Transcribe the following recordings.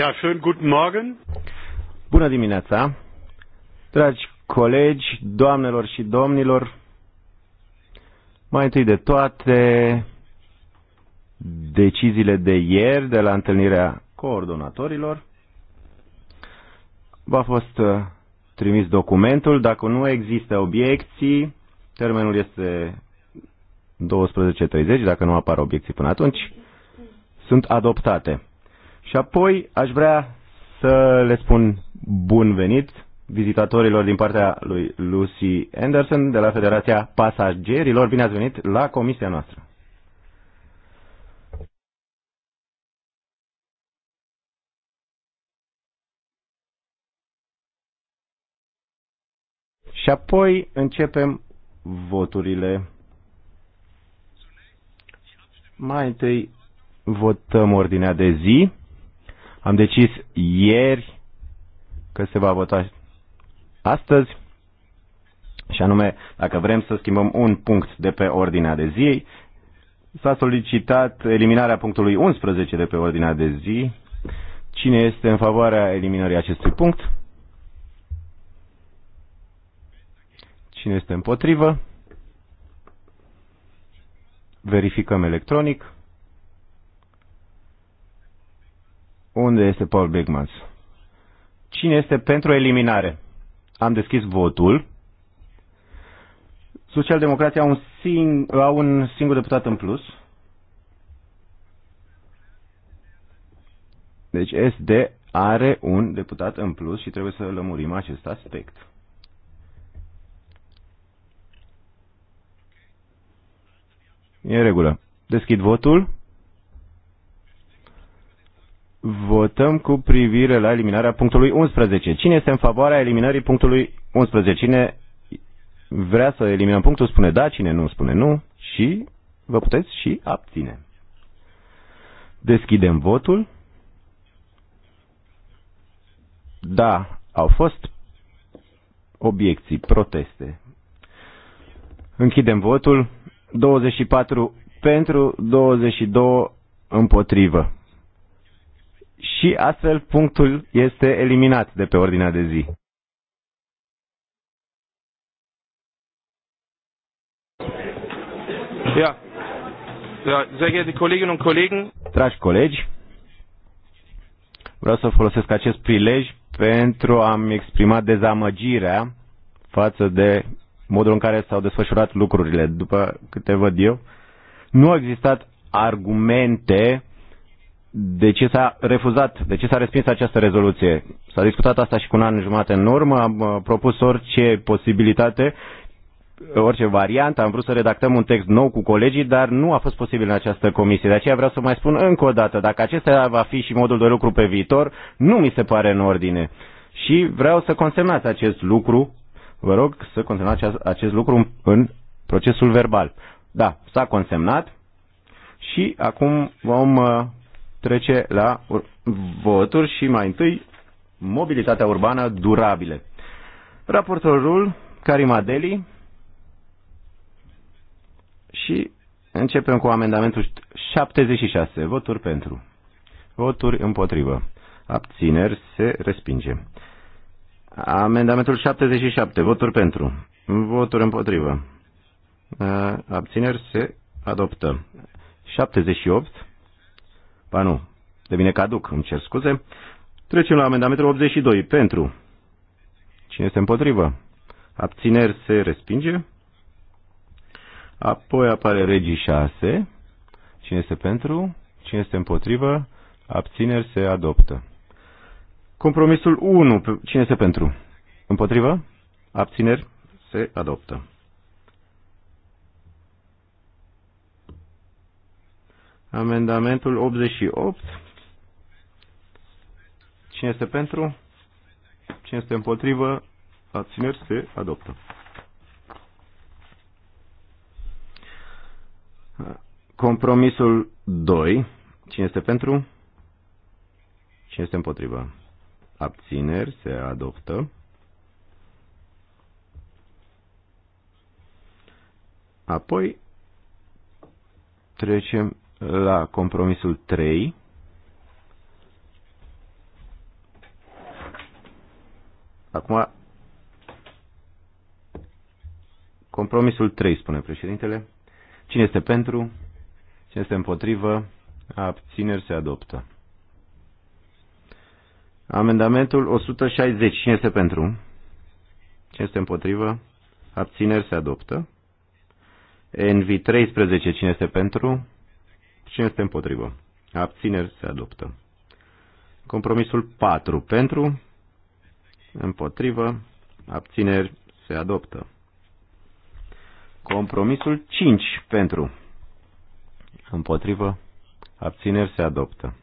Ja, schönen guten Morgen. Bună dimineața. Dragi colegi, doamnelor și domnilor, mai întâi de toate, deciziile de ieri de la întâlnirea coordonatorilor. V-a fost uh, trimis documentul. Dacă nu există obiecții, termenul este 12.30, dacă nu apar obiecții până atunci, sunt adoptate. Și apoi aș vrea să le spun bun venit vizitatorilor din partea lui Lucy Anderson de la Federația Pasagerilor. Bine ați venit la comisia noastră. Și apoi începem voturile. Mai întâi votăm ordinea de zi. Am decis ieri că se va vota astăzi, și anume, dacă vrem să schimbăm un punct de pe ordinea de zi, s-a solicitat eliminarea punctului 11 de pe ordinea de zi. Cine este în favoarea eliminării acestui punct? Cine este împotrivă? Verificăm electronic. Unde este Paul Bigmans? Cine este pentru eliminare? Am deschis votul. Socialdemocrații au un, sing- au un singur deputat în plus. Deci SD are un deputat în plus și trebuie să lămurim acest aspect. E în regulă. Deschid votul. Votăm cu privire la eliminarea punctului 11. Cine este în favoarea eliminării punctului 11? Cine vrea să eliminăm punctul spune da, cine nu spune nu și vă puteți și abține. Deschidem votul. Da, au fost obiecții, proteste. Închidem votul. 24 pentru, 22 împotrivă și astfel punctul este eliminat de pe ordinea de zi. Ja. ja, sehr geehrte Kolleginnen und Kollegen. Dragi colegi, vreau să folosesc acest prilej pentru a-mi exprima dezamăgirea față de modul în care s-au desfășurat lucrurile. După câte văd eu, nu au existat argumente de ce s-a refuzat, de ce s-a respins această rezoluție. S-a discutat asta și cu un an jumate în urmă, am uh, propus orice posibilitate, orice variantă, am vrut să redactăm un text nou cu colegii, dar nu a fost posibil în această comisie. De aceea vreau să mai spun încă o dată, dacă acesta va fi și modul de lucru pe viitor, nu mi se pare în ordine. Și vreau să consemnați acest lucru, vă rog să consemnați acest lucru în procesul verbal. Da, s-a consemnat și acum vom uh, trece la voturi și mai întâi mobilitatea urbană durabile. Raportorul Adeli, și începem cu amendamentul 76. Voturi pentru. Voturi împotrivă. Abțineri se respinge. Amendamentul 77. Voturi pentru. Voturi împotrivă. Abțineri se adoptă. 78. Ba nu, devine caduc, îmi cer scuze. Trecem la amendamentul 82. Pentru. Cine este împotrivă? Abțineri se respinge. Apoi apare regii 6. Cine este pentru? Cine este împotrivă? Abțineri se adoptă. Compromisul 1. Cine este pentru? Împotrivă? Abțineri se adoptă. Amendamentul 88. Cine este pentru? Cine este împotrivă? Abțineri se adoptă. Compromisul 2. Cine este pentru? Cine este împotrivă? Abțineri se adoptă. Apoi trecem la compromisul 3. Acum, compromisul 3, spune președintele. Cine este pentru? Cine este împotrivă? Abțineri se adoptă. Amendamentul 160. Cine este pentru? Cine este împotrivă? Abțineri se adoptă. NV 13. Cine este pentru? Cine este împotrivă? Abțineri se adoptă. Compromisul 4 pentru, împotrivă, abțineri se adoptă. Compromisul 5 pentru, împotrivă, abțineri se adoptă.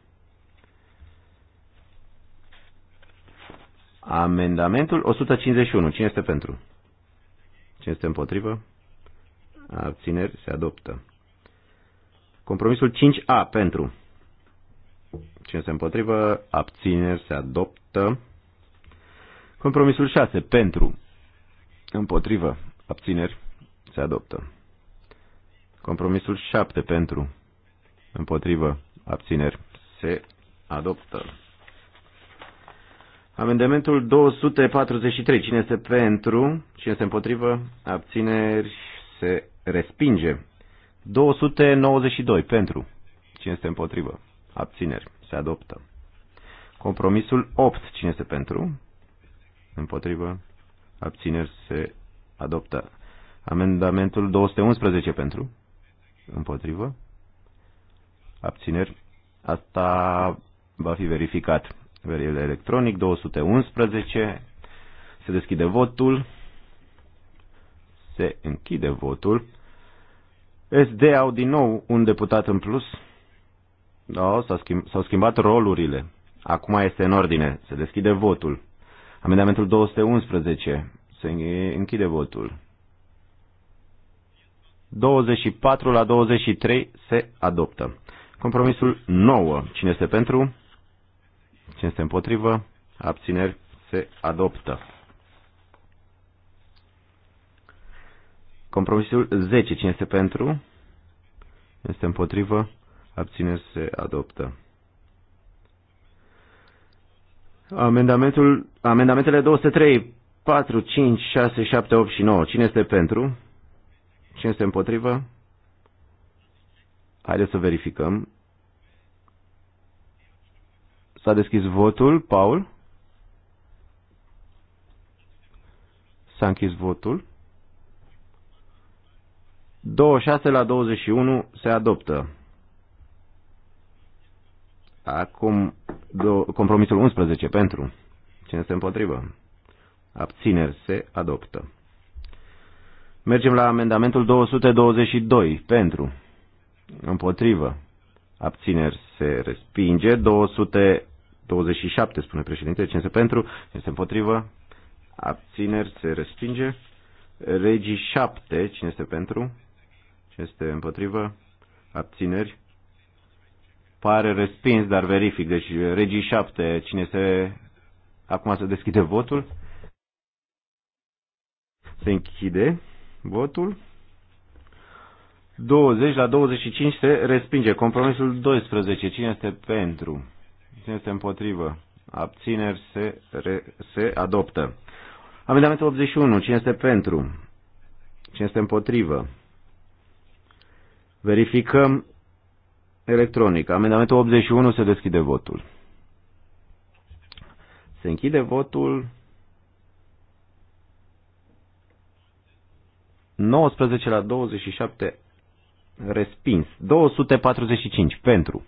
Amendamentul 151. Cine este pentru? Cine este împotrivă? Abțineri se adoptă. Compromisul 5A pentru. Cine se împotrivă, abțineri, se adoptă. Compromisul 6 pentru. Împotrivă, abțineri, se adoptă. Compromisul 7 pentru. Împotrivă, abțineri, se adoptă. Amendamentul 243. Cine este pentru, cine este împotrivă, abțineri, se respinge. 292 pentru. Cine este împotrivă? Abțineri. Se adoptă. Compromisul 8. Cine este pentru? Împotrivă. Abțineri. Se adoptă. Amendamentul 211 pentru. Împotrivă. Abțineri. Asta va fi verificat. Veriel electronic 211. Se deschide votul. Se închide votul. SD au din nou un deputat în plus. Da, s-au schimb, schimbat rolurile. Acum este în ordine. Se deschide votul. Amendamentul 211. Se închide votul. 24 la 23 se adoptă. Compromisul 9. Cine este pentru? Cine este împotrivă? Abțineri se adoptă. Compromisul 10. Cine este pentru? Este împotrivă? Abțineri se adoptă. Amendamentul, amendamentele 203, 4, 5, 6, 7, 8 și 9. Cine este pentru? Cine este împotrivă? Haideți să verificăm. S-a deschis votul, Paul. S-a închis votul. 26 la 21 se adoptă. Acum do- compromisul 11 pentru. Cine se împotrivă? Abțineri se adoptă. Mergem la amendamentul 222 pentru. Împotrivă. Abțineri se respinge. 227 spune președinte. Cine se pentru? Cine se împotrivă? Abțineri se respinge. Regii 7. Cine este pentru? este împotrivă, abțineri. Pare respins, dar verific. Deci regii șapte, cine se... Acum se deschide votul. Se închide votul. 20 la 25 se respinge. Compromisul 12. Cine este pentru? Cine este împotrivă? Abțineri se, re, se adoptă. Amendamentul 81. Cine este pentru? Cine este împotrivă? Verificăm electronic. Amendamentul 81 se deschide votul. Se închide votul. 19 la 27 respins. 245 pentru.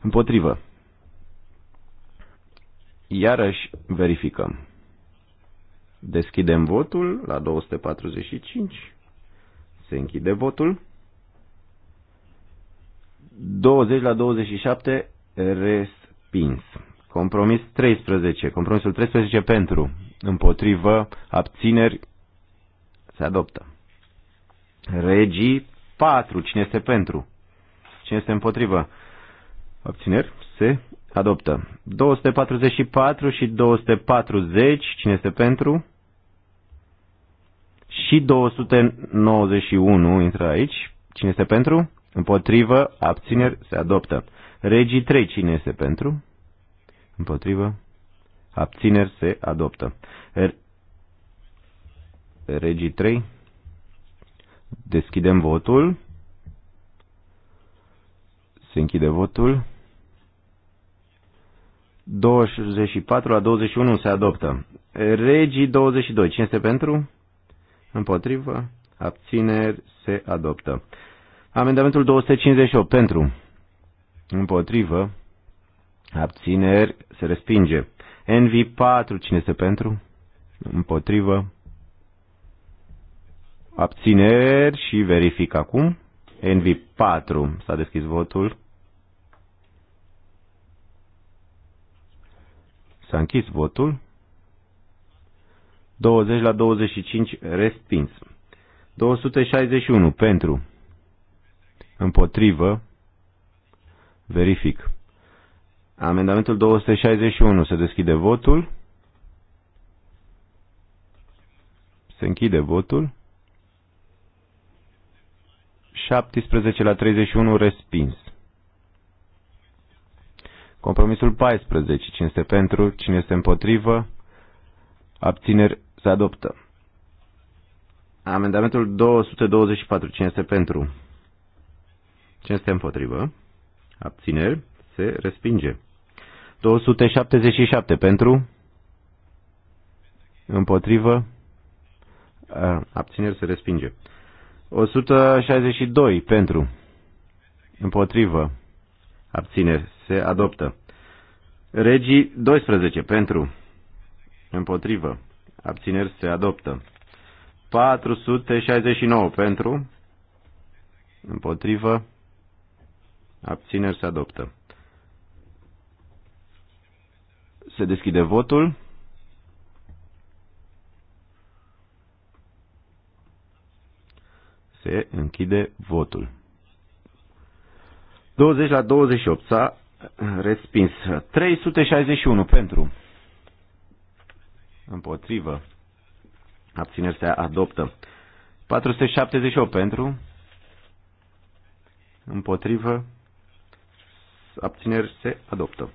Împotrivă. Iarăși verificăm. Deschidem votul la 245. Se închide votul. 20 la 27 respins. Compromis 13. Compromisul 13 pentru. Împotrivă. Abțineri. Se adoptă. Regii 4. Cine este pentru? Cine este împotrivă? Abțineri. Se adoptă. 244 și 240. Cine este pentru? Și 291 intră aici. Cine este pentru? Împotrivă, abțineri, se adoptă. Regii 3, cine este pentru? Împotrivă, abțineri, se adoptă. Er- Regii 3, deschidem votul. Se închide votul. 24 la 21 se adoptă. Regii 22, cine este pentru? Împotrivă. Abțineri. Se adoptă. Amendamentul 258. Pentru. Împotrivă. Abțineri. Se respinge. NV4. Cine este pentru? Împotrivă. Abțineri și verific acum. NV4. S-a deschis votul. S-a închis votul. 20 la 25 respins. 261 pentru, împotrivă, verific. Amendamentul 261 se deschide votul. Se închide votul. 17 la 31 respins. Compromisul 14. Cine este pentru, cine este împotrivă, abțineri se adoptă. Amendamentul 224. Cine este pentru? Cine este împotrivă? Abțineri. Se respinge. 277 pentru. Împotrivă. Abțineri se respinge. 162 pentru. Împotrivă. Abțineri se adoptă. Regii 12 pentru. Împotrivă abțineri se adoptă. 469 pentru, împotrivă, abțineri se adoptă. Se deschide votul. Se închide votul. 20 la 28 s-a respins. 361 pentru. Împotrivă. Abțineri se adoptă. 478 pentru. Împotrivă. Abțineri se adoptă.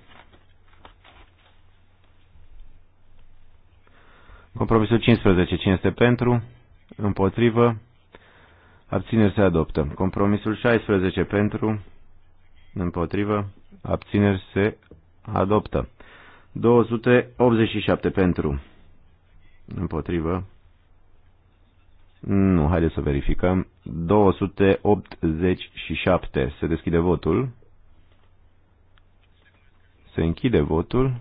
Compromisul 15. Cine este pentru? Împotrivă. Abțineri se adoptă. Compromisul 16 pentru. Împotrivă. Abțineri se adoptă. 287 pentru. Împotrivă. Nu, haideți să verificăm. 287. Se deschide votul. Se închide votul.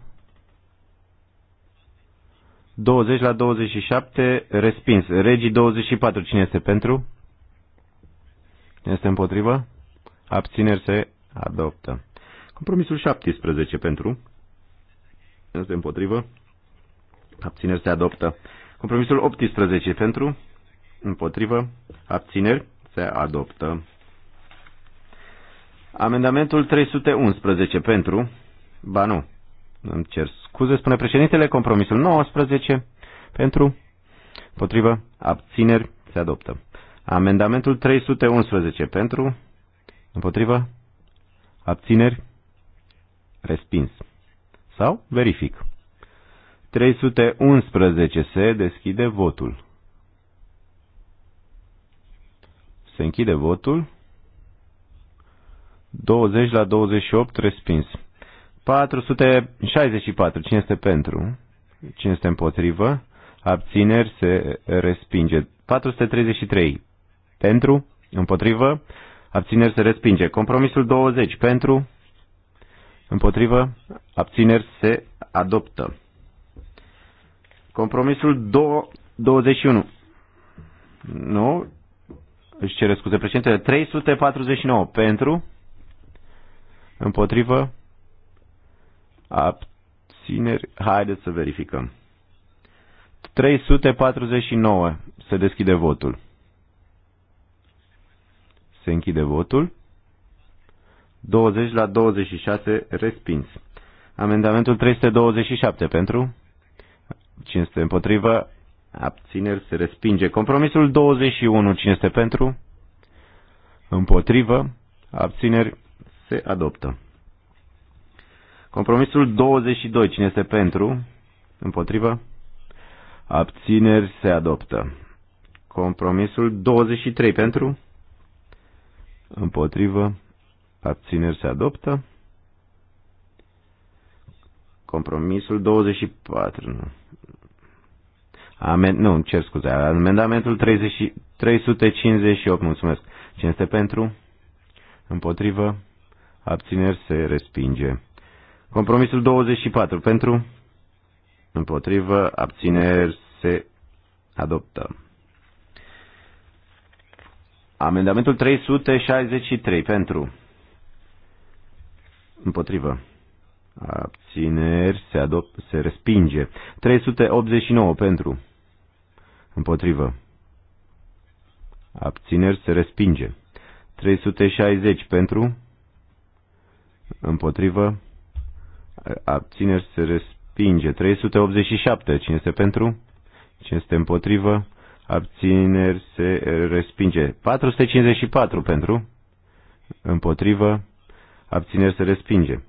20 la 27, respins. Regii 24, cine este pentru? Cine este împotrivă? Abțineri se adoptă. Compromisul 17 pentru. Cine este împotrivă? abțineri se adoptă. Compromisul 18 pentru, împotrivă, abțineri se adoptă. Amendamentul 311 pentru, ba nu, îmi cer scuze, spune președintele, compromisul 19 pentru, împotrivă, abțineri se adoptă. Amendamentul 311 pentru, împotrivă, abțineri, respins. Sau verific. 311. Se deschide votul. Se închide votul. 20 la 28 respins. 464. Cine este pentru? Cine este împotrivă? Abțineri se respinge. 433. Pentru? Împotrivă? Abțineri se respinge. Compromisul 20. Pentru? Împotrivă? Abțineri se adoptă. Compromisul 21. Nu? Își cere scuze președintele. 349 pentru, împotrivă, abțineri. Haideți să verificăm. 349. Se deschide votul. Se închide votul. 20 la 26 respins. Amendamentul 327 pentru Cine este împotrivă? Abțineri se respinge. Compromisul 21. Cine este pentru? Împotrivă? Abțineri se adoptă. Compromisul 22. Cine este pentru? Împotrivă? Abțineri se adoptă. Compromisul 23 pentru? Împotrivă? Abțineri se adoptă. Compromisul 24. Nu. Amen, nu, îmi cer scuze, amendamentul 30, 358, mulțumesc. Cine este pentru? Împotrivă? Abțineri se respinge. Compromisul 24, pentru? Împotrivă? Abțineri se adoptă. Amendamentul 363, pentru? Împotrivă? Abțineri se, adop- se respinge. 389, pentru? Împotrivă. Abțineri se respinge. 360 pentru. Împotrivă. Abțineri se respinge. 387. Cine este pentru? Cine este împotrivă? Abțineri se respinge. 454 pentru. Împotrivă. Abțineri se respinge.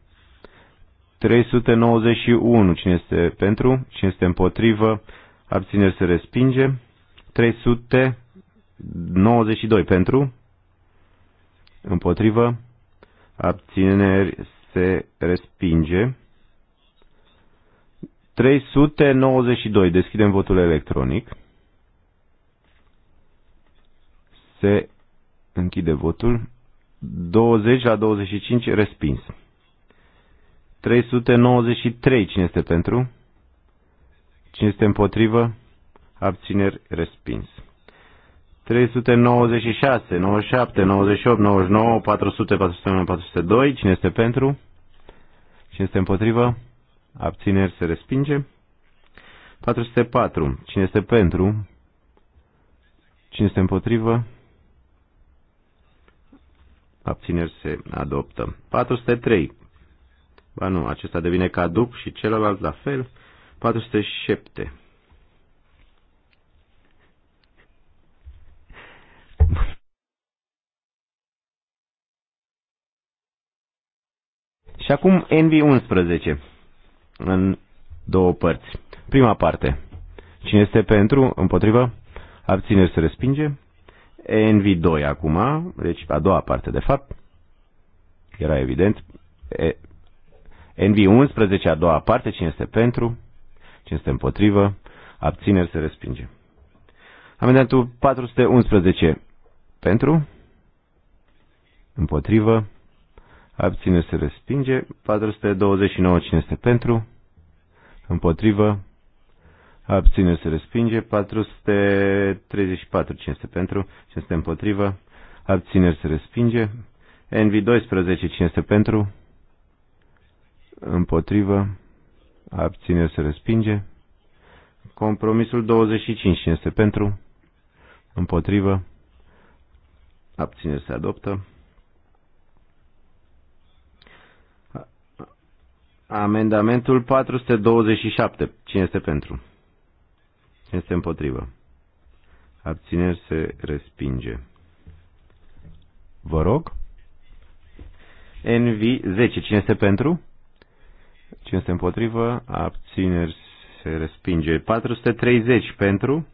391. Cine este pentru? Cine este împotrivă? abțineri se respinge. 392 pentru, împotrivă, abțineri se respinge. 392. Deschidem votul electronic. Se închide votul. 20 la 25 respins. 393. Cine este pentru? Cine este împotrivă? Abțineri respins. 396, 97, 98, 99, 400, 401, 402. Cine este pentru? Cine este împotrivă? Abțineri se respinge. 404. Cine este pentru? Cine este împotrivă? Abțineri se adoptă. 403. Ba nu, acesta devine caduc și celălalt la fel. 407. Și acum NV11 în două părți. Prima parte. Cine este pentru, împotrivă, abține să respinge. NV2 acum, deci a doua parte de fapt, era evident. NV11 a doua parte, cine este pentru, Cine este împotrivă? Abțineri se respinge. Amendamentul 411. Pentru? Împotrivă? Abțineri se respinge. 429. Cine este pentru? Împotrivă? Abțineri se respinge. 434. Cine este pentru? Cine este împotrivă? Abțineri se respinge. NV12. Cine este pentru? Împotrivă? Abține se respinge. Compromisul 25 este pentru, împotrivă, Abține se adoptă. Amendamentul 427. Cine este pentru? Cine este împotrivă? Abțineri se respinge. Vă rog. NV 10. Cine este pentru? Cine este împotrivă? Abțineri se respinge. 430 pentru.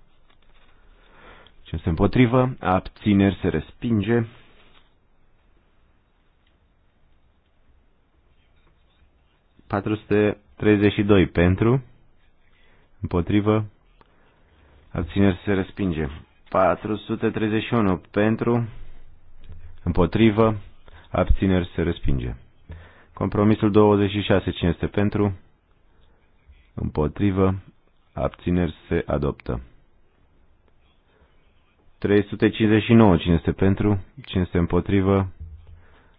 Cine este împotrivă? Abțineri se respinge. 432 pentru, împotrivă, abțineri se respinge. 431 pentru, împotrivă, abțineri se respinge. Compromisul 26. Cine este pentru? Împotrivă. Abțineri se adoptă. 359. Cine este pentru? Cine este împotrivă?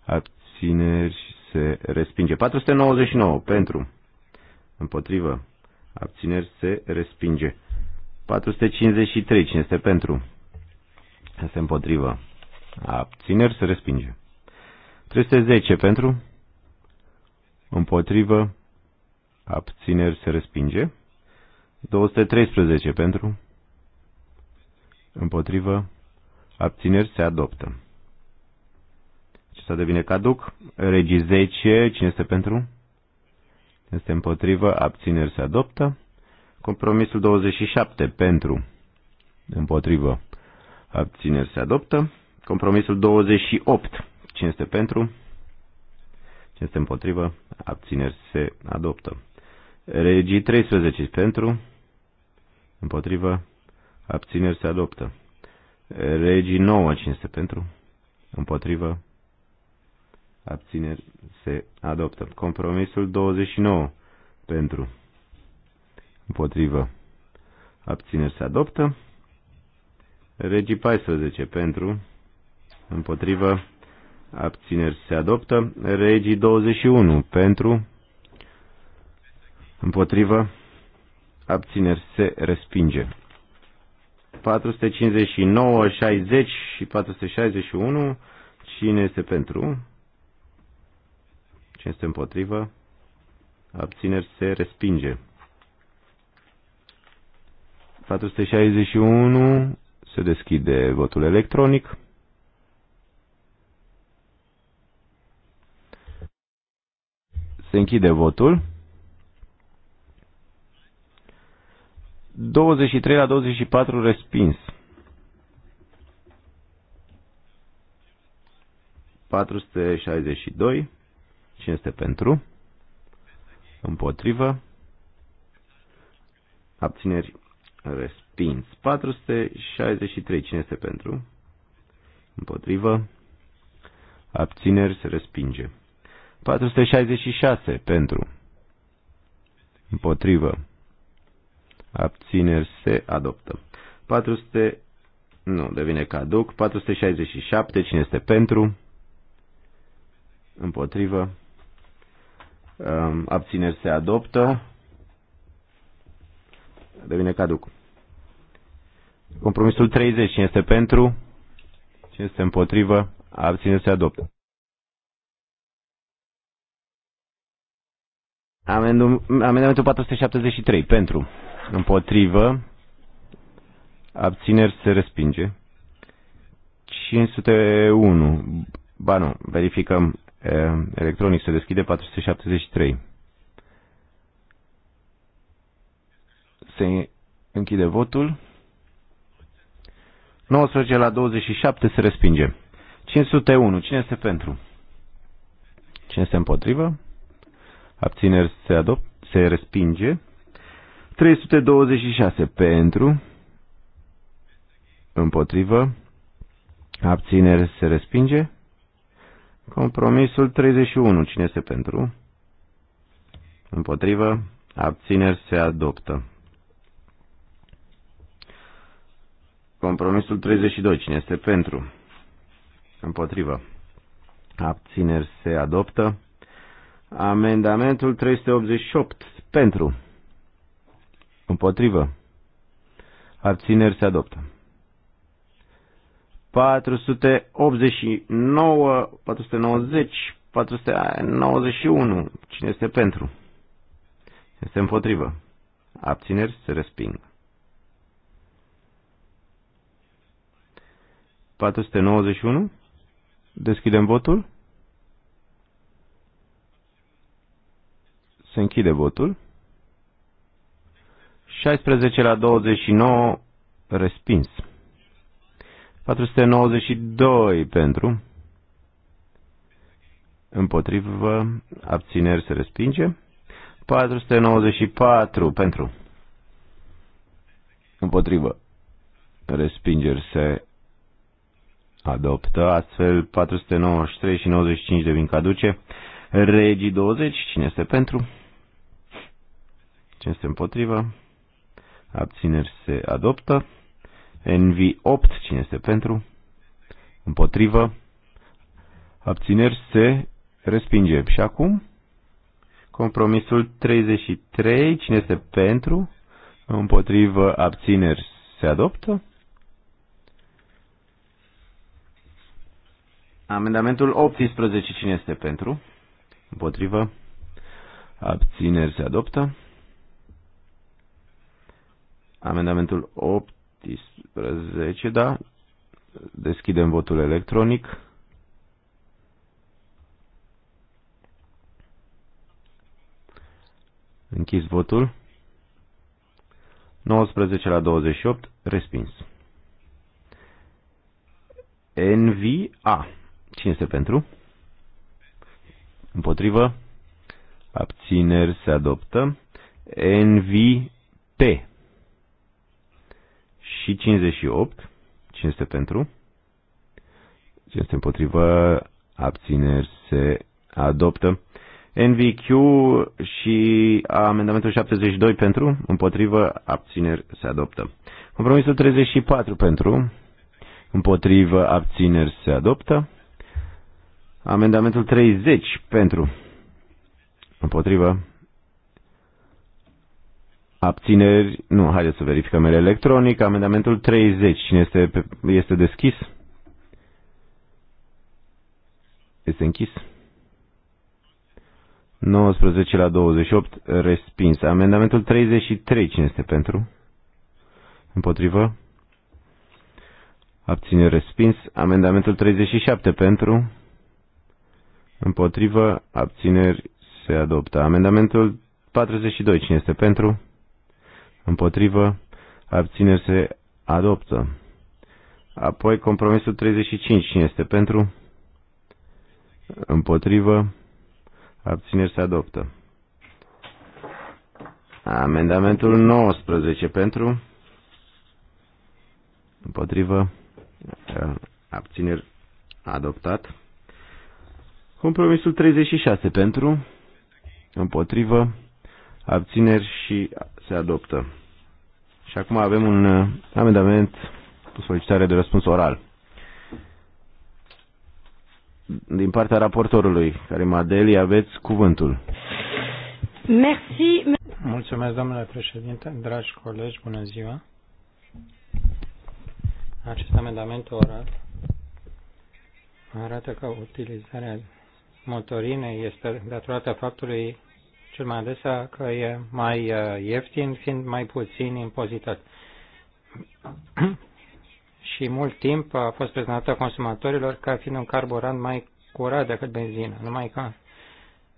Abțineri se respinge. 499. Pentru. Împotrivă. Abțineri se respinge. 453. Cine este pentru? Este împotrivă. Abțineri se respinge. 310 pentru împotrivă, abțineri se respinge. 213 pentru, împotrivă, abțineri se adoptă. Acesta devine caduc. Regii 10, cine este pentru? Este împotrivă, abțineri se adoptă. Compromisul 27 pentru, împotrivă, abțineri se adoptă. Compromisul 28, cine este pentru? Cine este împotrivă? Abțineri se adoptă. Regii 13 pentru, împotrivă, abțineri se adoptă. Regii 9 cine este pentru, împotrivă, abțineri se adoptă. Compromisul 29 pentru, împotrivă, abțineri se adoptă. Regii 14 pentru, împotrivă, abțineri se adoptă. Regii 21 pentru, împotrivă, abțineri se respinge. 459, 60 și 461, cine este pentru? Cine este împotrivă? Abțineri se respinge. 461 se deschide votul electronic. Se închide votul. 23 la 24 respins. 462. Cine este pentru? Împotrivă. Abțineri respins. 463. Cine este pentru? Împotrivă. Abțineri se respinge. 466 pentru. Împotrivă. Abțineri se adoptă. 400. Nu, devine caduc. 467. Cine este pentru? Împotrivă. Um, abțineri se adoptă. Devine caduc. Compromisul 30. Cine este pentru? Cine este împotrivă? Abțineri se adoptă. Amendamentul 473 pentru, împotrivă, abțineri se respinge. 501, ba nu, verificăm, electronic se deschide 473. Se închide votul. 19 la 27 se respinge. 501. Cine este pentru? Cine este împotrivă? abțineri se, adopt, se respinge. 326 pentru, împotrivă, abțineri se respinge. Compromisul 31, cine este pentru? Împotrivă, abțineri se adoptă. Compromisul 32, cine este pentru? Împotrivă. Abțineri se adoptă. Amendamentul 388 pentru. Împotrivă. Abțineri se adoptă. 489, 490, 491. Cine este pentru? Este împotrivă. Abțineri se resping. 491. Deschidem votul. Se închide votul. 16 la 29 respins. 492 pentru. Împotrivă. Abțineri se respinge. 494 pentru. Împotrivă. Respingeri se adoptă. Astfel 493 și 95 devin caduce. Regii 20. Cine este pentru? Cine este împotrivă? Abțineri se adoptă. NV8, cine este pentru? Împotrivă. Abțineri se respinge. Și acum? Compromisul 33, cine este pentru? Împotrivă, abțineri se adoptă. Amendamentul 18, cine este pentru? Împotrivă. Abțineri se adoptă. Amendamentul 18, da? Deschidem votul electronic. Închis votul. 19 la 28, respins. NVA. Cine este pentru? Împotrivă. Abțineri se adoptă. NVP și 58. 500 pentru? 500 împotrivă? Abțineri se adoptă. NVQ și amendamentul 72 pentru, împotrivă, abțineri se adoptă. Compromisul 34 pentru, împotrivă, abțineri se adoptă. Amendamentul 30 pentru, împotrivă, Abțineri? Nu, haideți să verificăm el electronic. Amendamentul 30. Cine este, este deschis? Este închis? 19 la 28, respins. Amendamentul 33, cine este pentru? Împotrivă? Abțineri, respins. Amendamentul 37 pentru. Împotrivă. Abțineri se adoptă. Amendamentul 42. Cine este pentru? împotrivă, abțineri se adoptă. Apoi compromisul 35, cine este pentru, împotrivă, abțineri se adoptă. Amendamentul 19 pentru, împotrivă, abțineri adoptat. Compromisul 36 pentru, împotrivă, abțineri și se adoptă. Și acum avem un uh, amendament cu solicitare de răspuns oral. Din partea raportorului, care Madeli, aveți cuvântul. Merci. Mulțumesc, domnule președinte, dragi colegi, bună ziua. Acest amendament oral arată că utilizarea motorinei este datorată faptului cel mai adesea că e mai uh, ieftin fiind mai puțin impozitat. și mult timp a fost prezentată consumatorilor ca fiind un carburant mai curat decât benzina, numai că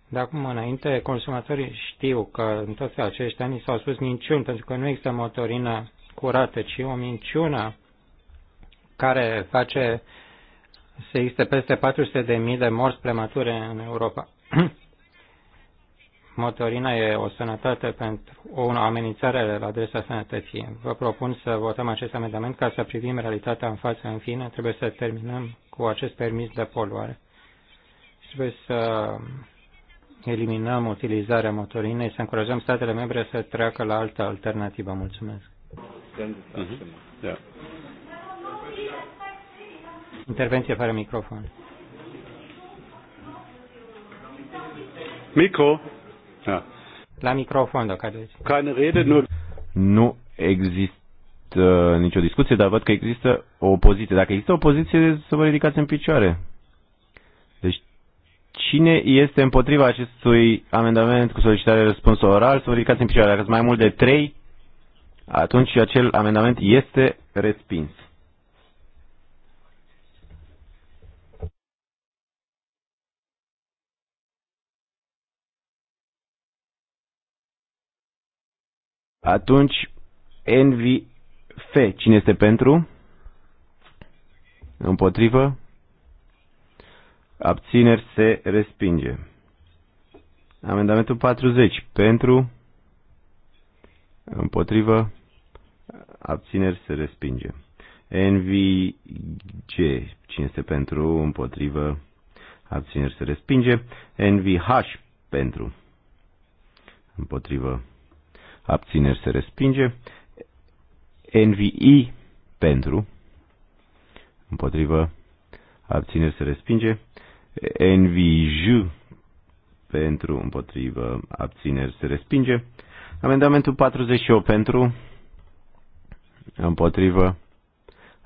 de acum înainte consumatorii știu că în toți acești ani s-au spus minciuni, pentru că nu există motorină curată, ci o minciună care face să existe peste 400.000 de morți premature în Europa. motorina e o sănătate pentru o amenințare la adresa sănătății. Vă propun să votăm acest amendament ca să privim realitatea în față. În fine, trebuie să terminăm cu acest permis de poluare. Trebuie să eliminăm utilizarea motorinei, să încurajăm statele membre să treacă la altă alternativă. Mulțumesc. Mhm. Da. Intervenție fără microfon. Micro. Da. La microfon, dacă Ca în rede, nu. Nu există nicio discuție, dar văd că există o opoziție. Dacă există o opoziție, să vă ridicați în picioare. Deci, cine este împotriva acestui amendament cu solicitare răspuns oral, să vă ridicați în picioare. Dacă sunt mai mult de trei, atunci acel amendament este respins. Atunci, Envy F. Cine este pentru? Împotrivă? Abțineri se respinge. Amendamentul 40. Pentru? Împotrivă? Abțineri se respinge. NVG. Cine este pentru? Împotrivă? Abțineri se respinge. NVH. Pentru? Împotrivă? abțineri se respinge. NVI pentru, împotrivă, abțineri se respinge. NVJ pentru, împotrivă, abțineri se respinge. Amendamentul 48 pentru, împotrivă,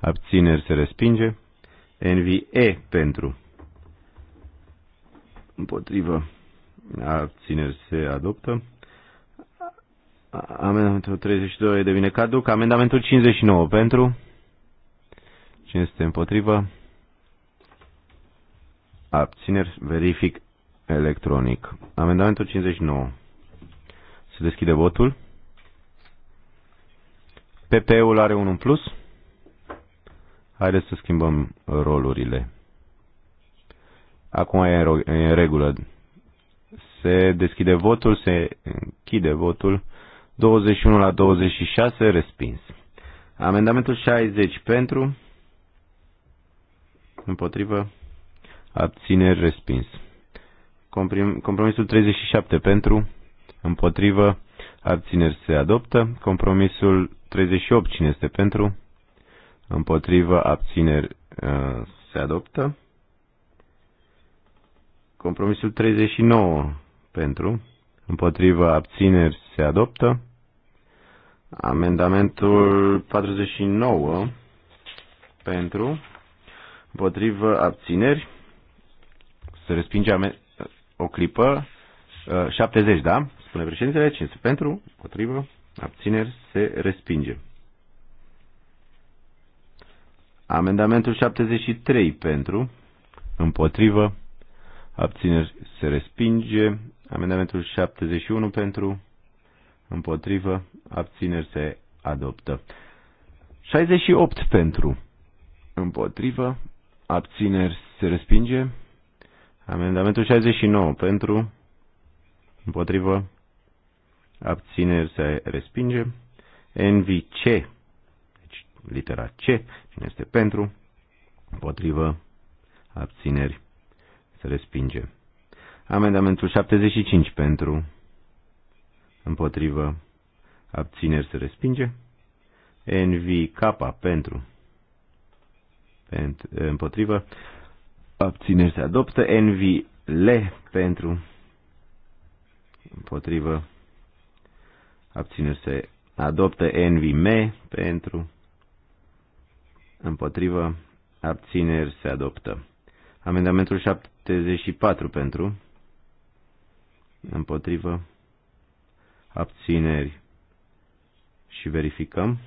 abțineri se respinge. NVE pentru, împotrivă, abțineri se adoptă. Amendamentul 32 devine caduc. Amendamentul 59 pentru. Cine este împotrivă? Abțineri. Verific electronic. Amendamentul 59. Se deschide votul. PP-ul are unul în plus. Haideți să schimbăm rolurile. Acum e în regulă. Se deschide votul, se închide votul. 21 la 26 respins. Amendamentul 60 pentru, împotrivă, abțineri respins. Comprim, compromisul 37 pentru, împotrivă, abțineri se adoptă. Compromisul 38 cine este pentru, împotrivă, abțineri uh, se adoptă. Compromisul 39 pentru, împotrivă, abțineri se adoptă. Amendamentul 49 pentru, împotrivă, abțineri. Se respinge o clipă. 70, uh, da? Spune președintele. 50 pentru, împotrivă, abțineri, se respinge. Amendamentul 73 pentru, împotrivă, abțineri, se respinge. Amendamentul 71 pentru, împotrivă, abțineri se adoptă. 68 pentru, împotrivă, abțineri se respinge. Amendamentul 69 pentru, împotrivă, abțineri se respinge. NVC, deci litera C, cine este pentru, împotrivă, abțineri se respinge. Amendamentul 75 pentru, împotrivă, abțineri se respinge. NVK pentru, pentru împotrivă, abțineri se adoptă. NVL pentru, împotrivă, abțineri se adoptă. NVM pentru, împotrivă, abțineri se adoptă. Amendamentul 74 pentru, împotrivă, abțineri și verificăm.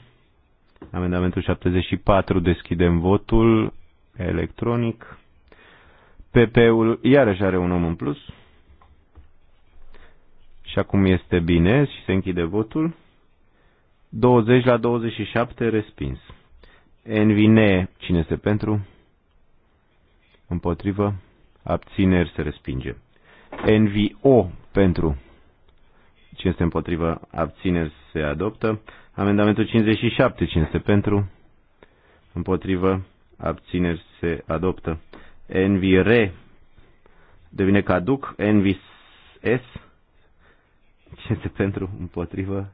Amendamentul 74, deschidem votul electronic. PP-ul iarăși are un om în plus. Și acum este bine și se închide votul. 20 la 27 respins. Envine, cine este pentru? Împotrivă. Abțineri se respinge. NVO pentru Cine este împotrivă? Abțineri se adoptă. Amendamentul 57. Cine este pentru? Împotrivă? Abțineri se adoptă. Envi re devine caduc. envi s. Cine este pentru? Împotrivă?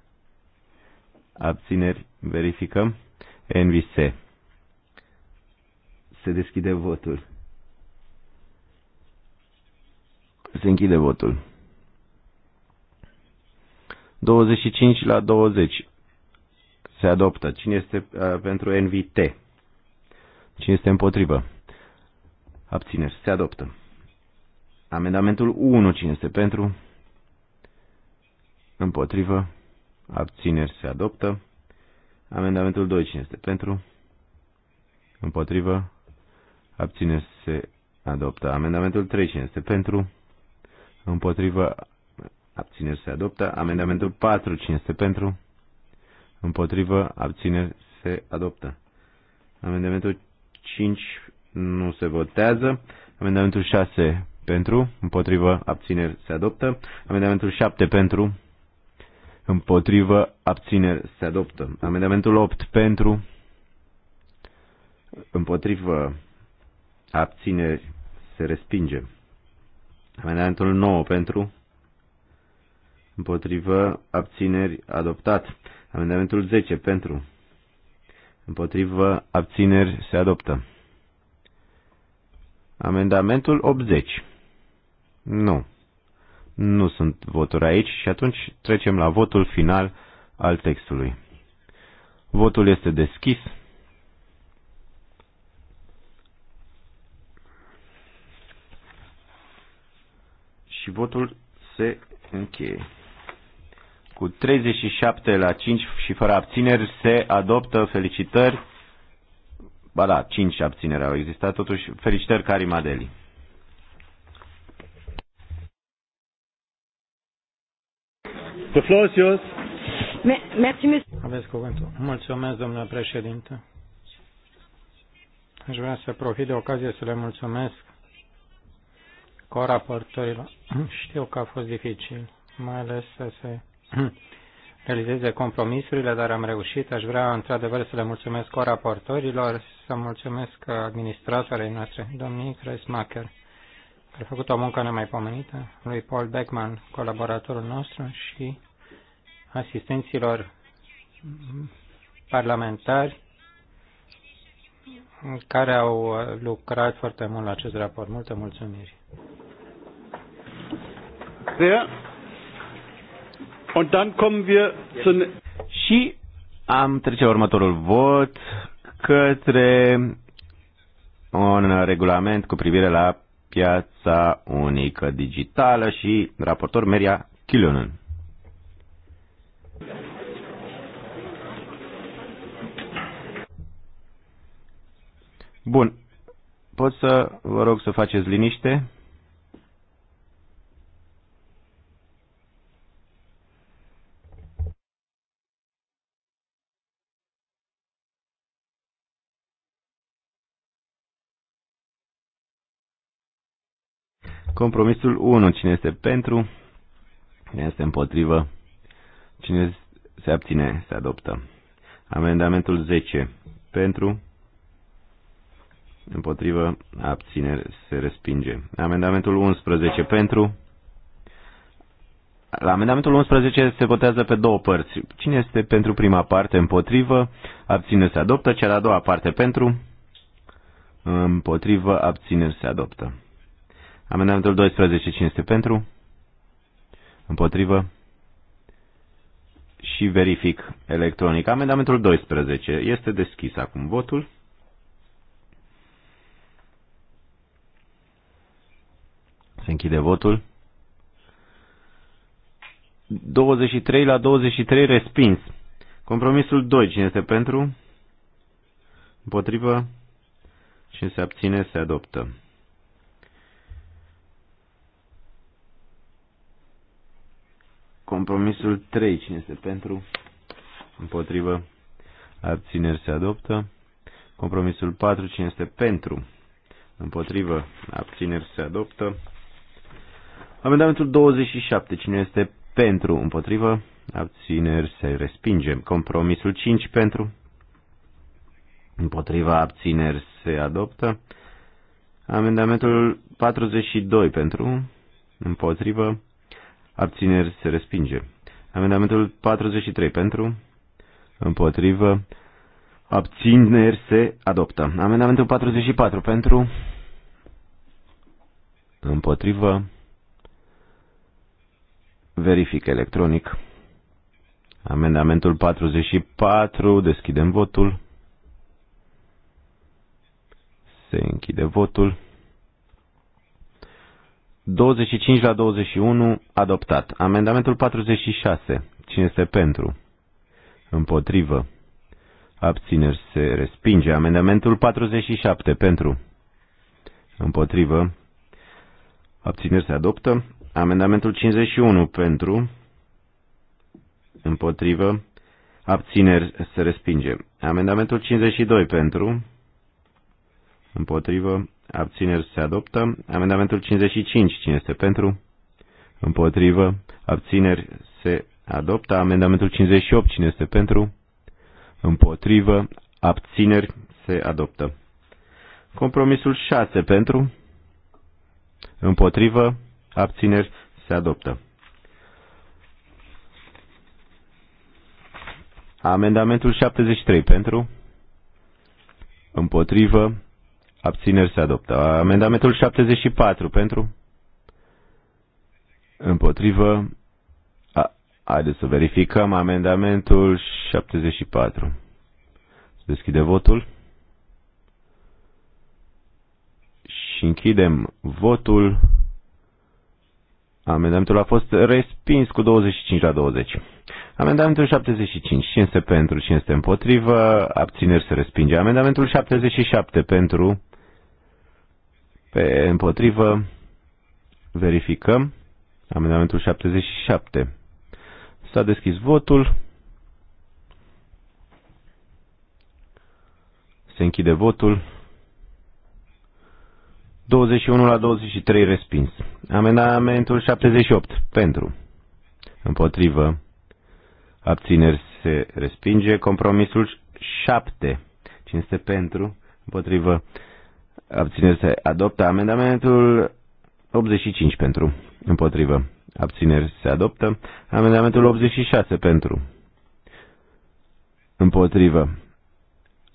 Abțineri verificăm. envi se. Se deschide votul. Se închide votul. 25 la 20 se adoptă. Cine este uh, pentru NVT? Cine este împotrivă? Abțineri. Se adoptă. Amendamentul 1. Cine este pentru? Împotrivă. Abțineri. Se adoptă. Amendamentul 2. Cine este pentru? Împotrivă. Abțineri. Se adoptă. Amendamentul 3. Cine este pentru? Împotrivă abțineri se adoptă. Amendamentul 4, cine este pentru? Împotrivă, abțineri se adoptă. Amendamentul 5 nu se votează. Amendamentul 6 pentru, împotrivă, abțineri se adoptă. Amendamentul 7 pentru, împotrivă, abțineri se adoptă. Amendamentul 8 pentru, împotrivă, abțineri se respinge. Amendamentul 9 pentru, împotrivă, abțineri, adoptat. Amendamentul 10 pentru, împotrivă, abțineri, se adoptă. Amendamentul 80. Nu. Nu sunt voturi aici și atunci trecem la votul final al textului. Votul este deschis. Și votul se încheie cu 37 la 5 și fără abțineri se adoptă felicitări. Ba da, 5 abțineri au existat, totuși felicitări Cari Madeli. The floor is yours. Aveți cuvântul. Mulțumesc, domnule președinte. Aș vrea să profit de ocazie să le mulțumesc coraportorilor. Știu că a fost dificil, mai ales să se realizeze compromisurile, dar am reușit. Aș vrea, într-adevăr, să le mulțumesc co-raportorilor, să mulțumesc administratorii noastre, domnii Cresmacher, care a făcut o muncă nemaipomenită, lui Paul Beckman, colaboratorul nostru, și asistenților parlamentari care au lucrat foarte mult la acest raport. Multe mulțumiri! Yeah. Und dann kommen wir zu... Și am trece următorul vot către un regulament cu privire la piața unică digitală și raportor Meria Kilonen. Bun. Pot să vă rog să faceți liniște? Compromisul 1. Cine este pentru? Cine este împotrivă? Cine se abține? Se adoptă. Amendamentul 10. Pentru? Împotrivă? abține, Se respinge. Amendamentul 11. Pentru? La amendamentul 11 se votează pe două părți. Cine este pentru prima parte împotrivă, abține se adoptă, cea de-a doua parte pentru, împotrivă, abține se adoptă. Amendamentul 12. 5 este pentru? Împotrivă? Și verific electronic. Amendamentul 12. Este deschis acum votul. Se închide votul. 23 la 23 respins. Compromisul 2. Cine este pentru? Împotrivă? Cine se abține se adoptă. Compromisul 3, cine este pentru? Împotrivă. Abțineri se adoptă. Compromisul 4, cine este pentru? Împotrivă. Abțineri se adoptă. Amendamentul 27, cine este pentru? Împotrivă. Abțineri se respinge. Compromisul 5 pentru. Împotriva abțineri se adoptă. Amendamentul 42 pentru. Împotrivă abțineri se respinge. Amendamentul 43 pentru, împotrivă, abțineri se adoptă. Amendamentul 44 pentru, împotrivă, verific electronic. Amendamentul 44, deschidem votul. Se închide votul. 25 la 21 adoptat. Amendamentul 46. Cine este pentru? Împotrivă. Abțineri se respinge. Amendamentul 47. Pentru. Împotrivă. Abțineri se adoptă. Amendamentul 51. Pentru. Împotrivă. Abțineri se respinge. Amendamentul 52. Pentru. Împotrivă abțineri se adoptă. Amendamentul 55, cine este pentru? Împotrivă, abțineri se adoptă. Amendamentul 58, cine este pentru? Împotrivă, abțineri se adoptă. Compromisul 6 pentru, împotrivă, abțineri se adoptă. Amendamentul 73 pentru, împotrivă, Abțineri se adoptă. Amendamentul 74 pentru? Împotrivă. A, haideți să verificăm amendamentul 74. Să deschide votul. Și închidem votul. Amendamentul a fost respins cu 25 la 20. Amendamentul 75, 500 pentru, 500 împotrivă, abțineri se respinge. Amendamentul 77 pentru, pe împotrivă verificăm amendamentul 77. S-a deschis votul. Se închide votul. 21 la 23 respins. Amendamentul 78 pentru. Împotrivă. Abțineri se respinge. Compromisul 7. 500 pentru. Împotrivă. Abțineri se adoptă. Amendamentul 85 pentru. Împotrivă. Abțineri se adoptă. Amendamentul 86 pentru. Împotrivă.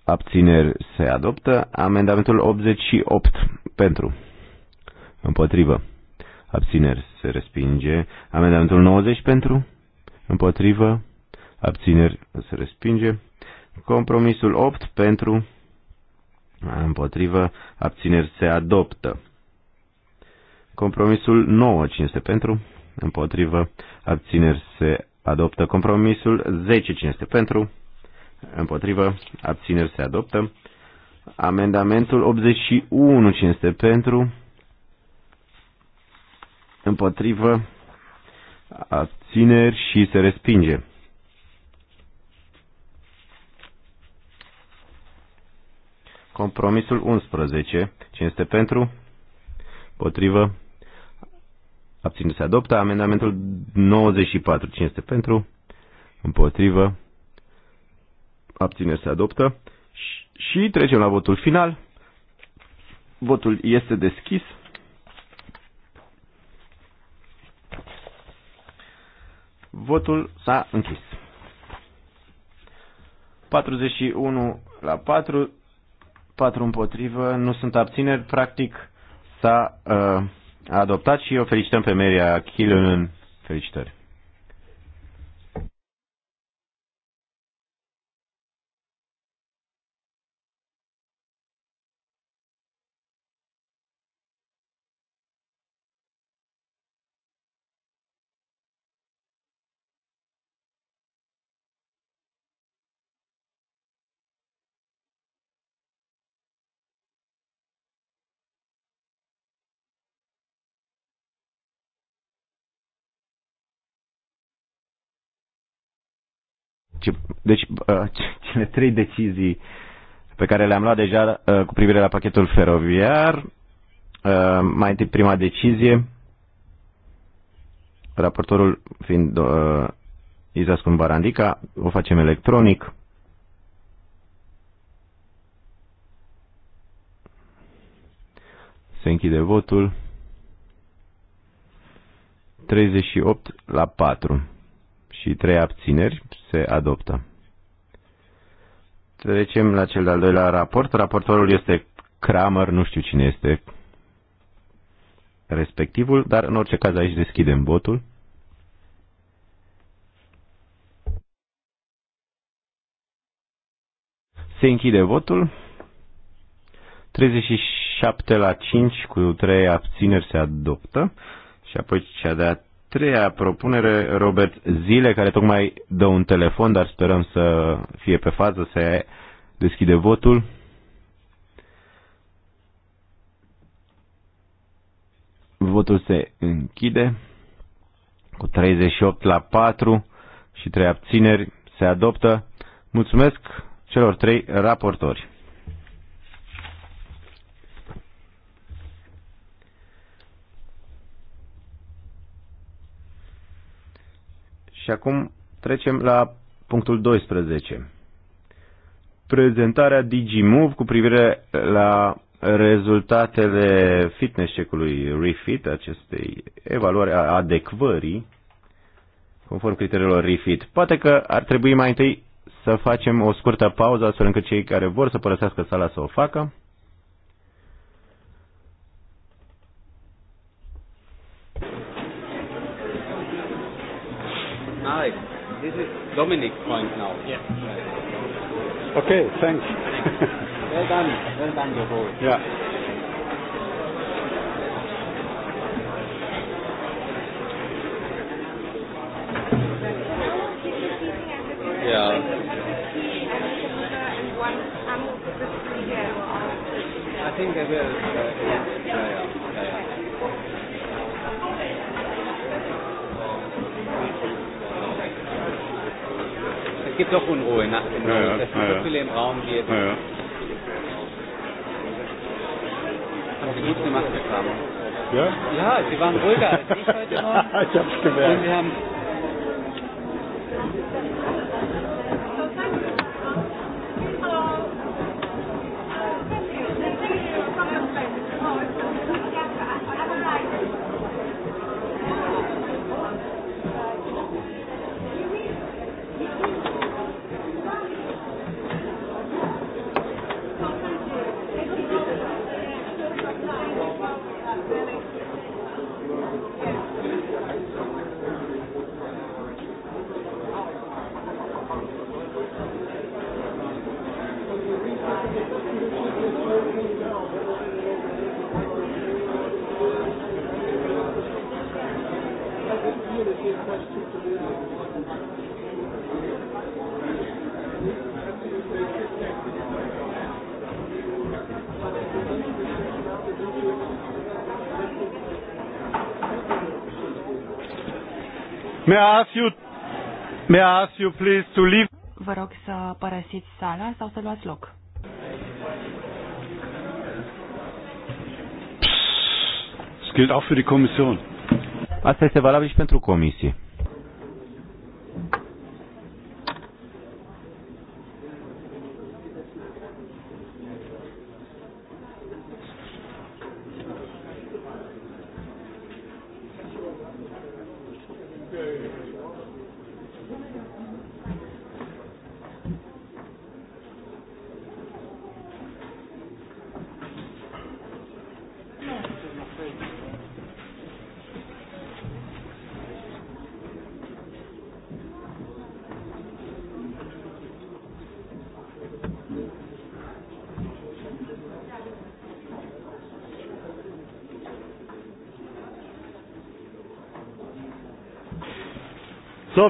Abțineri se adoptă. Amendamentul 88 pentru. Împotrivă. Abțineri se respinge. Amendamentul 90 pentru. Împotrivă. Abțineri se respinge. Compromisul 8 pentru. Împotrivă. Abțineri se adoptă. Compromisul 9. este pentru? Împotrivă. Abțineri se adoptă. Compromisul 10. este pentru? Împotrivă. Abțineri se adoptă. Amendamentul 81. este pentru? Împotrivă. Abțineri și se respinge. Compromisul 11. Cine este pentru? Potrivă. Abține se adoptă. Amendamentul 94. Cine este pentru? Împotrivă. Abține se adoptă. Și trecem la votul final. Votul este deschis. Votul s-a închis. 41 la 4 patru împotrivă, nu sunt abțineri, practic s-a uh, adoptat și o felicităm pe Maria Chilunen. Felicitări! Deci, cele trei decizii pe care le-am luat deja uh, cu privire la pachetul feroviar, uh, mai întâi prima decizie, raportorul fiind uh, Izascun Barandica, o facem electronic. Se închide votul. 38 la 4 și trei abțineri, se adoptă. Trecem la cel de-al doilea raport. Raportorul este Kramer, nu știu cine este respectivul, dar în orice caz aici deschidem votul. Se închide votul. 37 la 5 cu 3 abțineri se adoptă. Și apoi cea de-a treia propunere, Robert Zile, care tocmai dă un telefon, dar sperăm să fie pe fază, să deschide votul. Votul se închide cu 38 la 4 și trei abțineri. Se adoptă. Mulțumesc celor trei raportori. Și acum trecem la punctul 12. Prezentarea DigiMove cu privire la rezultatele fitness check-ului Refit, acestei evaluări a adecvării conform criteriilor Refit. Poate că ar trebui mai întâi să facem o scurtă pauză astfel încât cei care vor să părăsească sala să o facă. Hi. This is Dominic point now. Yeah. Okay, thanks. well done. Well done, your boy. Yeah. Yeah. I think they will. Uh, yeah. gibt auch Unruhe nach dem ja, Raum. Es sind ja. so viele ja. im Raum, die jetzt. Ja, ja. Haben Sie gut gemacht, Herr Kramer. Ja? Ja, Sie waren ruhiger als ich heute Morgen. ich hab's gemerkt. Und wir haben May I ask you, may I ask you please to leave? Vă rog să părăsiți sala sau să luați loc. Psst, gilt auch für die Kommission. Asta este valabil și pentru comisie.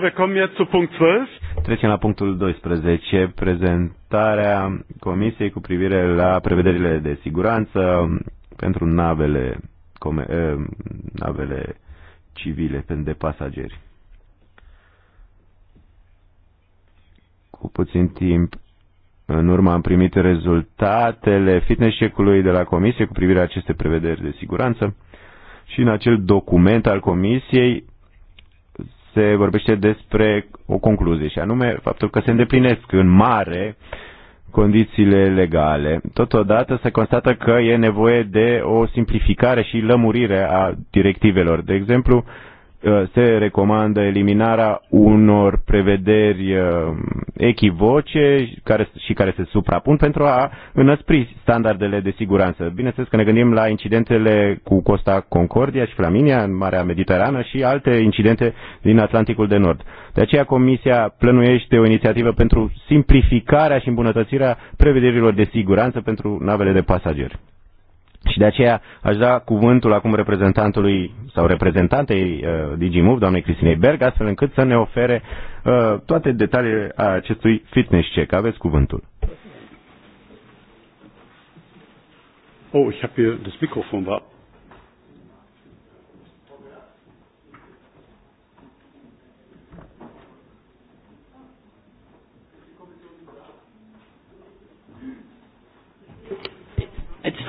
wir kommen jetzt zu Punkt 12. Trecem la punctul 12, prezentarea Comisiei cu privire la prevederile de siguranță pentru navele, come, eh, navele civile de pasageri. Cu puțin timp în urmă am primit rezultatele fitness check-ului de la Comisie cu privire la aceste prevederi de siguranță și în acel document al Comisiei se vorbește despre o concluzie, și anume faptul că se îndeplinesc în mare condițiile legale. Totodată se constată că e nevoie de o simplificare și lămurire a directivelor. De exemplu, uh, Uh, se recomandă eliminarea unor prevederi uh, echivoce care, și care se suprapun pentru a înăspri standardele de siguranță. Bineînțeles că ne gândim la incidentele cu Costa Concordia și Flaminia în Marea Mediterană și alte incidente din Atlanticul de Nord. De aceea Comisia plănuiește o inițiativă pentru simplificarea și îmbunătățirea prevederilor de siguranță pentru navele de pasageri. Și de aceea aș da cuvântul acum reprezentantului sau reprezentantei uh, DigiMove, doamnei Cristinei Berg, astfel încât să ne ofere uh, toate detaliile a acestui fitness check. Aveți cuvântul. Oh, ich habe hier das Mikrofon war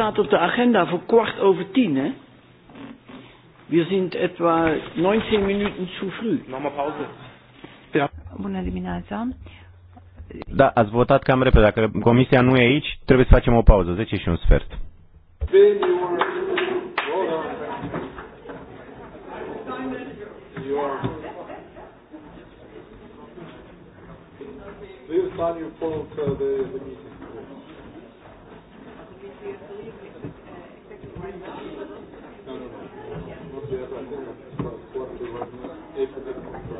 staat op de agenda voor kwart over tien, hè? We zijn etwa 19 Minuten zu früh. Mama pauze. Ja. Bună dimineața. Da, ați votat cam repede. Dacă comisia nu e aici, trebuie să facem o pauză, 10 și un sfert. Please sign your phone to the, the meeting. Deci, de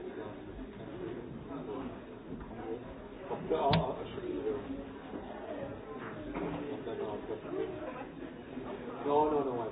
No, no, no.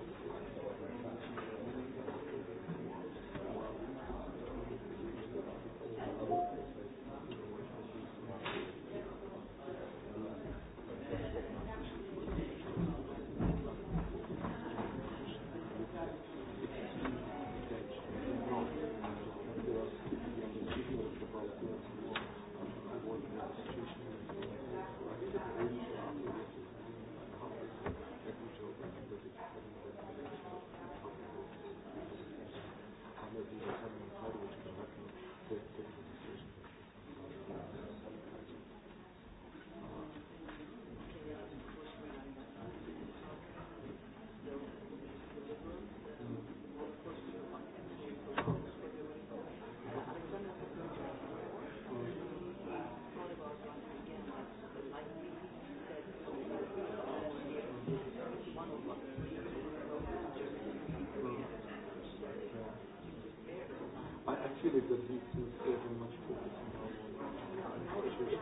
actually the big two getting much focus on our situation.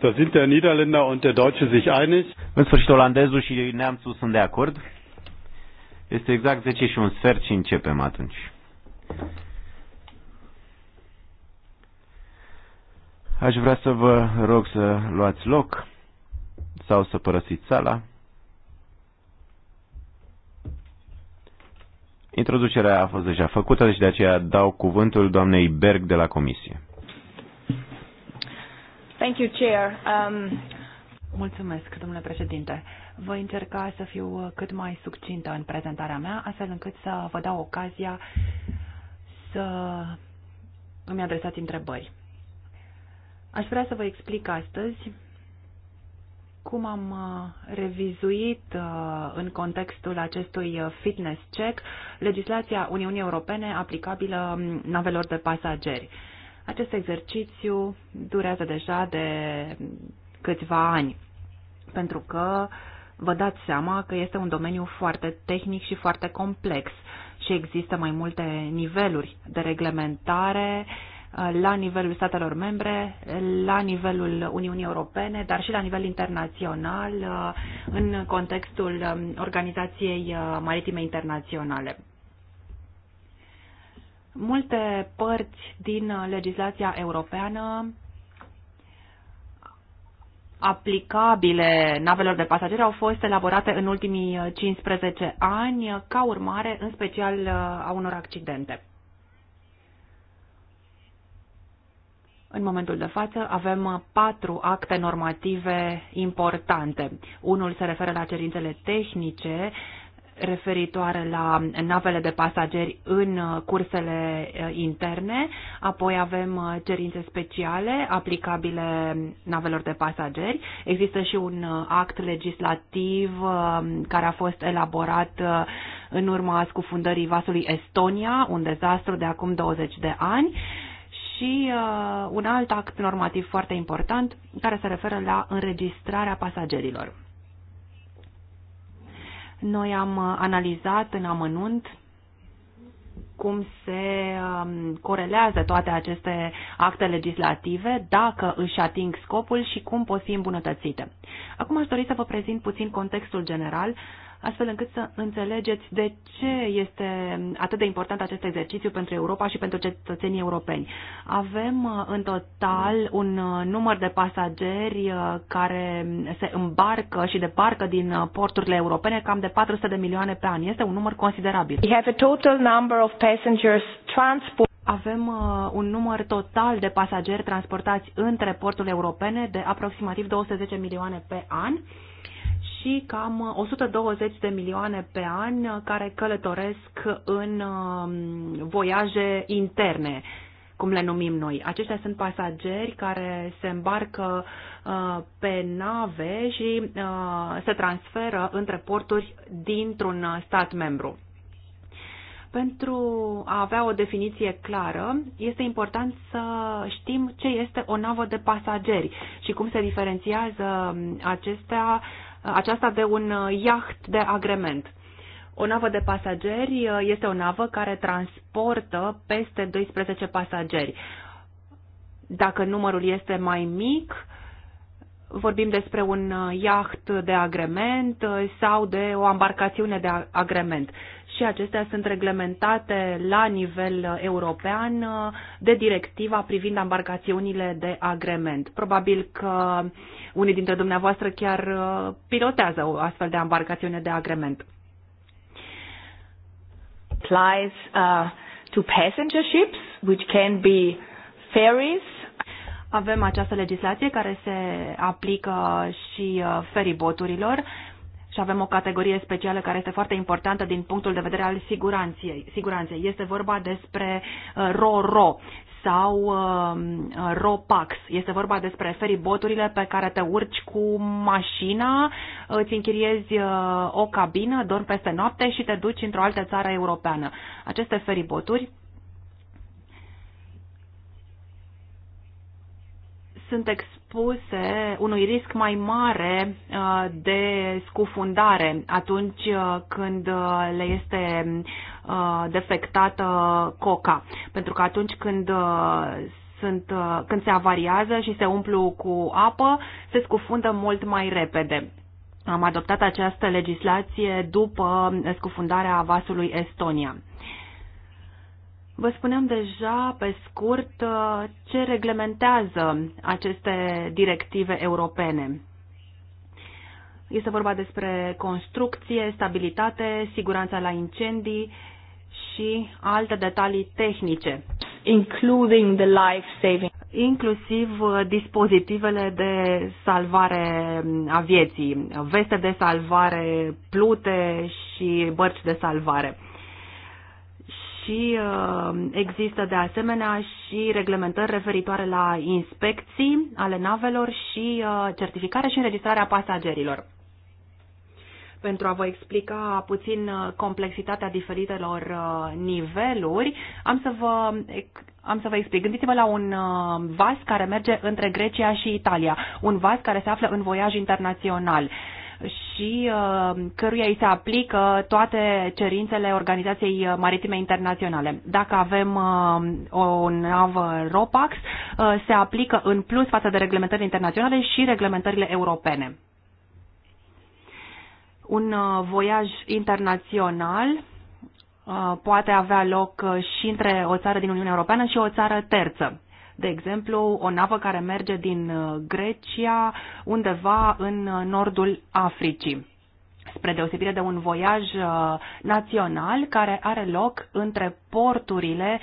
Da sind der Niederländer und der Deutsche sich einig. În sfârșit, olandezul și neamțul sunt de acord. Este exact 10 și un sfert și începem atunci. Aș vrea să vă rog să luați loc sau să părăsiți sala. Introducerea a fost deja făcută, deci de aceea dau cuvântul doamnei Berg de la Comisie you, Chair. Um... Mulțumesc, domnule președinte. Voi încerca să fiu cât mai succintă în prezentarea mea, astfel încât să vă dau ocazia să îmi adresați întrebări. Aș vrea să vă explic astăzi cum am uh, revizuit uh, în contextul acestui uh, fitness check legislația Uniunii Europene aplicabilă um, navelor de pasageri. Acest exercițiu durează deja de câțiva ani, pentru că vă dați seama că este un domeniu foarte tehnic și foarte complex și există mai multe niveluri de reglementare uh, la nivelul statelor membre, la nivelul Uniunii Europene, dar și la nivel internațional, uh, în contextul um, Organizației uh, Maritime Internaționale. Multe părți din legislația europeană aplicabile navelor de pasageri au fost elaborate în ultimii 15 ani, ca urmare în special a unor accidente. În momentul de față avem patru acte normative importante. Unul se referă la cerințele tehnice referitoare la navele de pasageri în uh, cursele uh, interne, apoi avem uh, cerințe speciale aplicabile navelor de pasageri. Există și un act legislativ um, care a fost elaborat în urma scufundării vasului Estonia, un dezastru de acum 20 de ani și uh, un alt act normativ foarte important care se referă la înregistrarea pasagerilor. Noi am uh, analizat în amănunt cum se um, corelează toate aceste acte legislative, dacă își ating scopul și cum pot fi îmbunătățite. Acum aș dori să vă prezint puțin contextul general astfel încât să înțelegeți de ce este atât de important acest exercițiu pentru Europa și pentru cetățenii europeni. Avem uh, în total un uh, număr de pasageri uh, care se îmbarcă și departă din porturile europene cam de 400 de milioane pe an. Este un număr considerabil. We have a total number of passengers transport avem uh, un număr total de pasageri transportați între porturile europene de aproximativ 210 milioane pe an. Uh, și cam 120 de milioane pe an care călătoresc în um, voiaje interne, cum le numim noi. Aceștia sunt pasageri care se îmbarcă uh, pe nave și uh, se transferă între porturi dintr-un stat membru. Pentru a avea o definiție clară, este important să știm ce este o navă de pasageri și cum se diferențiază um, acestea aceasta de un uh, iaht de agrement. O navă de pasageri uh, este o navă care transportă peste 12 pasageri. Dacă numărul este mai mic, vorbim despre un uh, iaht de agrement sau de o embarcațiune de agrement și acestea sunt reglementate la nivel european de directiva privind embarcațiunile de agrement. Probabil că unii dintre dumneavoastră chiar uh, pilotează o astfel de embarcațiune de agrement. Applies uh, to passenger ships, which can be ferries. Avem această legislație care se aplică și uh, feriboturilor și avem o categorie specială care este foarte importantă din punctul de vedere al siguranței. siguranței. Este vorba despre uh, RORO sau uh, ROPAX. Este vorba despre feriboturile pe care te urci cu mașina, îți închiriezi uh, o cabină, dormi peste noapte și te duci într-o altă țară europeană. Aceste feriboturi sunt exp- expuse unui risc mai mare uh, de scufundare atunci uh, când uh, le este defectată coca. Pentru că atunci când sunt, când se avariază și se umplu cu apă, se scufundă mult mai repede. Am adoptat această legislație după scufundarea vasului Estonia. Vă spuneam deja, pe scurt, ce reglementează aceste directive europene. Este vorba despre construcție, stabilitate, siguranța la incendii și alte detalii tehnice. Including the life saving. Inclusiv dispozitivele de salvare a vieții, veste de salvare, plute și bărci de salvare și uh, există de asemenea și reglementări referitoare la inspecții ale navelor și uh, certificare și înregistrarea pasagerilor. Pentru a vă explica puțin uh, complexitatea diferitelor niveluri, am să vă, am să vă explic. Gândiți-vă la un vas care merge între Grecia și Italia, un vas care se află în voiaj internațional și uh, căruia îi se aplică toate cerințele Organizației Maritime Internaționale. Dacă avem uh, o navă ROPAX, uh, se aplică în plus față de reglementările internaționale și reglementările europene. Un voiaj internațional poate avea loc și între o țară din Uniunea Europeană și o țară terță. De exemplu, o navă care merge din uh, Grecia undeva în uh, nordul Africii spre deosebire de un voiaj uh, național care are loc între porturile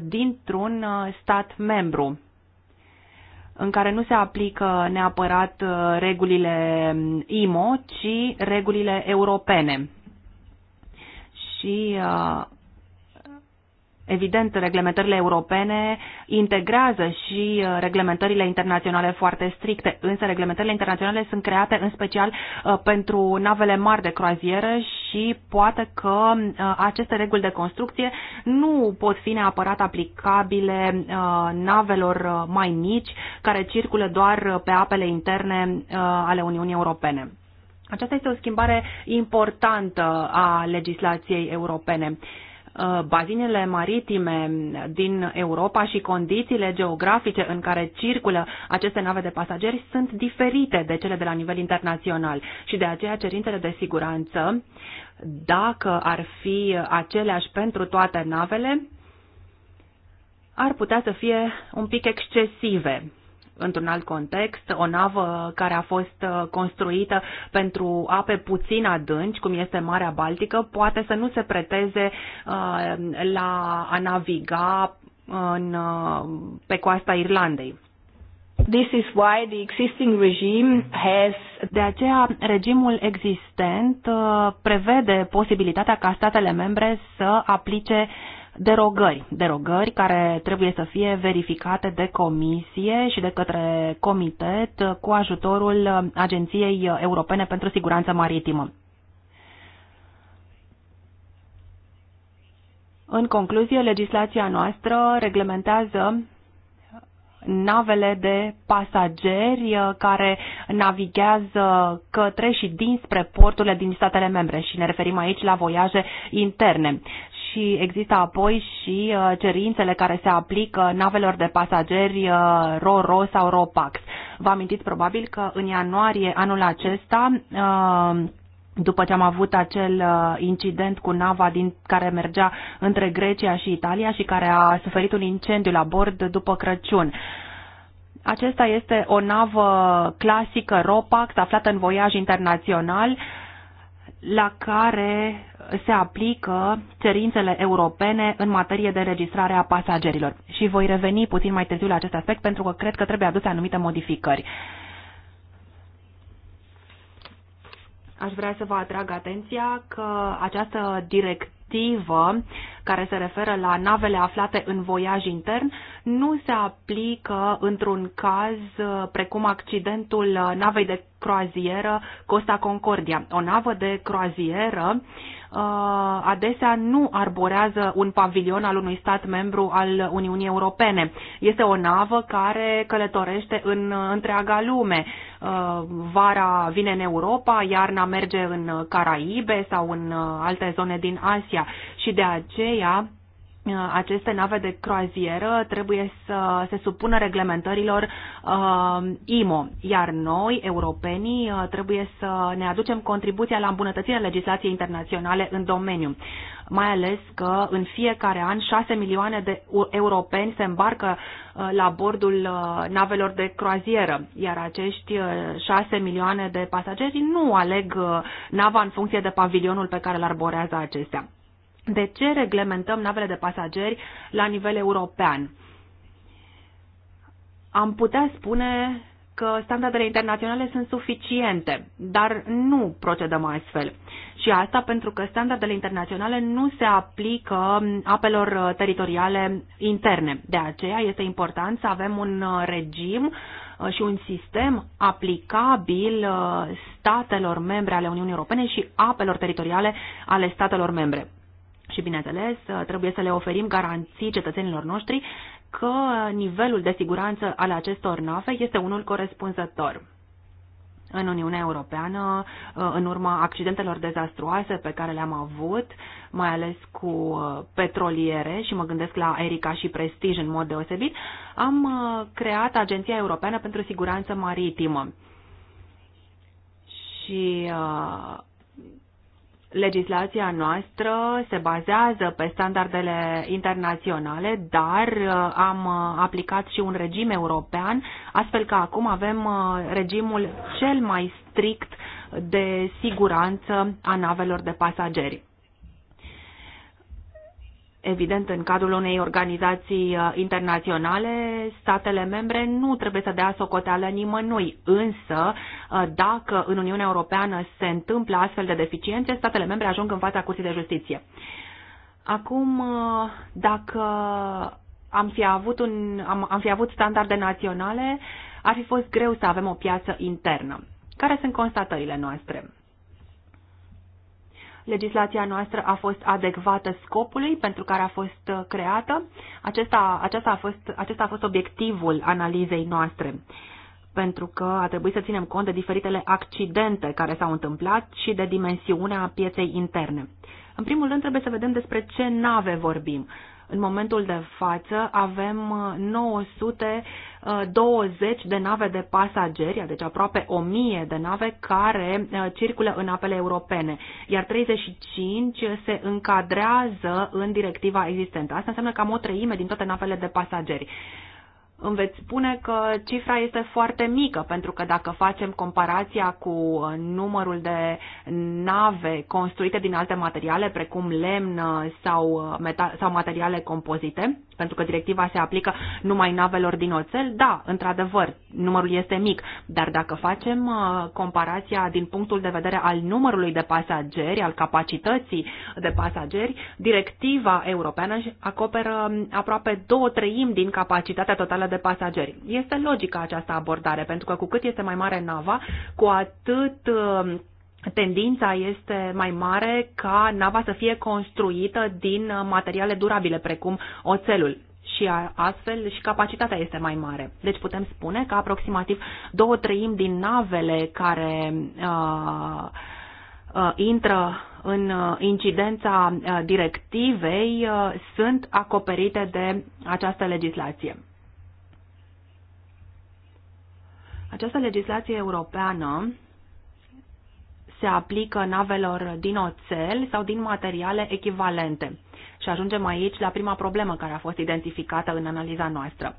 dintr-un stat membru în care nu se aplică neapărat regulile mm, IMO, ci regulile europene. Și Evident, reglementările europene integrează și uh, reglementările internaționale foarte stricte, însă reglementările internaționale sunt create în special uh, pentru navele mari de croazieră și poate că uh, aceste reguli de construcție nu pot fi neapărat aplicabile navelor mai mici care circulă doar pe apele interne ale Uniunii Europene. Aceasta este o schimbare importantă a legislației europene. Uh, bazinele maritime din Europa și condițiile geografice în care circulă aceste nave de pasageri sunt diferite de cele de la nivel internațional și de aceea cerințele de siguranță, dacă ar fi aceleași pentru toate navele, ar putea să fie un pic excesive într-un alt context, o navă care a fost uh, construită pentru ape puțin adânci, cum este Marea Baltică, poate să nu se preteze uh, la a naviga în, uh, pe coasta Irlandei. This is why the existing regime has... De aceea, regimul existent prevede posibilitatea ca statele membre să aplice derogări, derogări care trebuie să fie verificate de comisie și de către comitet cu ajutorul Agenției Europene pentru Siguranță Maritimă. În concluzie, legislația noastră reglementează navele de pasageri uh, care navighează către și dinspre porturile din statele membre și ne referim aici la voiaje interne și există apoi și uh, cerințele care se aplică navelor de pasageri uh, RORO sau ROPAX. Vă amintiți probabil că în ianuarie anul acesta uh, după ce am avut acel incident cu nava din care mergea între Grecia și Italia și care a suferit un incendiu la bord după Crăciun. Acesta este o navă clasică ROPAX aflată în voiaj internațional uh, la care se aplică cerințele europene în materie de registrare a pasagerilor. Și voi reveni puțin mai târziu la acest aspect pentru că cred că trebuie aduse anumite modificări. Aș vrea să vă atrag atenția că această directivă directivă care se referă la navele aflate în voiaj intern nu se aplică într-un caz uh, precum accidentul uh, navei de croazieră Costa Concordia. O navă de croazieră Uh, adesea nu arborează un pavilion al unui stat membru al Uniunii Europene. Este o navă care călătorește în întreaga lume. Uh, vara vine în Europa, iarna merge în Caraibe sau în uh, alte zone din Asia și de aceea Uh, aceste nave de croazieră trebuie să se supună reglementărilor uh, IMO, iar noi, europenii, uh, trebuie să ne aducem contribuția la îmbunătățirea legislației internaționale în domeniu. Mai ales că în fiecare an 6 milioane de europeni se îmbarcă uh, la bordul navelor de croazieră, iar acești 6 milioane de pasageri nu aleg nava în funcție de pavilionul pe care îl arborează acestea. De ce reglementăm navele de pasageri la nivel european? Am putea spune că standardele internaționale sunt suficiente, dar nu procedăm astfel. Și asta pentru că standardele internaționale nu se aplică apelor teritoriale interne. De aceea este important să avem un regim uh, și un sistem aplicabil uh, statelor membre ale Uniunii Europene și apelor teritoriale ale statelor membre. Și, bineînțeles, trebuie să le oferim garanții cetățenilor noștri că nivelul de siguranță al acestor nave este unul corespunzător în Uniunea Europeană în urma accidentelor dezastruoase pe care le-am avut, mai ales cu petroliere și mă gândesc la Erica și Prestige în mod deosebit, am creat Agenția Europeană pentru Siguranță Maritimă. Și uh, legislația noastră se bazează pe standardele internaționale, dar uh, am uh, aplicat și un regim european, astfel că acum avem uh, regimul cel mai strict de siguranță a navelor de pasageri evident, în cadrul unei organizații uh, internaționale, statele membre nu trebuie să dea socoteală nimănui. Însă, uh, dacă în Uniunea Europeană se întâmplă astfel de deficiențe, statele membre ajung în fața Curții de Justiție. Acum, uh, dacă am fi avut, un, am, am fi avut standarde naționale, ar fi fost greu să avem o piață internă. Care sunt constatările noastre? legislația noastră a fost adecvată scopului pentru care a fost uh, creată. Acesta, acesta, a, fost, acesta a fost obiectivul analizei noastre pentru că a trebuit să ținem cont de diferitele accidente care s-au întâmplat și de dimensiunea pieței interne. În primul rând trebuie să vedem despre ce nave vorbim. În momentul de față avem 920 uh, uh, de nave de pasageri, deci aproape 1000 de nave care uh, circulă în apele europene, iar 35 se încadrează în directiva existentă. Asta înseamnă cam o treime din toate navele de pasageri îmi veți spune că cifra este foarte mică, pentru că dacă facem comparația cu uh, numărul de nave construite din alte materiale, precum lemn uh, sau, uh, metal, sau materiale compozite, pentru că directiva se aplică numai navelor din oțel, da, într-adevăr, numărul este mic, dar dacă facem uh, comparația din punctul de vedere al numărului de pasageri, al capacității de pasageri, directiva europeană acoperă um, aproape două treimi din capacitatea totală de pasageri. Este logică această abordare, pentru că cu cât este mai mare nava, cu atât um, tendința este mai mare ca nava să fie construită din materiale durabile, precum oțelul și astfel și capacitatea este mai mare. Deci putem spune că aproximativ două treimi din navele care uh, uh, intră în incidența directivei uh, sunt acoperite de această legislație. Această legislație europeană se aplică navelor din oțel sau din materiale echivalente. Și ajungem aici la prima problemă care a fost identificată în analiza noastră.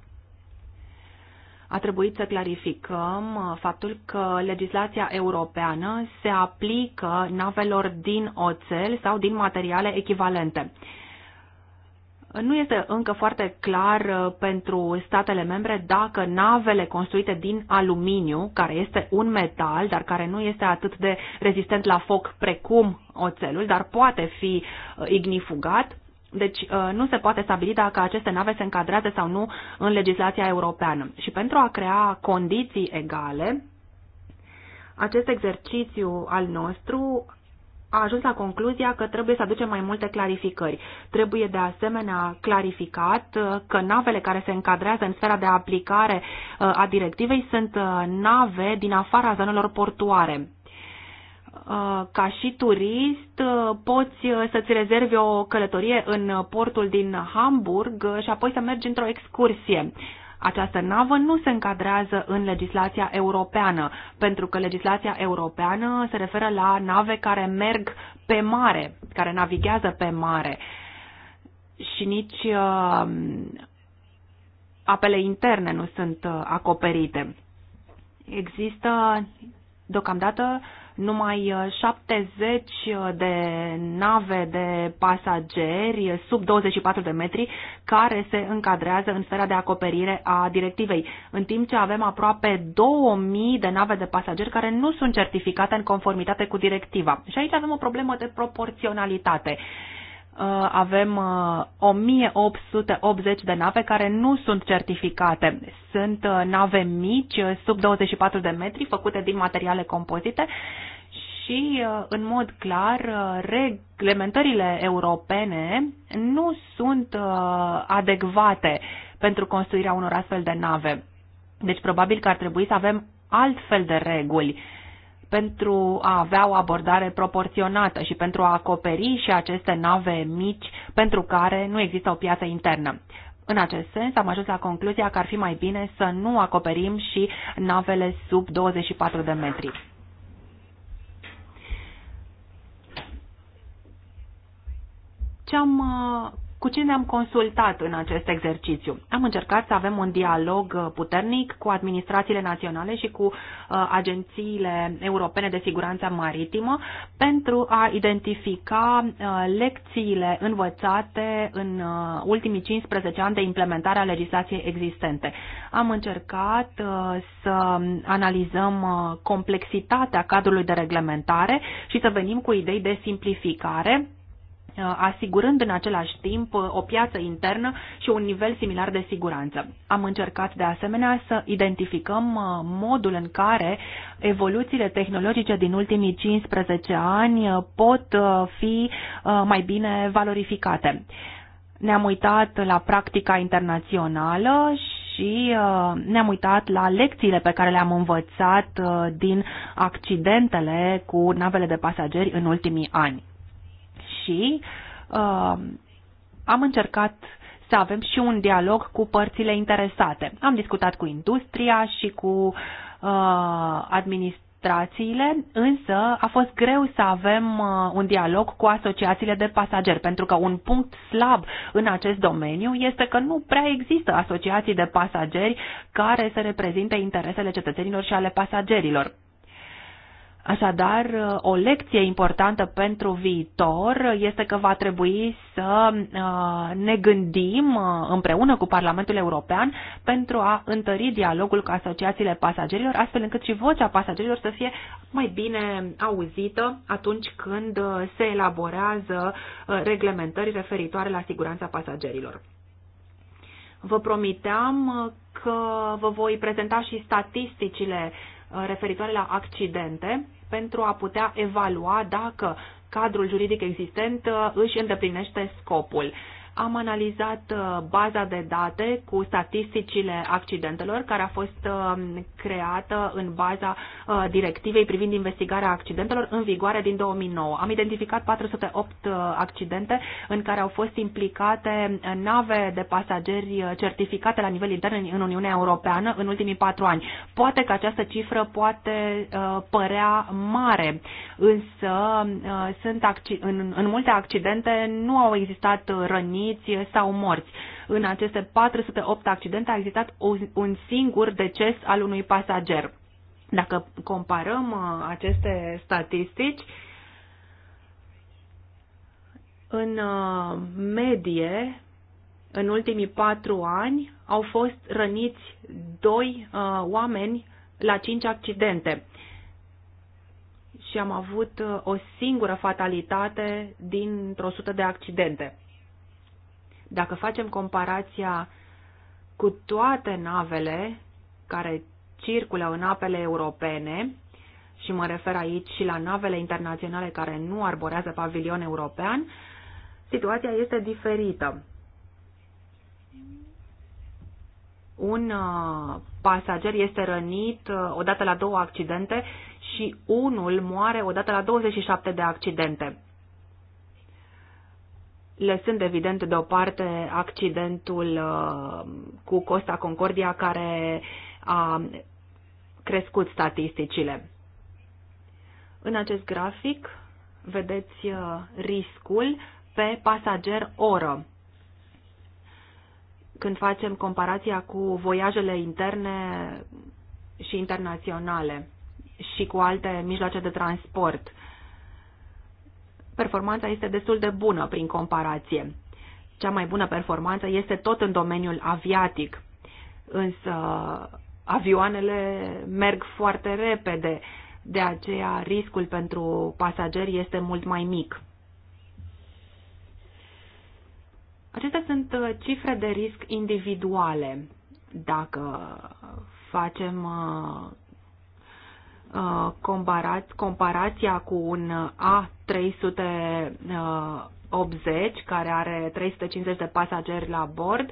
A trebuit să clarificăm uh, faptul că legislația europeană se aplică navelor din oțel sau din materiale echivalente nu este încă foarte clar uh, pentru statele membre dacă navele construite din aluminiu, care este un metal, dar care nu este atât de rezistent la foc precum oțelul, dar poate fi uh, ignifugat, deci uh, nu se poate stabili dacă aceste nave se încadrează sau nu în legislația europeană. Și pentru a crea condiții egale, acest exercițiu al nostru a ajuns la concluzia că trebuie să aducem mai multe clarificări. Trebuie de asemenea clarificat uh, că navele care se încadrează în sfera de aplicare uh, a directivei sunt uh, nave din afara zonelor portuare. Ca și turist poți să-ți rezervi o călătorie în portul din Hamburg și apoi să mergi într-o excursie. Această navă nu se încadrează în legislația europeană, pentru că legislația europeană se referă la nave care merg pe mare, care navighează pe mare și nici uh, apele interne nu sunt uh, acoperite. Există deocamdată uh, numai 70 uh, uh, de nave de pasageri uh, sub 24 de metri care se încadrează în sfera de acoperire a directivei, în timp ce avem aproape 2000 de nave de pasageri care nu sunt certificate în conformitate cu directiva. Și aici avem o problemă de proporționalitate. Uh, avem 1880 uh, de nave care nu sunt certificate. Sunt uh, nave mici, sub 24 de metri, făcute din materiale compozite și, în mod clar, reglementările europene nu sunt adecvate pentru construirea unor astfel de nave. Deci, probabil că ar trebui să avem altfel de reguli pentru a avea o abordare proporționată și pentru a acoperi și aceste nave mici pentru care nu există o piață internă. În acest sens, am ajuns la concluzia că ar fi mai bine să nu acoperim și navele sub 24 de metri. Ce am uh, cu cine am consultat în acest exercițiu? Am încercat să avem un dialog uh, puternic cu administrațiile naționale și cu uh, agențiile europene de siguranță maritimă pentru a identifica uh, lecțiile învățate în ultimii 15 ani de implementare a legislației existente. Am încercat să analizăm complexitatea cadrului de reglementare și să venim cu idei de simplificare Uh, asigurând în același timp uh, o piață internă și un nivel similar de siguranță. Am încercat de asemenea să identificăm uh, modul în care evoluțiile tehnologice din ultimii 15 ani pot fi mai bine valorificate. Ne-am uitat la practica internațională și și ne-am uitat la lecțiile pe care le-am învățat din accidentele cu navele de pasageri în ultimii ani și uh, am încercat să avem și un dialog cu părțile interesate. Am discutat cu industria și cu uh, administrațiile, însă a fost greu să avem uh, un dialog cu asociațiile de pasageri, pentru că un punct slab în acest domeniu este că nu prea există asociații de pasageri care să reprezinte interesele cetățenilor și ale pasagerilor. Așadar, o lecție importantă pentru viitor este că va trebui să uh, ne gândim uh, împreună cu Parlamentul European pentru a întări dialogul cu asociațiile pasagerilor, astfel încât și vocea pasagerilor să fie mai bine auzită atunci când uh, se elaborează reglementări referitoare la siguranța pasagerilor. Vă promiteam că vă voi prezenta și statisticile referitoare la accidente pentru a putea evalua dacă cadrul juridic existent uh, își îndeplinește scopul am analizat uh, baza de date cu statisticile accidentelor care a fost um, creată în baza uh, directivei privind investigarea accidentelor în vigoare din 2009. Am identificat 408 uh, accidente în care au fost implicate nave de pasageri certificate la nivel intern în Uniunea Europeană în ultimii patru ani. Poate că această cifră poate părea mare, însă sunt în, în multe accidente nu au existat răniri răniți sau morți. În aceste 408 accidente a existat un singur deces al unui pasager. Dacă comparăm uh, aceste statistici, în uh, medie, în ultimii patru ani, au fost răniți doi uh, oameni la cinci accidente și am avut uh, o singură fatalitate dintr-o sută de accidente. Dacă facem comparația cu toate navele care circulă în apele europene, și mă refer aici și la navele internaționale care nu arborează pavilion european, situația este diferită. Un uh, pasager este rănit uh, odată la două accidente și unul moare odată la 27 de accidente lăsând evident deoparte accidentul uh, cu Costa Concordia care a crescut statisticile. În acest grafic vedeți uh, riscul pe pasager oră. Când facem comparația cu voiajele interne și internaționale și cu alte mijloace de transport, performanța este destul de bună prin comparație. Cea mai bună performanță este tot în domeniul aviatic, însă avioanele merg foarte repede, de aceea riscul pentru pasageri este mult mai mic. Acestea sunt uh, cifre de risc individuale. Dacă facem uh, Uh, comparați, comparația cu un A380 uh, care are 350 de pasageri la bord,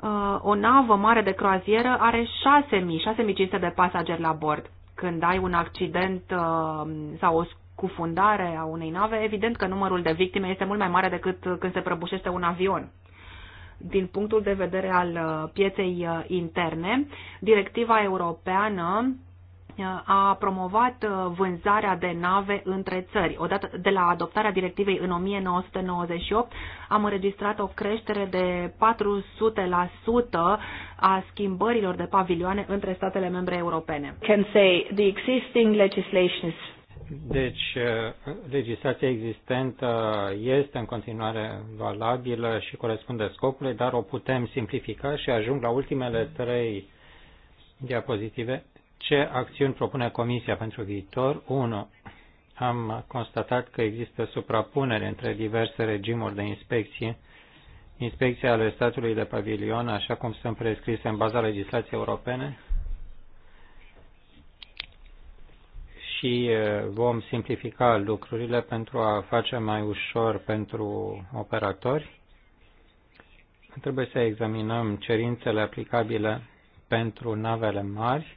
uh, o navă mare de croazieră are 6.000-6.500 de pasageri la bord. Când ai un accident sau o scufundare a unei nave, evident că numărul de victime este mult mai mare decât când se prăbușește un avion din punctul de vedere al pieței interne, directiva europeană a promovat uh, vânzarea de nave între țări. Odată de la adoptarea directivei în 1998 am înregistrat o creștere de 400% a schimbărilor de pavilioane între statele membre europene. Can say the existing legislation is deci, uh, legislația existentă este în continuare valabilă și corespunde scopului, dar o putem simplifica și ajung la ultimele trei diapozitive. Ce acțiuni propune Comisia pentru viitor? 1. Am constatat că există suprapunere între diverse regimuri de inspecție, inspecția ale statului de pavilion, așa cum sunt prescrise în baza legislației europene, și vom simplifica lucrurile pentru a face mai ușor pentru operatori. Trebuie să examinăm cerințele aplicabile pentru navele mari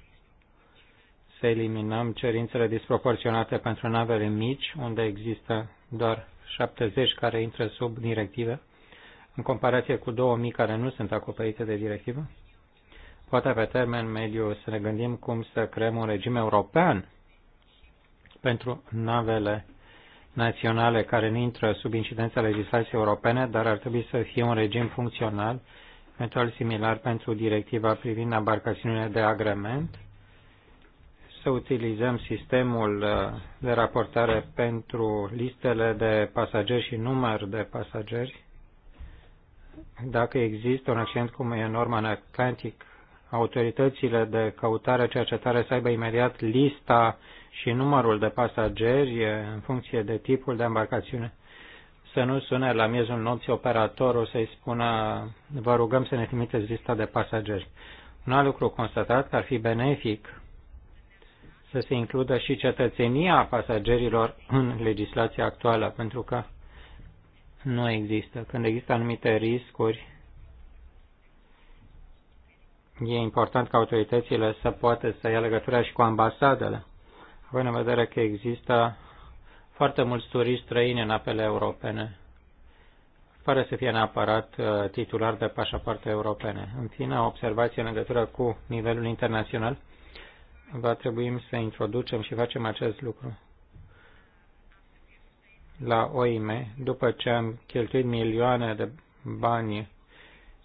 să eliminăm cerințele disproporționate pentru navele mici, unde există doar 70 care intră sub directivă, în comparație cu 2000 care nu sunt acoperite de directivă? Poate pe termen mediu să ne gândim cum să creăm un regim european pentru navele naționale care nu intră sub incidența legislației europene, dar ar trebui să fie un regim funcțional, eventual similar pentru directiva privind abarcațiunile de agrement, să utilizăm sistemul uh, de raportare pentru listele de pasageri și număr de pasageri. Dacă există un accident cum e norma în Atlantic, autoritățile de căutare, cercetare să aibă imediat lista și numărul de pasageri în funcție de tipul de embarcațiune. Să nu sune la miezul nopții operatorul să-i spună, vă rugăm să ne trimiteți lista de pasageri. Un alt lucru constatat că ar fi benefic să se includă și cetățenia pasagerilor în legislația actuală, pentru că nu există. Când există anumite riscuri, e important ca autoritățile să poată să ia legătura și cu ambasadele, având în vedere că există foarte mulți turiști străini în apele europene, fără să fie neapărat uh, titular de pașapoarte europene. În fine, o observație în legătură cu nivelul internațional va trebui să introducem și facem acest lucru la OIM, după ce am cheltuit milioane de bani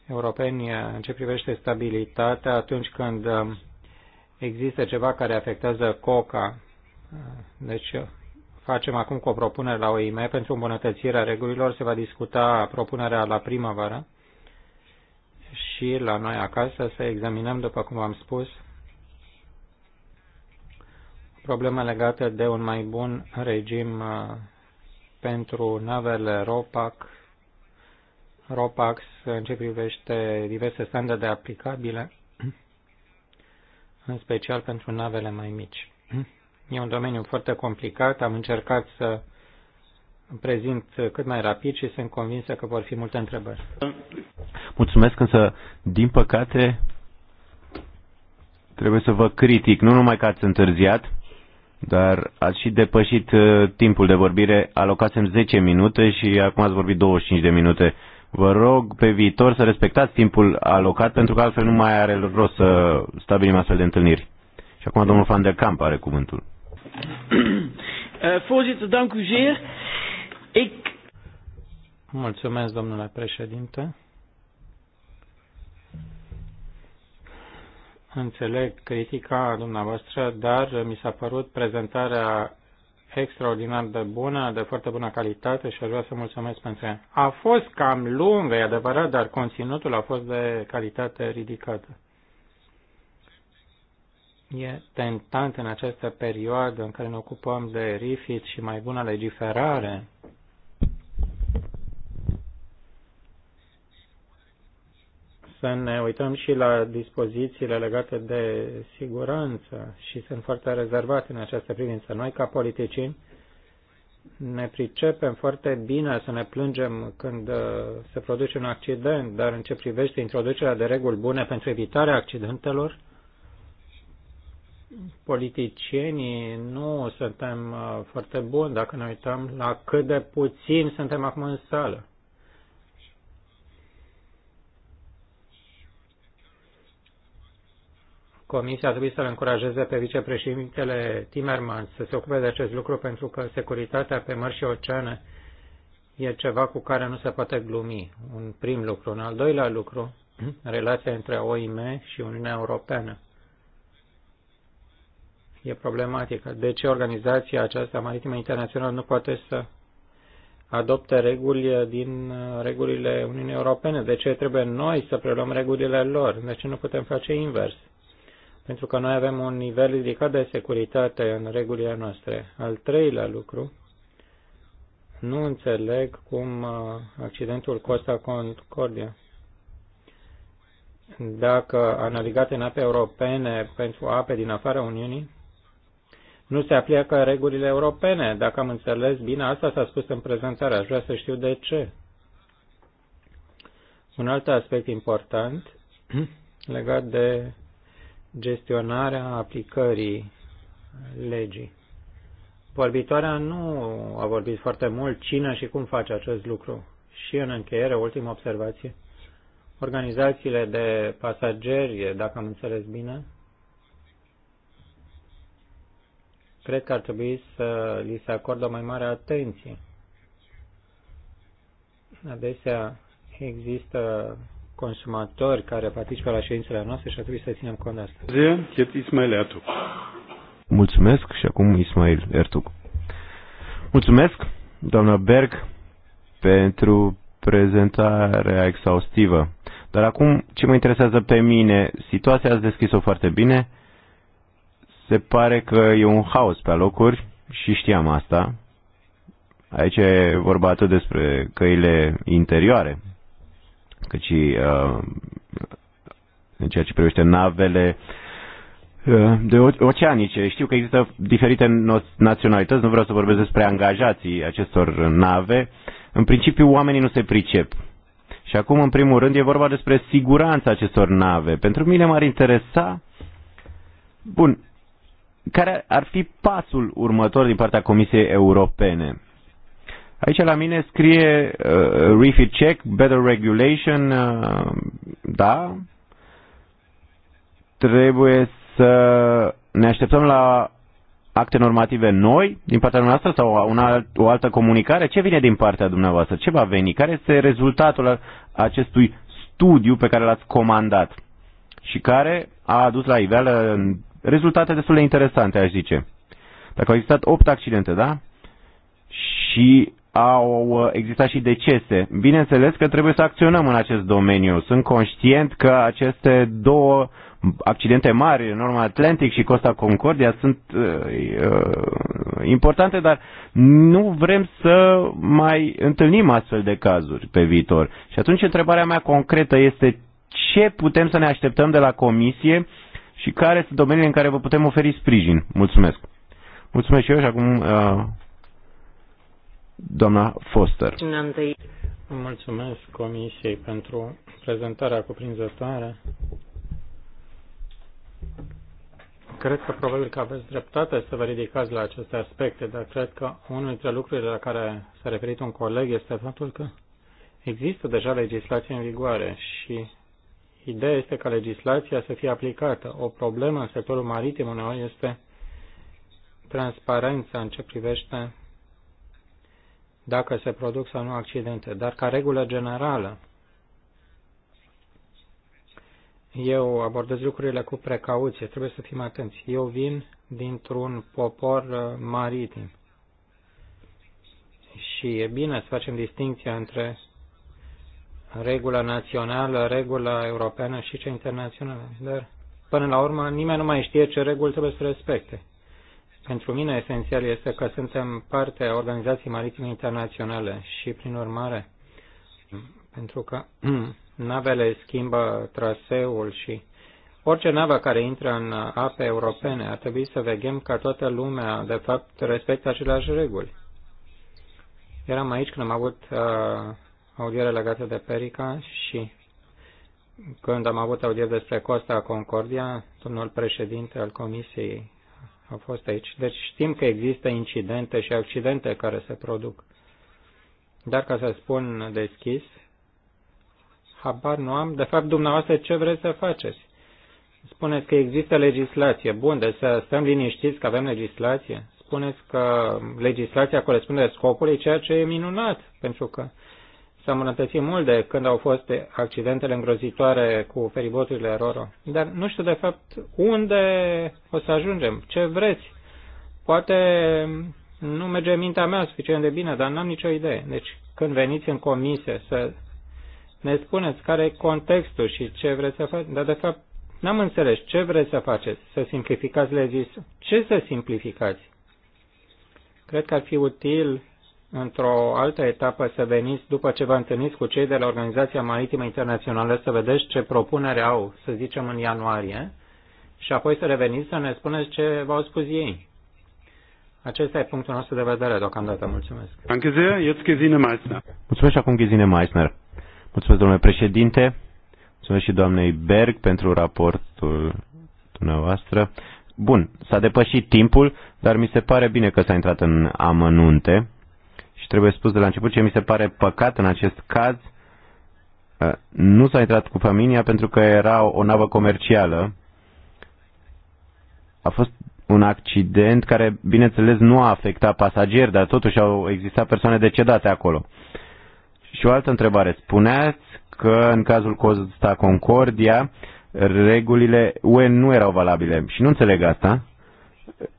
europeni în ce privește stabilitatea atunci când um, există ceva care afectează COCA. Uh, deci uh, facem acum cu o propunere la OIM pentru îmbunătățirea regulilor. Se va discuta propunerea la primăvară și la noi acasă să examinăm, după cum am spus, probleme legate de un mai bun regim uh, pentru navele ROPAC, ROPAX în ce privește diverse standarde aplicabile, în special pentru navele mai mici. E un domeniu foarte complicat, am încercat să prezint cât mai rapid și sunt convinsă că vor fi multe întrebări. Mulțumesc, însă, din păcate, trebuie să vă critic, nu numai că ați întârziat, dar ați și depășit uh, timpul de vorbire. Alocasem 10 minute și acum ați vorbit 25 de minute. Vă rog pe viitor să respectați timpul alocat, pentru că altfel nu mai are rost să stabilim astfel de întâlniri. Și acum domnul Van der Camp are cuvântul. Eh, voorzitter, dank u zeer. Ik... Mulțumesc, domnule președinte. Înțeleg critica dumneavoastră, dar mi s-a părut prezentarea extraordinar de bună, de foarte bună calitate și aș vrea să mulțumesc pentru ea. A fost cam lungă, e adevărat, dar conținutul a fost de calitate ridicată. E tentant în această perioadă în care ne ocupăm de RIFIT și mai bună legiferare să ne uităm și la dispozițiile legate de siguranță și sunt foarte rezervate în această privință. Noi, ca politicieni, ne pricepem foarte bine să ne plângem când uh, se produce un accident, dar în ce privește introducerea de reguli bune pentru evitarea accidentelor, politicienii nu suntem uh, foarte buni dacă ne uităm la cât de puțin suntem acum în sală. Comisia trebuie să-l încurajeze pe vicepreședintele Timmermans să se ocupe de acest lucru pentru că securitatea pe mări și oceane e ceva cu care nu se poate glumi. Un prim lucru. Un al doilea lucru, relația între OIM și Uniunea Europeană. E problematică. De ce organizația aceasta maritimă internațională nu poate să adopte reguli din uh, regulile Uniunii Europene? De ce trebuie noi să preluăm regulile lor? De ce nu putem face invers? pentru că noi avem un nivel ridicat de securitate în regulile noastre. Al treilea lucru, nu înțeleg cum uh, accidentul Costa Concordia, dacă a navigat în ape europene pentru ape din afara Uniunii, nu se aplică regulile europene. Dacă am înțeles bine, asta s-a spus în prezentare. Aș vrea să știu de ce. Un alt aspect important legat de gestionarea aplicării legii. Vorbitoarea nu a vorbit foarte mult cine și cum face acest lucru. Și în încheiere, ultima observație, organizațiile de pasageri, dacă am înțeles bine, cred că ar trebui să li se acordă mai mare atenție. Adesea există consumatori care participă la ședințele noastre și ar trebui să ținem cont de asta. Mulțumesc și acum Ismail Ertug. Mulțumesc, doamna Berg, pentru prezentarea exhaustivă. Dar acum, ce mă interesează pe mine, situația ați deschis-o foarte bine, se pare că e un haos pe locuri și știam asta. Aici e vorba atât despre căile interioare căci uh, în ceea ce privește navele uh, de oceanice. Știu că există diferite naționalități, nu vreau să vorbesc despre angajații acestor nave. În principiu, oamenii nu se pricep. Și acum, în primul rând, e vorba despre siguranța acestor nave. Pentru mine m-ar interesa, bun, care ar fi pasul următor din partea Comisiei Europene? Aici la mine scrie uh, refit check, better regulation, uh, da, trebuie să ne așteptăm la acte normative noi din partea noastră sau una, o altă comunicare? Ce vine din partea dumneavoastră? Ce va veni? Care este rezultatul acestui studiu pe care l-ați comandat și care a adus la iveală rezultate destul de interesante, aș zice. Dacă au existat 8 accidente, da? Și au uh, existat și decese. Bineînțeles că trebuie să acționăm în acest domeniu. Sunt conștient că aceste două accidente mari, Norma Atlantic și Costa Concordia, sunt uh, uh, importante, dar nu vrem să mai întâlnim astfel de cazuri pe viitor. Și atunci întrebarea mea concretă este ce putem să ne așteptăm de la Comisie și care sunt domeniile în care vă putem oferi sprijin. Mulțumesc! Mulțumesc și eu și acum uh, Doamna Foster. Mulțumesc Comisiei pentru prezentarea cuprinzătoare. Cred că probabil că aveți dreptate să vă ridicați la aceste aspecte, dar cred că unul dintre lucrurile la care s-a referit un coleg este faptul că există deja legislație în vigoare și ideea este ca legislația să fie aplicată. O problemă în sectorul maritim uneori este transparența în ce privește dacă se produc sau nu accidente, dar ca regulă generală, eu abordez lucrurile cu precauție, trebuie să fim atenți. Eu vin dintr-un popor uh, maritim și e bine să facem distinția între regula națională, regula europeană și cea internațională, dar până la urmă nimeni nu mai știe ce reguli trebuie să respecte. Pentru mine esențial este că suntem parte a Organizației Maritime Internaționale și, prin urmare, pentru că navele schimbă traseul și orice navă care intră în ape europene ar trebui să vegem ca toată lumea, de fapt, respectă aceleași reguli. Eram aici când am avut uh, audiere legată de Perica și când am avut audiere despre Costa Concordia, domnul președinte al Comisiei a fost aici. Deci știm că există incidente și accidente care se produc. Dar ca să spun deschis, habar nu am, de fapt dumneavoastră ce vreți să faceți? Spuneți că există legislație. Bun, deci să stăm liniștiți că avem legislație. Spuneți că legislația corespunde scopului, ceea ce e minunat, pentru că s-a îmbunătățit mult de când au fost accidentele îngrozitoare cu feriboturile Roro. Dar nu știu de fapt unde o să ajungem, ce vreți. Poate nu merge mintea mea suficient de bine, dar n-am nicio idee. Deci când veniți în comisie să ne spuneți care e contextul și ce vreți să faceți, dar de fapt n-am înțeles ce vreți să faceți, să simplificați le zis. Ce să simplificați? Cred că ar fi util într-o altă etapă să veniți după ce vă întâlniți cu cei de la Organizația Maritimă Internațională să vedeți ce propunere au, să zicem, în ianuarie și apoi să reveniți să ne spuneți ce v-au spus ei. Acesta e punctul nostru de vedere deocamdată. Mulțumesc. Danke sehr. Jetzt Gesine Meissner. Mulțumesc și acum Gesine Meissner. Mulțumesc, domnule președinte. Mulțumesc și doamnei Berg pentru raportul dumneavoastră. Bun, s-a depășit timpul, dar mi se pare bine că s-a intrat în amănunte și trebuie spus de la început ce mi se pare păcat în acest caz, uh, nu s-a intrat cu familia pentru că era o navă comercială. A fost un accident care, bineînțeles, nu a afectat pasageri, dar totuși au existat persoane decedate acolo. Și o altă întrebare. Spuneați că în cazul Costa Concordia regulile UE nu erau valabile și nu înțeleg asta.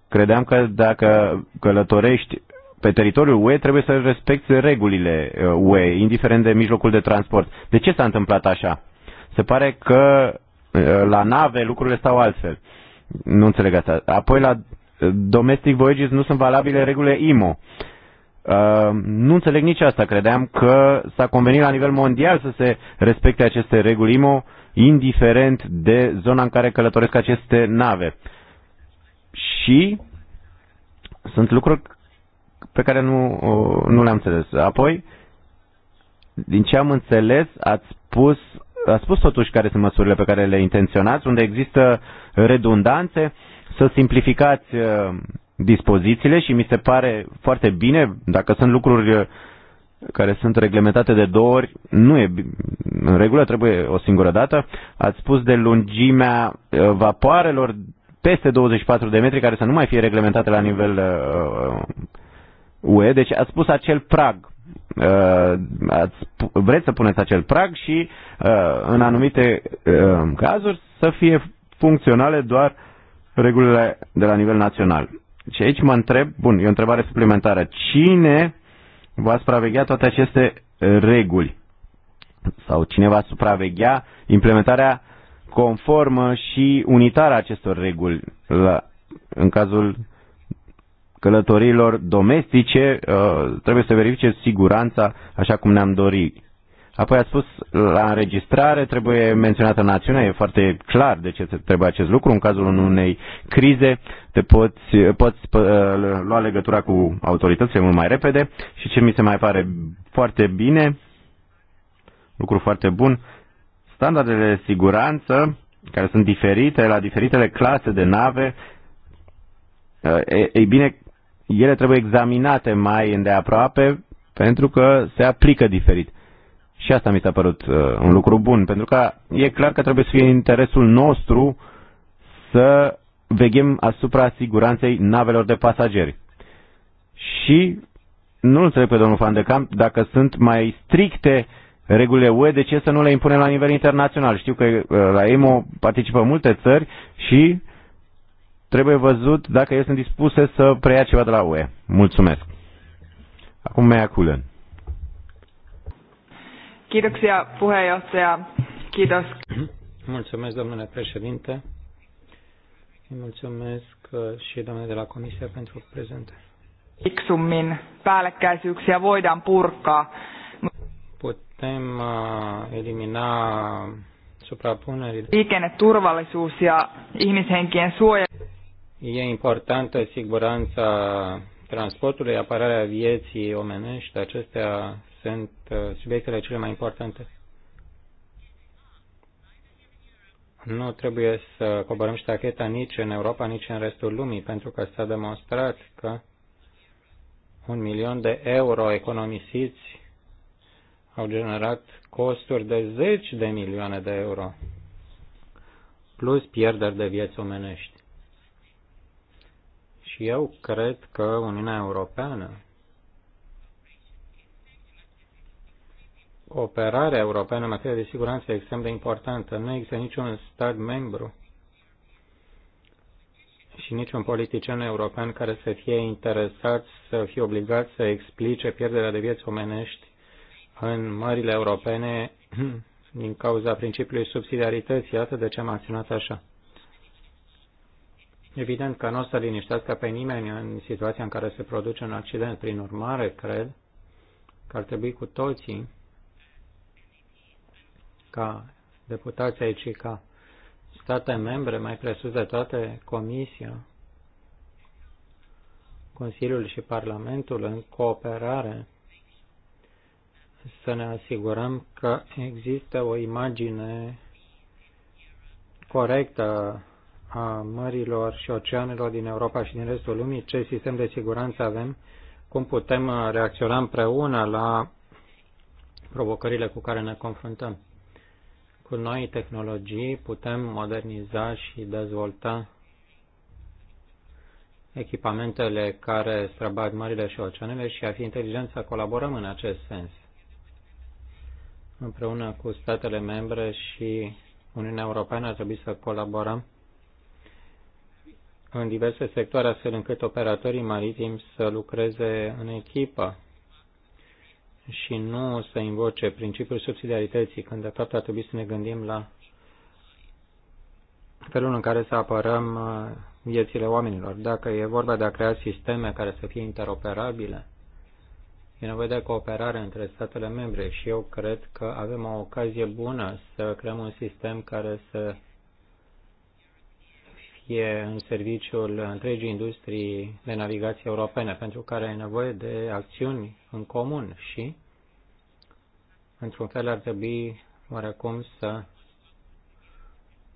Credeam că dacă călătorești pe teritoriul UE trebuie să respecte regulile uh, UE, indiferent de mijlocul de transport. De ce s-a întâmplat așa? Se pare că uh, la nave lucrurile stau altfel. Nu înțeleg asta. Apoi la uh, domestic voyages nu sunt valabile regulile IMO. Uh, nu înțeleg nici asta. Credeam că s-a convenit la nivel mondial să se respecte aceste reguli IMO, indiferent de zona în care călătoresc aceste nave. Și sunt lucruri pe care nu, nu le-am înțeles. Apoi, din ce am înțeles, ați spus, ați spus totuși care sunt măsurile pe care le intenționați, unde există redundanțe, să simplificați uh, dispozițiile și mi se pare foarte bine, dacă sunt lucruri uh, care sunt reglementate de două ori, nu e în regulă, trebuie o singură dată. Ați spus de lungimea uh, vapoarelor peste 24 de metri care să nu mai fie reglementate la nivel uh, UE, deci ați spus acel prag. Uh, ați, vreți să puneți acel prag și uh, în anumite uh, cazuri să fie funcționale doar regulile de la nivel național. Și aici mă întreb, bun, e o întrebare suplimentară. Cine va supraveghea toate aceste reguli? Sau cine va supraveghea implementarea conformă și unitară a acestor reguli la, în cazul călătorilor domestice uh, trebuie să verifice siguranța așa cum ne-am dorit. Apoi a spus la înregistrare trebuie menționată națiunea, e foarte clar de ce trebuie acest lucru. În cazul unei crize te poți, poți uh, lua legătura cu autoritățile mult mai repede și ce mi se mai pare foarte bine, lucru foarte bun, standardele de siguranță care sunt diferite la diferitele clase de nave, uh, ei bine, ele trebuie examinate mai îndeaproape pentru că se aplică diferit. Și asta mi s-a părut uh, un lucru bun, pentru că e clar că trebuie să fie interesul nostru să veghem asupra siguranței navelor de pasageri. Și nu înțeleg pe domnul Van de Camp dacă sunt mai stricte regulile UE, de ce să nu le impunem la nivel internațional? Știu că uh, la EMO participă multe țări și uh, trebuie văzut dacă ele sunt dispuse să preia ceva de la UE. Mulțumesc. Acum mea culen. Kiitoksia puheenjohtaja. Kiitos. Mhm. Mulțumesc, domnule președinte. mulțumesc uh, și domnule de la Comisia pentru prezentă. Iksummin päällekkäisyyksiä voidaan purkaa. Putem uh, elimina suprapunerile. Liikenneturvallisuus ja ihmishenkien suojelu. E importantă siguranța transportului, apărarea vieții omenești. Acestea sunt uh, subiectele cele mai importante. Nu trebuie să coborăm ștacheta nici în Europa, nici în restul lumii, pentru că s-a demonstrat că un milion de euro economisiți au generat costuri de zeci de milioane de euro, plus pierderi de vieți omenești. Și eu cred că Uniunea Europeană, operarea europeană în materie de siguranță e extrem de importantă. Nu există niciun stat membru și niciun politician european care să fie interesat să fie obligat să explice pierderea de vieți omenești în mările europene din cauza principiului subsidiarității. Iată de ce am acționat așa. Evident că nu o să liniștească pe nimeni în situația în care se produce un accident. Prin urmare, cred că ar trebui cu toții, ca deputații aici, ca state membre, mai presus de toate Comisia, Consiliul și Parlamentul, în cooperare, să ne asigurăm că există o imagine corectă a mărilor și oceanelor din Europa și din restul lumii, ce sistem de siguranță avem, cum putem uh, reacționa împreună la provocările cu care ne confruntăm. Cu noi tehnologii putem moderniza și dezvolta echipamentele care străbat mările și oceanele și a fi inteligent să colaborăm în acest sens împreună cu statele membre și Uniunea Europeană ar trebui să colaborăm în diverse sectoare, astfel încât operatorii maritimi să lucreze în echipă și nu să invoce principiul subsidiarității, când de fapt ar trebui să ne gândim la felul în care să apărăm uh, viețile oamenilor. Dacă e vorba de a crea sisteme care să fie interoperabile, e nevoie de cooperare între statele membre și eu cred că avem o ocazie bună să creăm un sistem care să e în serviciul întregii industrii de navigație europene, pentru care e nevoie de acțiuni în comun și, într-un fel, ar trebui oarecum să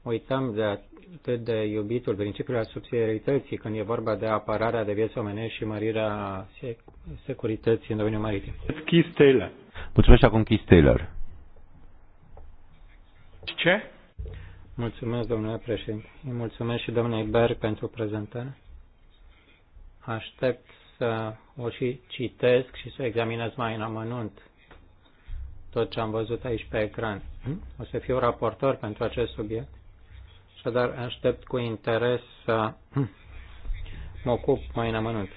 uităm de atât de iubitul principiul al subsidiarității când e vorba de apărarea de vieți omenești și mărirea securității în domeniul maritim. Keith Taylor. Mulțumesc acum Keith Taylor. Ce? Mulțumesc, domnule președinte. Îi mulțumesc și domnului Berg pentru prezentare. Aștept să o și citesc și să examinez mai în amănunt tot ce am văzut aici pe ecran. O să fiu raportor pentru acest subiect și dar aștept cu interes să mă ocup mai în amănunt.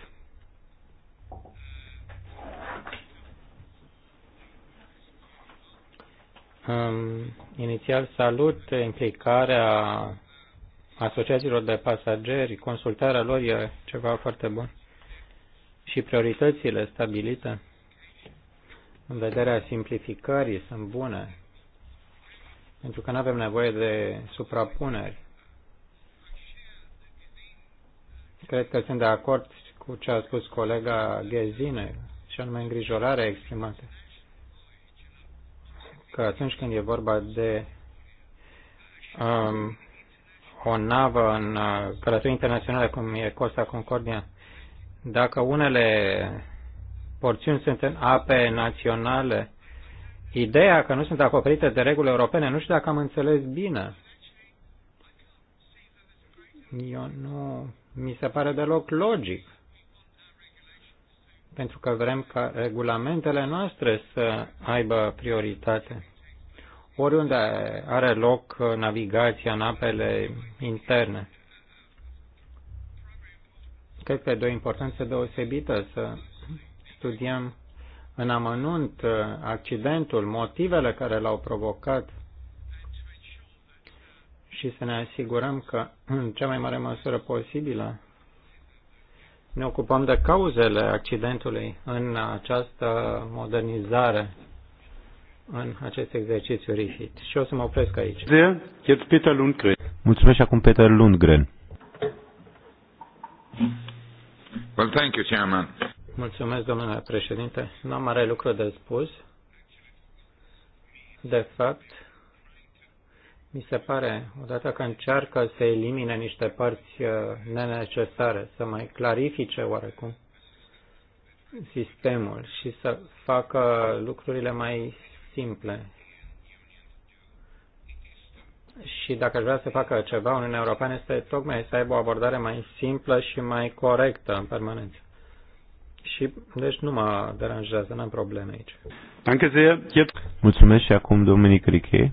Um, inițial salut implicarea asociațiilor de pasageri, consultarea lor e ceva foarte bun și prioritățile stabilite în vederea simplificării sunt bune, pentru că nu avem nevoie de suprapuneri. Cred că sunt de acord cu ce a spus colega Ghezine, și anume îngrijorarea exprimată că atunci când e vorba de um, o navă în uh, călătorie internațională, cum e Costa Concordia, dacă unele porțiuni sunt în ape naționale, ideea că nu sunt acoperite de reguli europene, nu știu dacă am înțeles bine. Eu nu mi se pare deloc logic pentru că vrem ca regulamentele noastre să aibă prioritate. Oriunde are loc navigația în apele interne. Cred că de o importanță deosebită să studiem în amănunt accidentul, motivele care l-au provocat și să ne asigurăm că în cea mai mare măsură posibilă ne ocupăm de cauzele accidentului în această modernizare, în acest exercițiu RIFIT. Și o să mă opresc aici. Peter Lundgren. Mulțumesc acum Peter Lundgren. Well, thank you, Chairman. Mulțumesc, domnule președinte. Nu am mare lucru de spus. De fapt, mi se pare, odată că încearcă să elimine niște părți uh, nenecesare, să mai clarifice oarecum sistemul și să facă lucrurile mai simple. Și dacă vrea să facă ceva, Uniunea Europeană este tocmai să aibă o abordare mai simplă și mai corectă în permanență. Și deci nu mă deranjează, n-am probleme aici. Mulțumesc și acum Dominic Richet.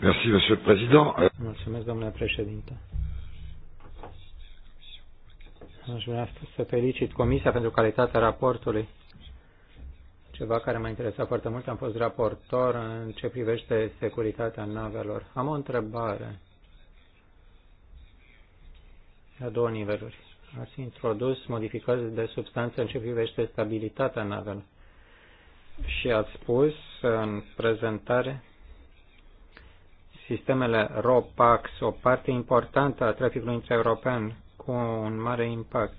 Merci, Monsieur le Président. Mulțumesc, domnule președinte. Aș vrea să felicit Comisia pentru calitatea raportului. Ceva care m-a interesat foarte mult, am fost raportor în ce privește securitatea navelor. Am o întrebare la două niveluri. Ați introdus modificări de substanță în ce privește stabilitatea navelor. Și ați spus în prezentare sistemele ROPAX, o parte importantă a traficului intraeuropean cu un mare impact.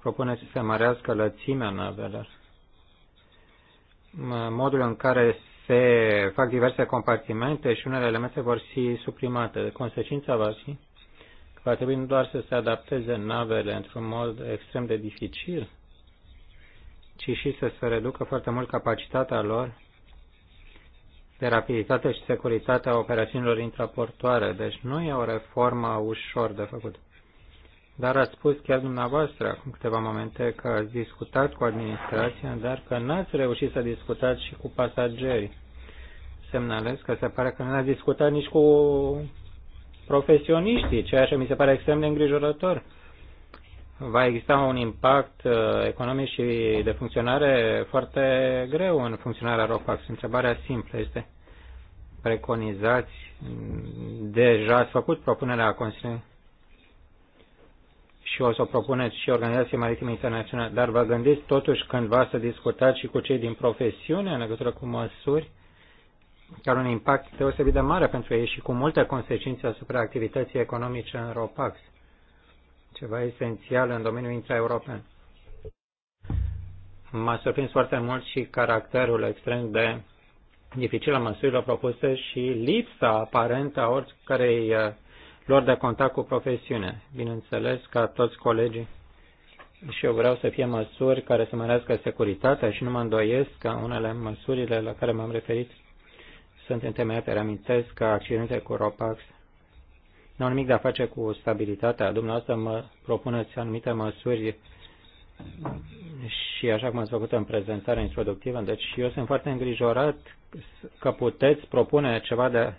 Propune să se mărească lățimea navelor. Modul în care se fac diverse compartimente și unele elemente vor fi suprimate. Consecința va fi că va trebui nu doar să se adapteze navele într-un mod extrem de dificil, ci și să se reducă foarte mult capacitatea lor de rapiditate și securitate a operațiunilor intraportoare. Deci nu e o reformă ușor de făcut. Dar ați spus chiar dumneavoastră acum câteva momente că ați discutat cu administrația, dar că n-ați reușit să discutați și cu pasagerii. Semnalez că se pare că n-ați discutat nici cu profesioniștii, ceea ce mi se pare extrem de îngrijorător va exista un impact uh, economic și de funcționare foarte greu în funcționarea ROFAX. Întrebarea simplă este, preconizați, deja ați făcut propunerea Consiliului și o să o propuneți și Organizației Maritime Internaționale, dar vă gândiți totuși cândva să discutați și cu cei din profesiune în legătură cu măsuri care un impact deosebit de mare pentru ei și cu multe consecințe asupra activității economice în ROPAX ceva esențial în domeniul intraeuropean. M-a surprins foarte mult și caracterul extrem de dificil a măsurilor propuse și lipsa aparentă a oricărei uh, lor de contact cu profesiune. Bineînțeles, că toți colegii, și eu vreau să fie măsuri care să mărească securitatea și nu mă îndoiesc că unele măsurile la care m-am referit sunt întemeiate. Reamintesc că accidente cu ROPAX nu au nimic de a face cu stabilitatea. Dumneavoastră mă propuneți anumite măsuri și așa cum ați făcut în prezentarea introductivă, deci eu sunt foarte îngrijorat că puteți propune ceva de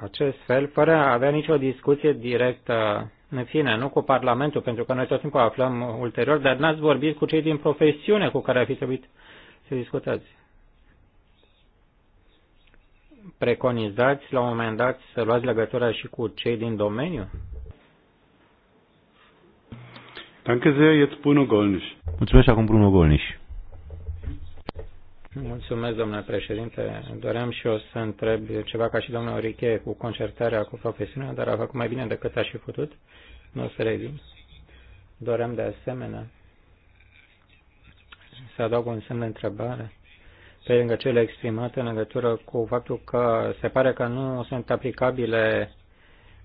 acest fel, fără a avea nicio discuție directă, în fine, nu cu Parlamentul, pentru că noi tot timpul aflăm ulterior, dar n-ați vorbit cu cei din profesiune cu care ar fi trebuit să discutați preconizați la un moment dat să luați legătura și cu cei din domeniu? Danke sehr, jetzt Bruno Golnisch. Mulțumesc și acum Bruno Golniș. Mulțumesc, domnule președinte. Doream și eu să întreb ceva ca și domnul Riche cu concertarea cu profesiunea, dar a făcut mai bine decât aș fi putut. Nu o să revin. Doream de asemenea să adaug un semn de întrebare pe lângă cele exprimate în legătură cu faptul că se pare că nu sunt aplicabile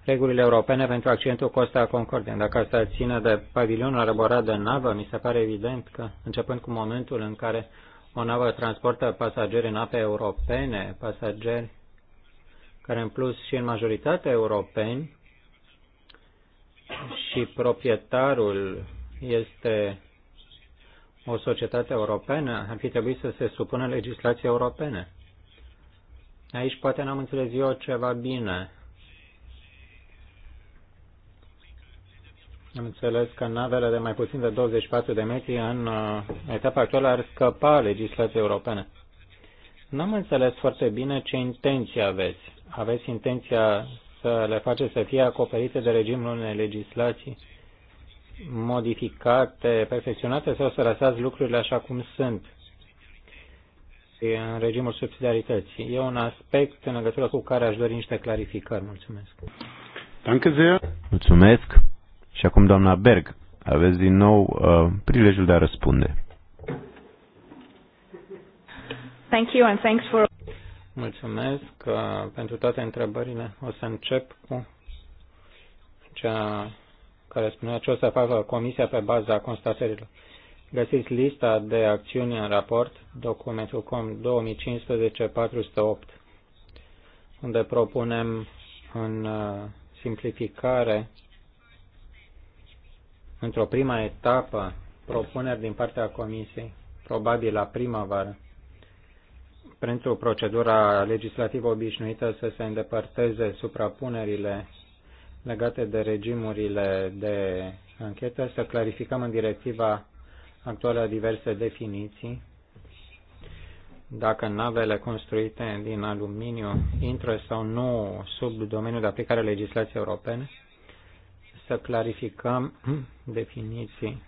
regulile europene pentru accidentul Costa Concordia. Dacă asta ține de pavilionul arborat de navă, mi se pare evident că, începând cu momentul în care o navă transportă pasageri în ape europene, pasageri care în plus și în majoritate europeni, și proprietarul este o societate europeană ar fi trebuit să se supună legislației europene. Aici poate n-am înțeles eu ceva bine. Am înțeles că navele de mai puțin de 24 de metri în uh, etapa actuală ar scăpa legislația europeană. N-am înțeles foarte bine ce intenție aveți. Aveți intenția să le faceți să fie acoperite de regimul unei legislații? modificate, perfecționate sau să lăsați lucrurile așa cum sunt în regimul subsidiarității. E un aspect în legătură cu care aș dori niște clarificări. Mulțumesc. Mulțumesc. Și acum, doamna Berg, aveți din nou uh, prilejul de a răspunde. Thank you and thanks for... Mulțumesc uh, pentru toate întrebările. O să încep cu cea care spunea ce o să facă Comisia pe baza constatărilor. Găsiți lista de acțiuni în raport, documentul COM 2015-408, unde propunem în uh, simplificare, într-o prima etapă, propuneri din partea Comisiei, probabil la primăvară, pentru procedura legislativă obișnuită să se îndepărteze suprapunerile legate de regimurile de anchetă, să clarificăm în directiva actuală diverse definiții. Dacă navele construite din aluminiu intră sau nu sub domeniul de aplicare a legislației europene, să clarificăm definiții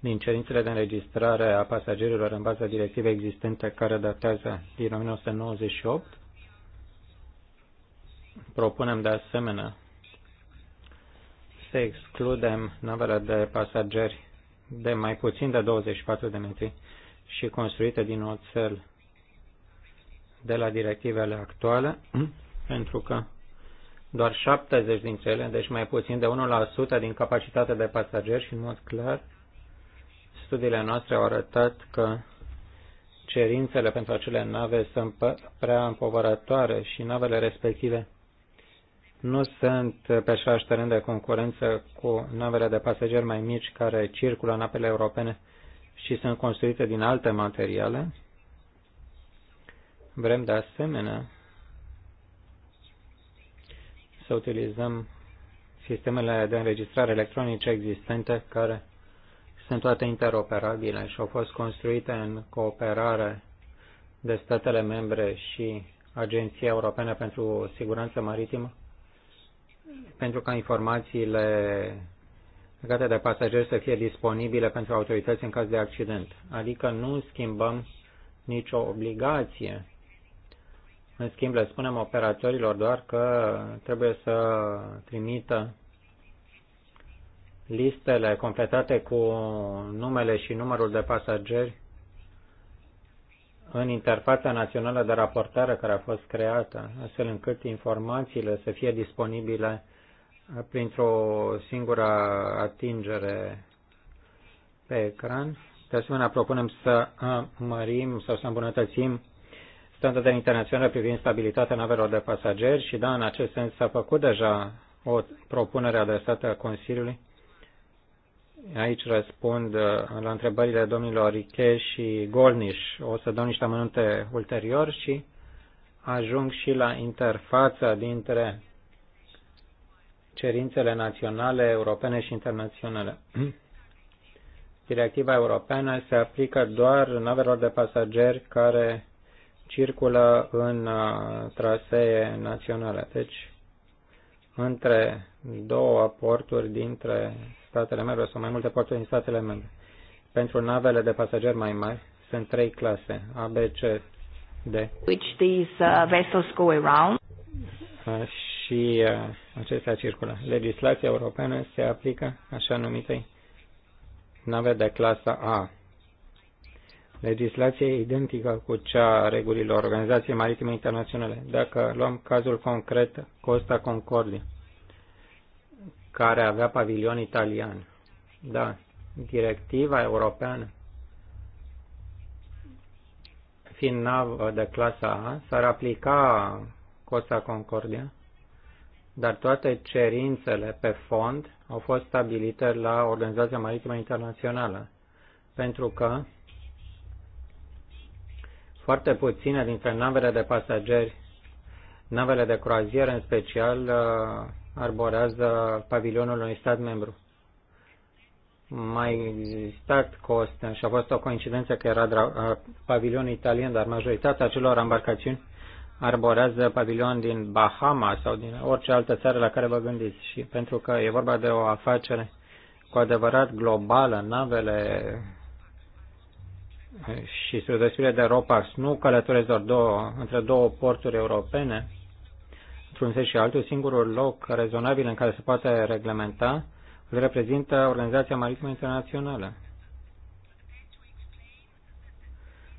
din cerințele de înregistrare a pasagerilor în baza directivei existente care datează din 1998 Propunem de asemenea să excludem navele de pasageri de mai puțin de 24 de metri și construite din oțel de la directivele actuale, pentru că doar 70 dintre ele, deci mai puțin de 1% din capacitatea de pasageri și, în mod clar, studiile noastre au arătat că cerințele pentru acele nave sunt prea împovărătoare și navele respective nu sunt pe același rând de concurență cu navele de pasageri mai mici care circulă în apele europene și sunt construite din alte materiale. Vrem de asemenea să utilizăm sistemele de înregistrare electronice existente care sunt toate interoperabile și au fost construite în cooperare de statele membre și Agenția Europeană pentru Siguranță Maritimă pentru ca informațiile legate de pasageri să fie disponibile pentru autorități în caz de accident. Adică nu schimbăm nicio obligație. În schimb, le spunem operatorilor doar că trebuie să trimită listele completate cu numele și numărul de pasageri în interfața națională de raportare care a fost creată, astfel încât informațiile să fie disponibile uh, printr-o singură atingere pe ecran. De asemenea, propunem să uh, mărim sau să îmbunătățim standardele internaționale privind stabilitatea navelor de pasageri și, da, în acest sens s-a făcut deja o propunere adresată Consiliului aici răspund uh, la întrebările domnilor Riche și Golniș. O să dau niște amănunte ulterior și ajung și la interfața dintre cerințele naționale, europene și internaționale. Directiva europeană se aplică doar navelor de pasageri care circulă în uh, trasee naționale. Deci, între două porturi dintre statele membre sau mai multe porturi din statele membre. Pentru navele de pasageri mai mari sunt trei clase, A, B, C, D. Which these uh, vessels go around. Și uh, acestea circulă. Legislația europeană se aplică așa numitei nave de clasa A. Legislația identică cu cea a regulilor Organizației Maritime Internaționale. Dacă luăm cazul concret Costa Concordia, care avea pavilion italian. Da, directiva europeană fiind navă de clasa A, s-ar aplica Costa Concordia, dar toate cerințele pe fond au fost stabilite la Organizația Maritimă Internațională, pentru că foarte puține dintre navele de pasageri, navele de croazieră în special, uh, arborează pavilionul unui stat membru. Mai existat cost și a fost o coincidență că era pavilionul italian, dar majoritatea acelor embarcațiuni arborează pavilion din Bahama sau din orice altă țară la care vă gândiți. Și pentru că e vorba de o afacere cu adevărat globală, navele și spre de Europa nu călătoresc doar două, între două porturi europene, într-un fel și altul, singurul loc rezonabil în care se poate reglementa îl reprezintă Organizația Maritimă Internațională.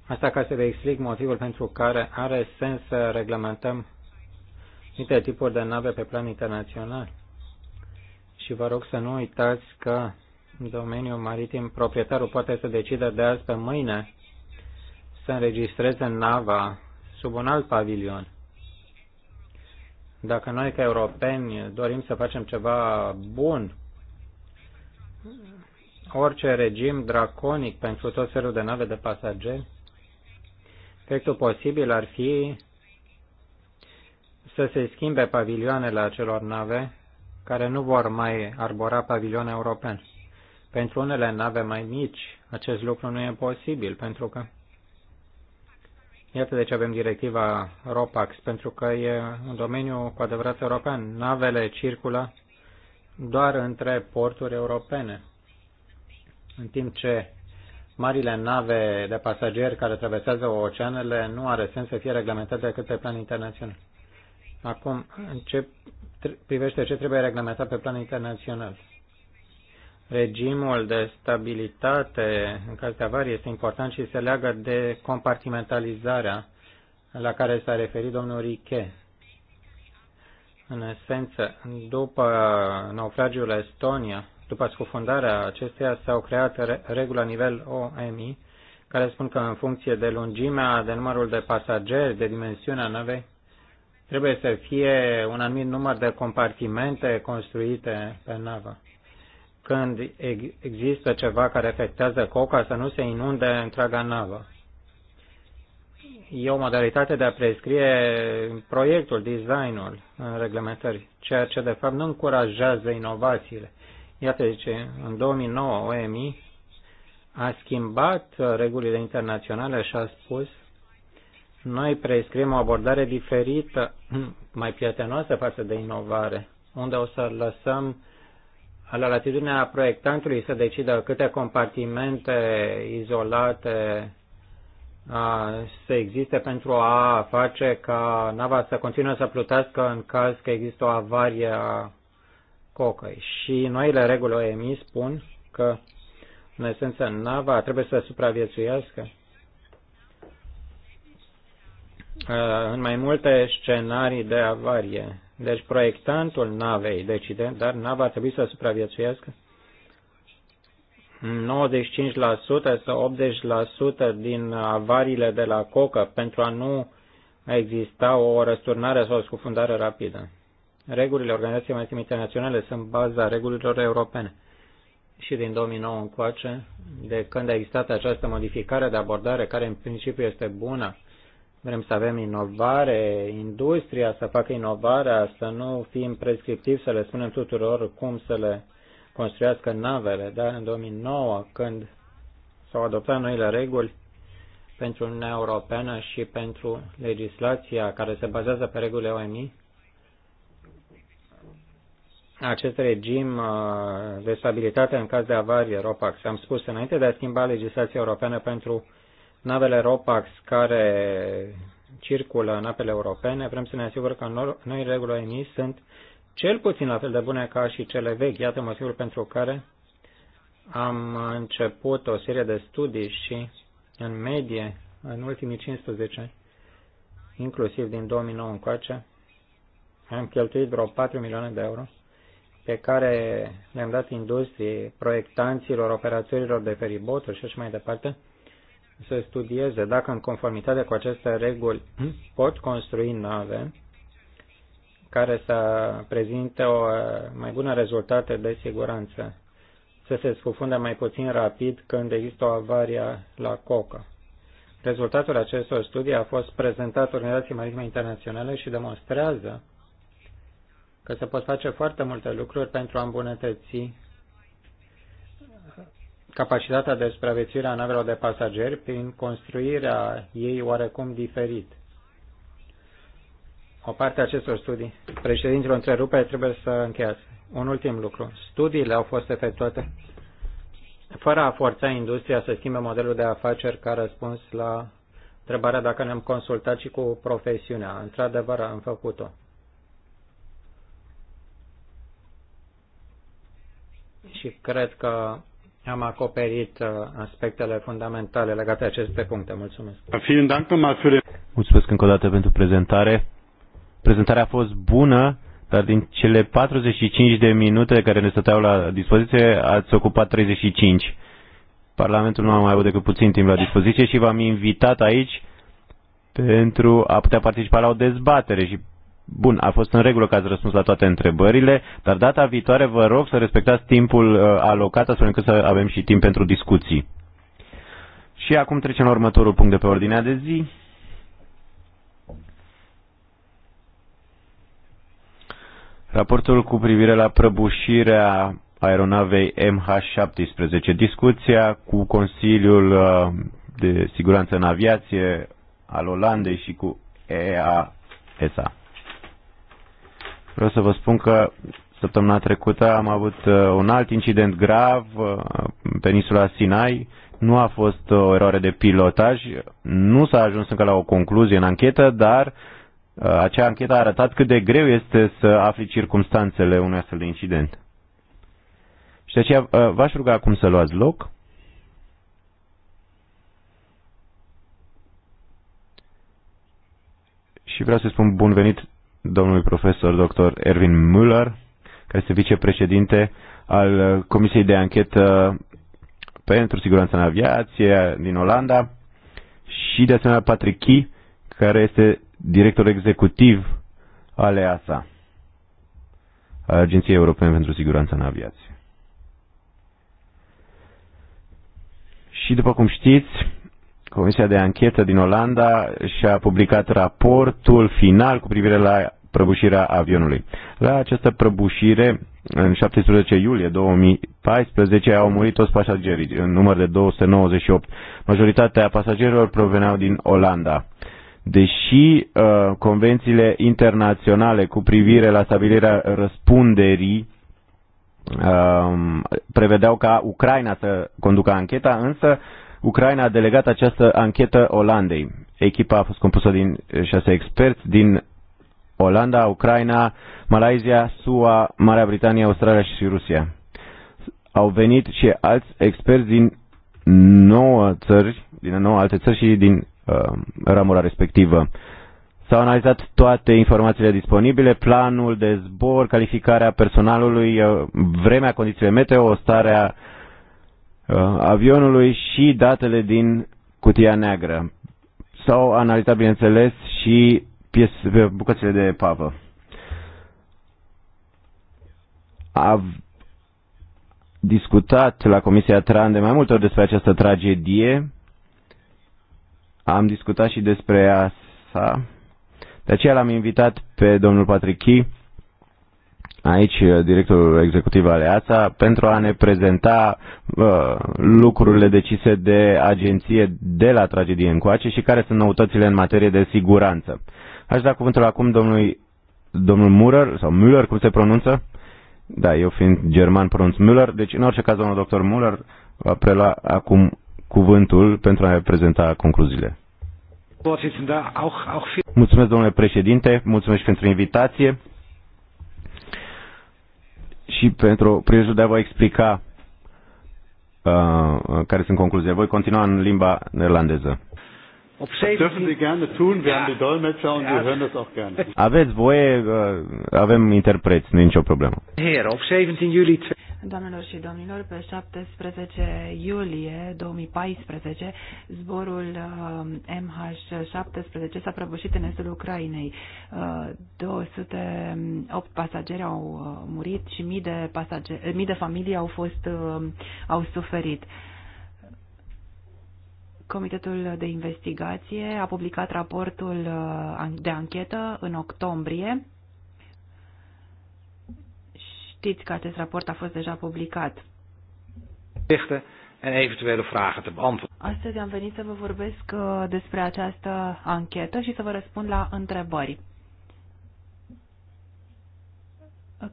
Asta ca să vă explic motivul pentru care are sens să reglementăm niște tipuri de nave pe plan internațional. Și vă rog să nu uitați că în domeniul maritim proprietarul poate să decide de azi pe mâine să înregistreze nava sub un alt pavilion dacă noi, ca europeni, dorim să facem ceva bun, orice regim draconic pentru tot felul de nave de pasageri, efectul posibil ar fi să se schimbe pavilioanele acelor nave care nu vor mai arbora pavilion european. Pentru unele nave mai mici, acest lucru nu e posibil, pentru că Iată de ce avem directiva ROPAX, pentru că e un domeniu cu adevărat european. Navele circulă doar între porturi europene, în timp ce marile nave de pasageri care traversează oceanele nu are sens să fie reglementate decât pe plan internațional. Acum, în ce privește ce trebuie reglementat pe plan internațional? regimul de stabilitate în caz de avarie este important și se leagă de compartimentalizarea la care s-a referit domnul Riche. În esență, după naufragiul Estonia, după scufundarea acesteia, s-au creat reguli la nivel OMI care spun că în funcție de lungimea, de numărul de pasageri, de dimensiunea navei, trebuie să fie un anumit număr de compartimente construite pe navă când există ceva care afectează coca să nu se inunde întreaga navă. E o modalitate de a prescrie proiectul, designul în reglementări, ceea ce de fapt nu încurajează inovațiile. Iată zice, ce în 2009 OMI a schimbat regulile internaționale și a spus noi prescriem o abordare diferită, mai prietenoasă față de inovare, unde o să lăsăm la latitudinea proiectantului să decidă câte compartimente izolate să existe pentru a face ca nava să continue să plutească în caz că există o avarie a cocăi. Și noile reguli OMI spun că, în esență, nava trebuie să supraviețuiască în mai multe scenarii de avarie deci proiectantul navei decide, dar nava ar trebui să supraviețuiască 95% sau 80% din avariile de la cocă pentru a nu exista o răsturnare sau o scufundare rapidă. Regulile Organizației Maritime Internaționale sunt baza regulilor europene. Și din 2009 încoace, de când a existat această modificare de abordare, care în principiu este bună, Vrem să avem inovare, industria să facă inovarea, să nu fim prescriptivi, să le spunem tuturor cum să le construiască navele, dar în 2009, când s-au adoptat noile reguli pentru Uniunea Europeană și pentru legislația care se bazează pe regulile OMI, acest regim uh, de stabilitate în caz de avarie, ROPAX. Am spus înainte de a schimba legislația europeană pentru navele ROPAX care circulă în apele europene, vrem să ne asigurăm că noi regulă emis sunt cel puțin la fel de bune ca și cele vechi. Iată motivul pentru care am început o serie de studii și în medie, în ultimii 15 ani, inclusiv din 2009 încoace, am cheltuit vreo 4 milioane de euro pe care le-am dat industriei, proiectanților, operațiorilor de feriboturi și așa mai departe, să studieze dacă în conformitate cu aceste reguli pot construi nave care să prezinte o mai bună rezultate de siguranță, să se scufunde mai puțin rapid când există o avaria la cocă. Rezultatul acestor studii a fost prezentat Organizației Maritime Internaționale și demonstrează că se pot face foarte multe lucruri pentru a îmbunătăți capacitatea de supraviețuire a navelor de pasageri prin construirea ei oarecum diferit. O parte a acestor studii, președintele întrerupere, trebuie să încheiați. Un ultim lucru. Studiile au fost efectuate fără a forța industria să schimbe modelul de afaceri ca răspuns la întrebarea dacă ne-am consultat și cu profesiunea. Într-adevăr, am făcut-o. Și cred că am acoperit uh, aspectele fundamentale legate de aceste puncte. Mulțumesc. Mulțumesc încă o dată pentru prezentare. Prezentarea a fost bună, dar din cele 45 de minute care ne stăteau la dispoziție, ați ocupat 35. Parlamentul nu a mai avut decât puțin timp la dispoziție și v-am invitat aici pentru a putea participa la o dezbatere și Bun, a fost în regulă că ați răspuns la toate întrebările, dar data viitoare vă rog să respectați timpul uh, alocat astfel încât să avem și timp pentru discuții. Și acum trecem la următorul punct de pe ordinea de zi. Raportul cu privire la prăbușirea aeronavei MH17, discuția cu Consiliul uh, de Siguranță în Aviație al Olandei și cu EASA. Vreau să vă spun că săptămâna trecută am avut uh, un alt incident grav uh, pe insula Sinai. Nu a fost uh, o eroare de pilotaj, nu s-a ajuns încă la o concluzie în anchetă, dar acea anchetă a arătat cât de greu este să afli circumstanțele unui astfel de incident. Și de aceea v-aș ruga acum să luați loc. Și vreau să spun bun venit domnului profesor dr. Erwin Müller, care este vicepreședinte al Comisiei de Anchetă pentru Siguranța în Aviație din Olanda și de asemenea Patrick Key, care este director executiv al EASA, Agenției Europene pentru Siguranța în Aviație. Și după cum știți, Comisia de Anchetă din Olanda și-a publicat raportul final cu privire la prăbușirea avionului. La această prăbușire, în 17 iulie 2014, au murit toți pasagerii, în număr de 298. Majoritatea pasagerilor proveneau din Olanda. Deși uh, convențiile internaționale cu privire la stabilirea răspunderii uh, prevedeau ca Ucraina să conducă ancheta, însă Ucraina a delegat această anchetă Olandei. Echipa a fost compusă din șase experți din Olanda, Ucraina, Malaysia, SUA, Marea Britanie, Australia și Rusia. Au venit și alți experți din nouă țări, din nouă alte țări și din uh, ramura respectivă. S-au analizat toate informațiile disponibile, planul de zbor, calificarea personalului, uh, vremea, condițiile meteo, starea uh, avionului și datele din cutia neagră. S-au analizat, bineînțeles, și piese, pe bucățile de pavă. A discutat la Comisia Tran de mai multe ori despre această tragedie. Am discutat și despre asta. De aceea l-am invitat pe domnul Key, aici directorul executiv al EASA, pentru a ne prezenta uh, lucrurile decise de agenție de la tragedie încoace și care sunt noutățile în materie de siguranță. Aș da cuvântul acum domnului domnul Murer sau Müller, cum se pronunță. Da, eu fiind german pronunț Müller. Deci, în orice caz, domnul doctor Müller va prelua acum cuvântul pentru a prezenta concluziile. Mulțumesc, domnule președinte, mulțumesc pentru invitație și pentru prilejul de a vă explica uh, care sunt concluziile. Voi continua în limba neerlandeză. Ob Das dürfen Sie gerne tun, wir ja. haben die Dolmetscher und ja. wir hören das auch gerne. Aveți voie, uh, avem interpreți, nu e nicio problemă. Her, op 17 Juli Doamnelor și domnilor, pe 17 iulie 2014, zborul uh, MH17 s-a prăbușit în estul Ucrainei. 208 uh, pasageri au murit și mii de, pasageri, mii de familii au, fost, au suferit. Comitetul de investigație a publicat raportul uh, de anchetă în octombrie. Știți că acest raport a fost deja publicat. En eventuele vragen te beantwoorden. Astăzi am venit să vă vorbesc uh, despre această anchetă și să vă răspund la întrebări.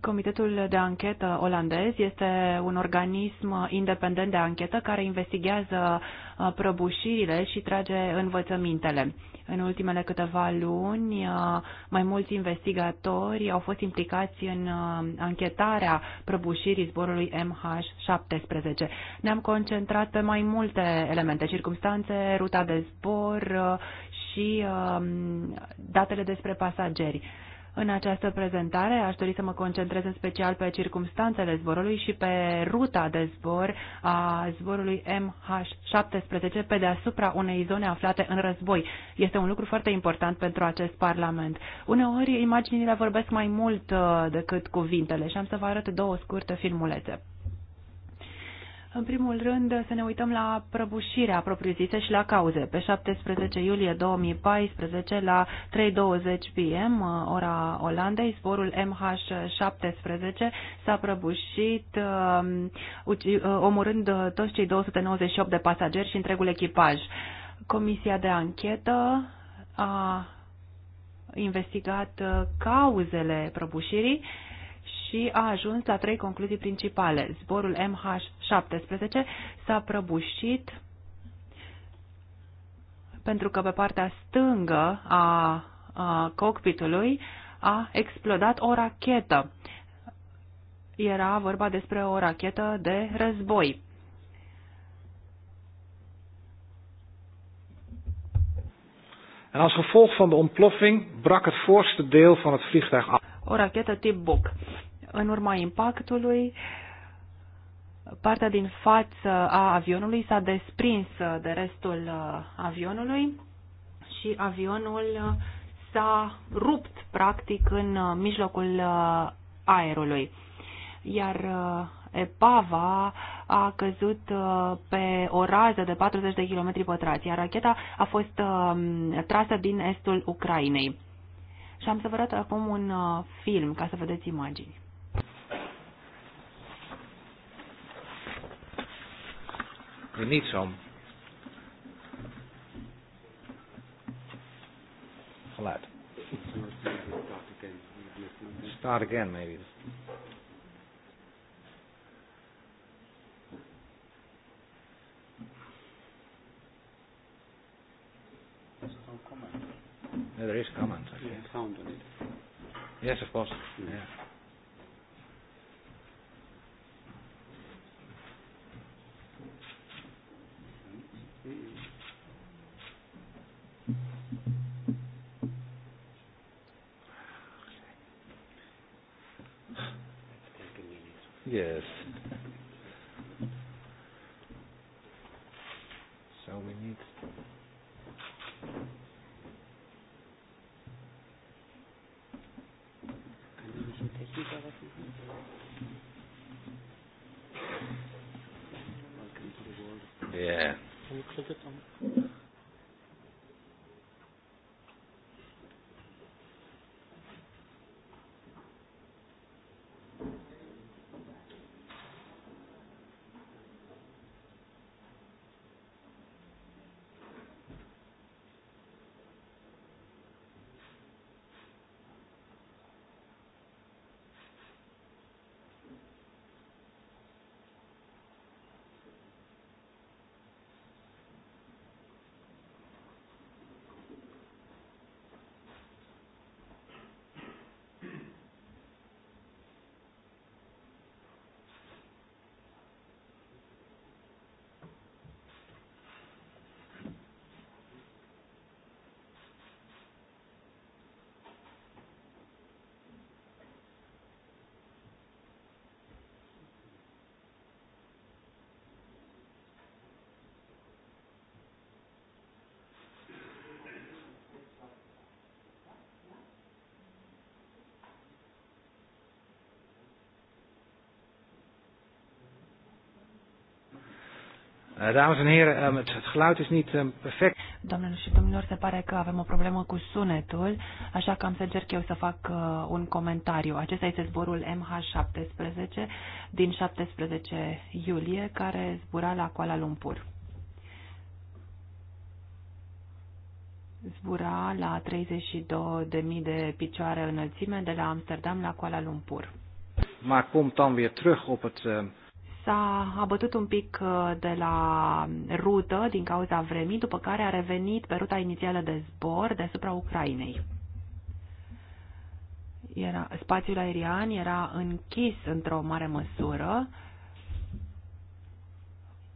Comitetul de anchetă olandez este un organism independent de anchetă care investigează uh, prăbușirile și trage învățămintele. În ultimele câteva luni, uh, mai mulți investigatori au fost implicați în uh, anchetarea prăbușirii zborului MH17. Ne-am concentrat pe mai multe elemente, circumstanțe, ruta de zbor și um, datele despre pasageri în această prezentare aș dori să mă concentrez în special pe circumstanțele zborului și pe ruta de zbor a zborului MH17 pe deasupra unei zone aflate în război. Este un lucru foarte important pentru acest Parlament. Uneori imaginile vorbesc mai mult uh, decât cuvintele și am să vă arăt două scurte filmulețe. În primul rând, să ne uităm la prăbușirea propriu-zisă și la cauze. Pe 17 iulie 2014, la 3.20 pm, ora Olandei, zborul MH17 s-a prăbușit, um, uh, omorând toți cei 298 de pasageri și întregul echipaj. Comisia de anchetă a investigat uh, cauzele prăbușirii și a ajuns la trei concluzii principale. Zborul MH17 s-a prăbușit pentru că pe partea stângă a, a cockpitului a explodat o rachetă. Era vorba despre o rachetă de război. En als gevolg van de ontploffing brak het voorste deel van het vliegtuig af. O rachetă tip Buk în urma impactului, partea din față a avionului s-a desprins de restul uh, avionului și avionul uh, s-a rupt practic în uh, mijlocul aerului. Iar epava a căzut pe o rază de 40 de km pătrați, iar racheta a fost um, trasă din estul Ucrainei. Și am să vă arăt acum un film ca să vedeți imagini. Renisom. Geluid. Start again, maybe. No, there is comment. I think. Yeah, sound on it. Yes, of course. Mm. Yeah. yeah. Eh, dames en heren, ehm, het geluid is niet ehm, perfect. Domnilor și domnilor, se pare că avem o problemă cu sunetul, așa că am să încerc eu să fac uh, un comentariu. Acesta este zborul MH17 din 17 iulie, care zbura la Kuala Lumpur. Zbura la 32.000 de picioare înălțime de la Amsterdam la Kuala Lumpur. Maar komt dan weer terug op het ehm, s-a abătut un pic uh, de la rută din cauza vremii, după care a revenit pe ruta inițială de zbor deasupra Ucrainei. Era, spațiul aerian era închis într-o mare măsură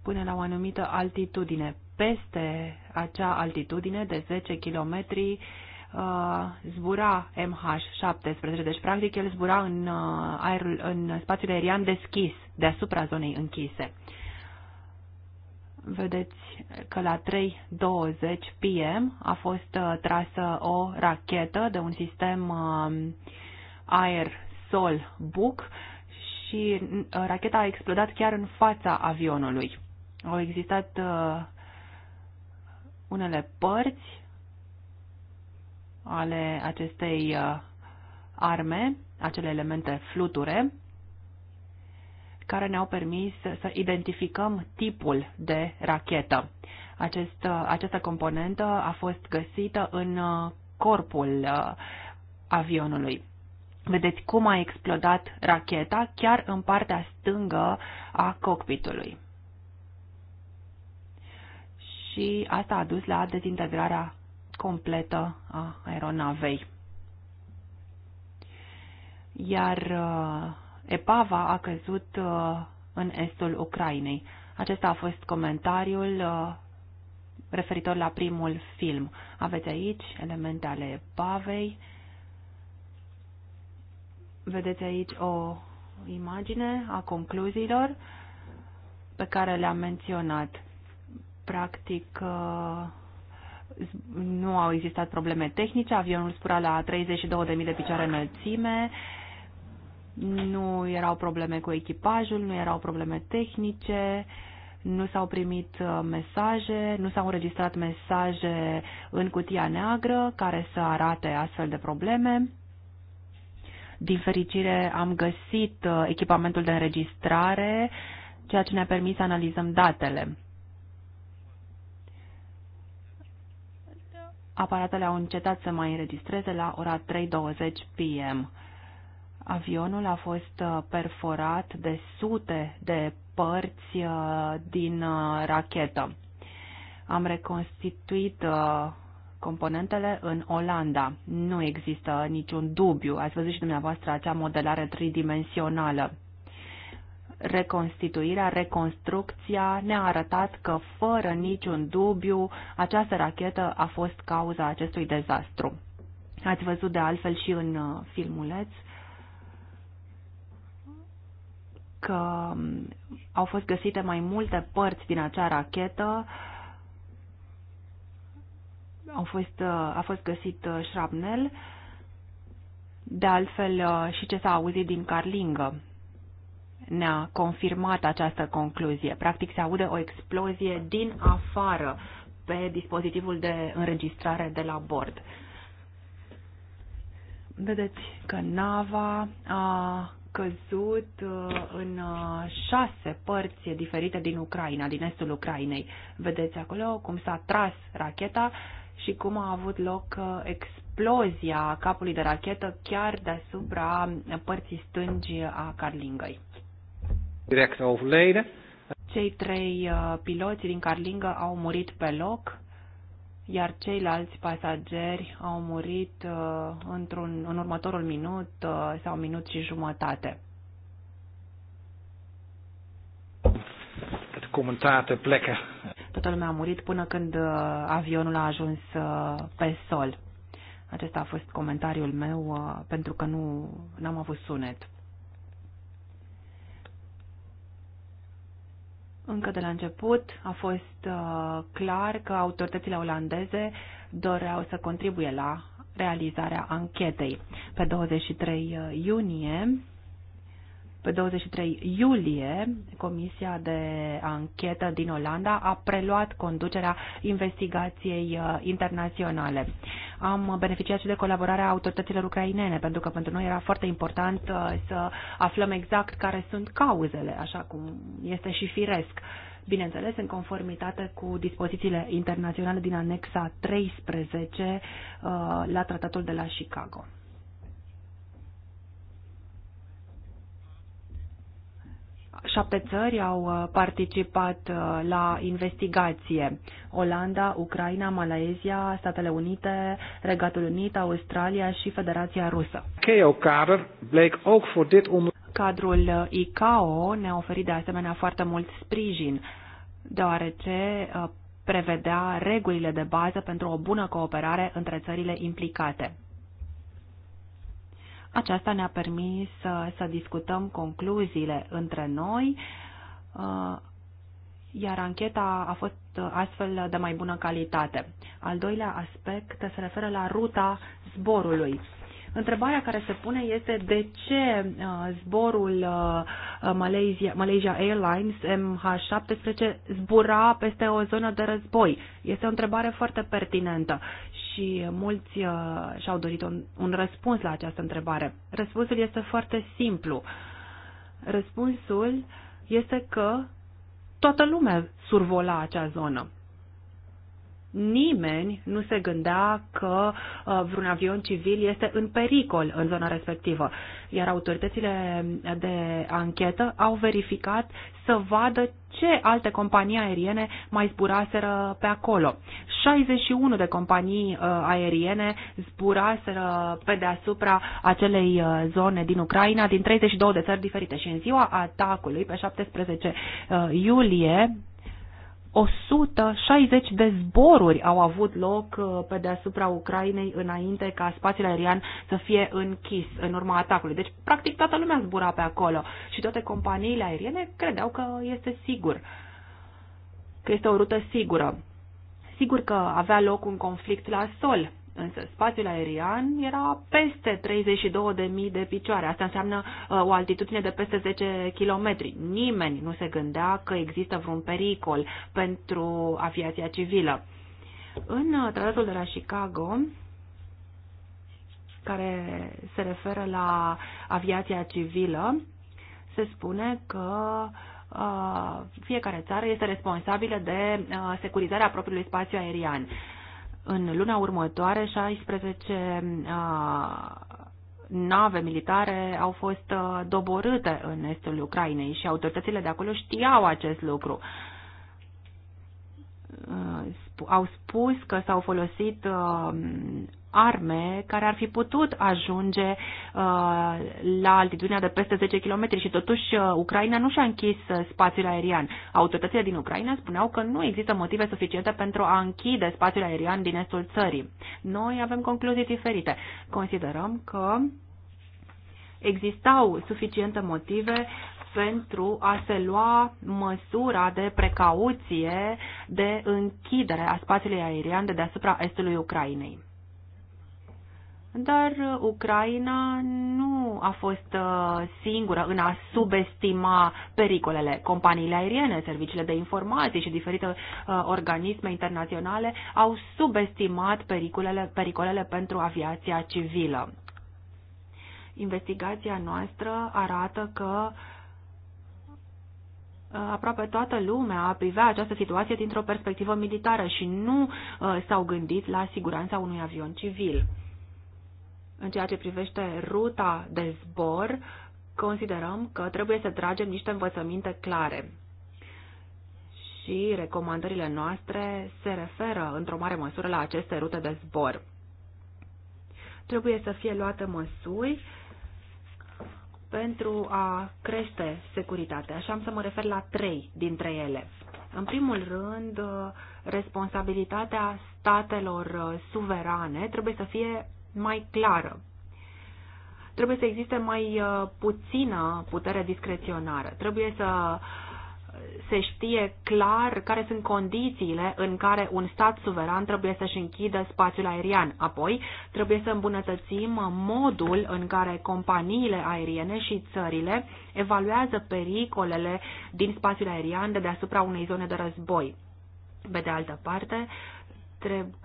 până la o anumită altitudine. Peste acea altitudine de 10 uh, uh, zbura MH17, deci practic el zbura în, uh, aerul, în spațiul aerian deschis, deasupra zonei închise. Vedeți că la 3.20 PM a fost uh, trasă o rachetă de un sistem uh, um, aer-sol buc și uh, racheta a explodat chiar în fața avionului. Au existat uh, unele părți ale acestei uh, arme, acele elemente fluture, care ne-au permis să identificăm tipul de rachetă. Acest, uh, această componentă a fost găsită în uh, corpul avionului. Vedeți cum a explodat racheta chiar în partea stângă a cockpitului. Și asta a dus la dezintegrarea completă a aeronavei. Iar uh, epava a căzut uh, în estul Ucrainei. Acesta a fost comentariul uh, referitor la primul film. Aveți aici elemente ale Epavei. Vedeți aici o imagine a concluziilor pe care le-am menționat. Practic, nu au existat probleme tehnice, avionul spura la 32.000 de picioare înălțime, nu erau probleme cu echipajul, nu erau probleme tehnice, nu s-au primit uh, mesaje, nu s-au înregistrat mesaje în cutia neagră care să arate astfel de probleme. Din fericire am găsit uh, echipamentul de înregistrare, ceea ce ne-a permis să analizăm datele. aparatele au încetat să mai înregistreze la ora 3.20 p.m. Avionul a fost uh, perforat de sute de părți uh, din uh, rachetă. Am reconstituit componentele în Olanda. Nu există niciun dubiu. Ați văzut și dumneavoastră acea modelare tridimensională reconstituirea, reconstrucția ne-a arătat că fără niciun dubiu această rachetă a fost cauza acestui dezastru. Ați văzut de altfel și în uh, filmuleț că um, au fost găsite mai multe părți din acea rachetă au fost, uh, a fost găsit uh, șrapnel, de altfel și ce s-a auzit din Carlingă ne-a confirmat această concluzie. Practic se aude o explozie din afară pe dispozitivul de înregistrare de la bord. Vedeți că nava a căzut uh, în uh, șase părți diferite din Ucraina, din estul Ucrainei. Vedeți acolo cum s-a tras racheta și cum a avut loc uh, explozia capului de rachetă chiar deasupra părții stângi a Carlingăi direct overleden. Cei trei uh, piloți din Carlingă au murit pe loc, iar ceilalți pasageri au murit uh, într-un, în următorul minut uh, sau minut și jumătate. Comentate plecă. Toată lumea a murit până când avionul a ajuns pe sol. Acesta a fost comentariul meu pentru că nu am avut sunet. Încă de la început a fost uh, clar că autoritățile olandeze doreau să contribuie la realizarea anchetei. Pe 23 uh, iunie, pe 23 iulie, Comisia de Anchetă din Olanda a preluat conducerea investigației uh, internaționale. Am beneficiat și de colaborarea autorităților ucrainene, pentru că pentru noi era foarte important uh, să aflăm exact care sunt cauzele, așa cum este și firesc bineînțeles în conformitate cu dispozițiile internaționale din anexa 13 uh, la Tratatul de la Chicago. Șapte țări au uh, participat uh, la investigație. Olanda, Ucraina, Malaezia, Statele Unite, Regatul Unit, Australia și Federația Rusă. Cadrul uh, ICAO ne-a oferit de asemenea foarte mult sprijin, deoarece prevedea regulile de bază pentru o bună cooperare între țările implicate. Aceasta ne-a permis să, să discutăm concluziile între noi, uh, iar ancheta a fost astfel de mai bună calitate. Al doilea aspect se referă la ruta zborului. Întrebarea care se pune este de ce uh, zborul uh, Malaysia, Malaysia Airlines MH17 zbura peste o zonă de război. Este o întrebare foarte pertinentă și mulți uh, și-au dorit un, un răspuns la această întrebare. Răspunsul este foarte simplu. Răspunsul este că toată lumea survola acea zonă nimeni nu se gândea că uh, vreun avion civil este în pericol în zona respectivă. Iar autoritățile de anchetă au verificat să vadă ce alte companii aeriene mai zburaseră pe acolo. 61 de companii uh, aeriene zburaseră pe deasupra acelei uh, zone din Ucraina, din 32 de țări diferite. Și în ziua atacului, pe 17 iulie, 160 de zboruri au avut loc uh, pe deasupra Ucrainei înainte ca spațiul aerian să fie închis în urma atacului. Deci, practic, toată lumea zbura pe acolo și toate companiile aeriene credeau că este sigur, că este o rută sigură. Sigur că avea loc un conflict la sol, Însă spațiul aerian era peste 32.000 de picioare. Asta înseamnă uh, o altitudine de peste 10 km. Nimeni nu se gândea că există vreun pericol pentru aviația civilă. În uh, tratatul de la Chicago, care se referă la aviația civilă, se spune că uh, fiecare țară este responsabilă de securizarea propriului spațiu aerian în luna următoare 16 uh, nave militare au fost uh, doborâte în estul Ucrainei și autoritățile de acolo știau acest lucru. Uh, au spus că s-au folosit arme care ar fi putut ajunge uh, la altitudinea de peste 10 km și totuși uh, Ucraina nu și-a închis uh, spațiul aerian. Autoritățile din Ucraina spuneau că nu există motive suficiente pentru a închide spațiul aerian din estul țării. Noi avem concluzii diferite. Considerăm că existau suficiente motive pentru a se lua măsura de precauție de închidere a spațiului aerian de deasupra estului Ucrainei dar uh, Ucraina nu a fost uh, singură în a subestima pericolele. Companiile aeriene, serviciile de informații și diferite uh, organisme internaționale au subestimat pericolele, pericolele pentru aviația civilă. Investigația noastră arată că aproape toată lumea privea această situație dintr-o perspectivă militară și nu s-au gândit la siguranța unui avion civil. În ceea ce privește ruta de zbor, considerăm că trebuie să tragem niște învățăminte clare. Și recomandările noastre se referă într-o mare măsură la aceste rute de zbor. Trebuie să fie luate măsuri pentru a crește securitatea. Așa am să mă refer la trei dintre ele. În primul rând, responsabilitatea statelor suverane trebuie să fie mai clară. Trebuie să existe mai uh, puțină putere discreționară. Trebuie să uh, se știe clar care sunt condițiile în care un stat suveran trebuie să-și închidă spațiul aerian. Apoi, trebuie să îmbunătățim modul în care companiile aeriene și țările evaluează pericolele din spațiul aerian de deasupra unei zone de război. Pe de altă parte, uh,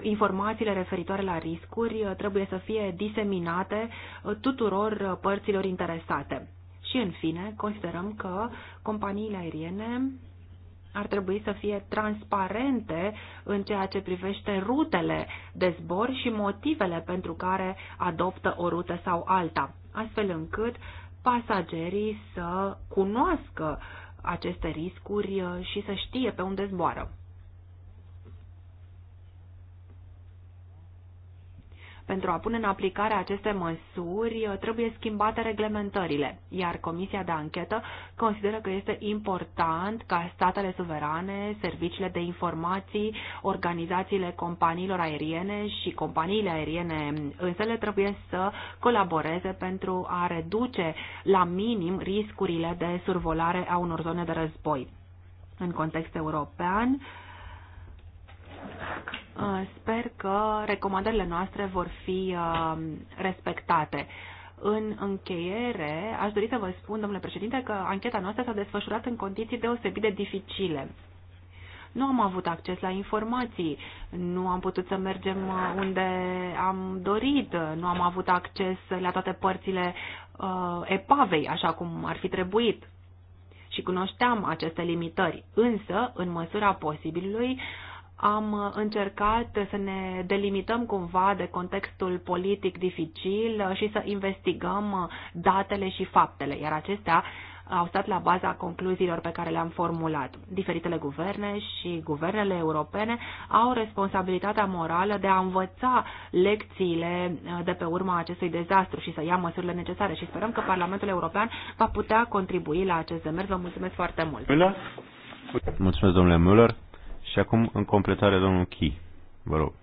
informațiile referitoare la riscuri uh, trebuie să fie diseminate uh, tuturor uh, părților interesate. Și, în fine, considerăm că companiile aeriene ar trebui să fie transparente în ceea ce privește rutele de zbor și motivele pentru care adoptă o rută sau alta, astfel încât pasagerii să cunoască aceste riscuri și să știe pe unde zboară. Pentru a pune în aplicare aceste măsuri, uh, trebuie schimbate reglementările, iar Comisia de Anchetă consideră că este important ca statele suverane, serviciile de informații, organizațiile companiilor aeriene și companiile aeriene însele trebuie să colaboreze pentru a reduce la minim riscurile de survolare a unor zone de război. În context european, Uh, sper că recomandările noastre vor fi uh, respectate. În încheiere, aș dori să vă spun, domnule președinte, că ancheta noastră s-a desfășurat în condiții deosebit de dificile. Nu am avut acces la informații, nu am putut să mergem uh, unde am dorit, nu am avut acces la toate părțile uh, epavei, așa cum ar fi trebuit. Și cunoșteam aceste limitări, însă, în măsura posibilului, uh, am încercat să ne delimităm cumva de contextul politic dificil și să investigăm datele și faptele, iar acestea au stat la baza concluziilor pe care le-am formulat. Diferitele guverne și guvernele europene au responsabilitatea morală de a învăța lecțiile de pe urma acestui dezastru și să ia măsurile necesare și sperăm că Parlamentul European va putea contribui la acest demers. Vă mulțumesc foarte mult! Mulțumesc, domnule Müller! Și acum, în completare, domnul Chi. Vă rog.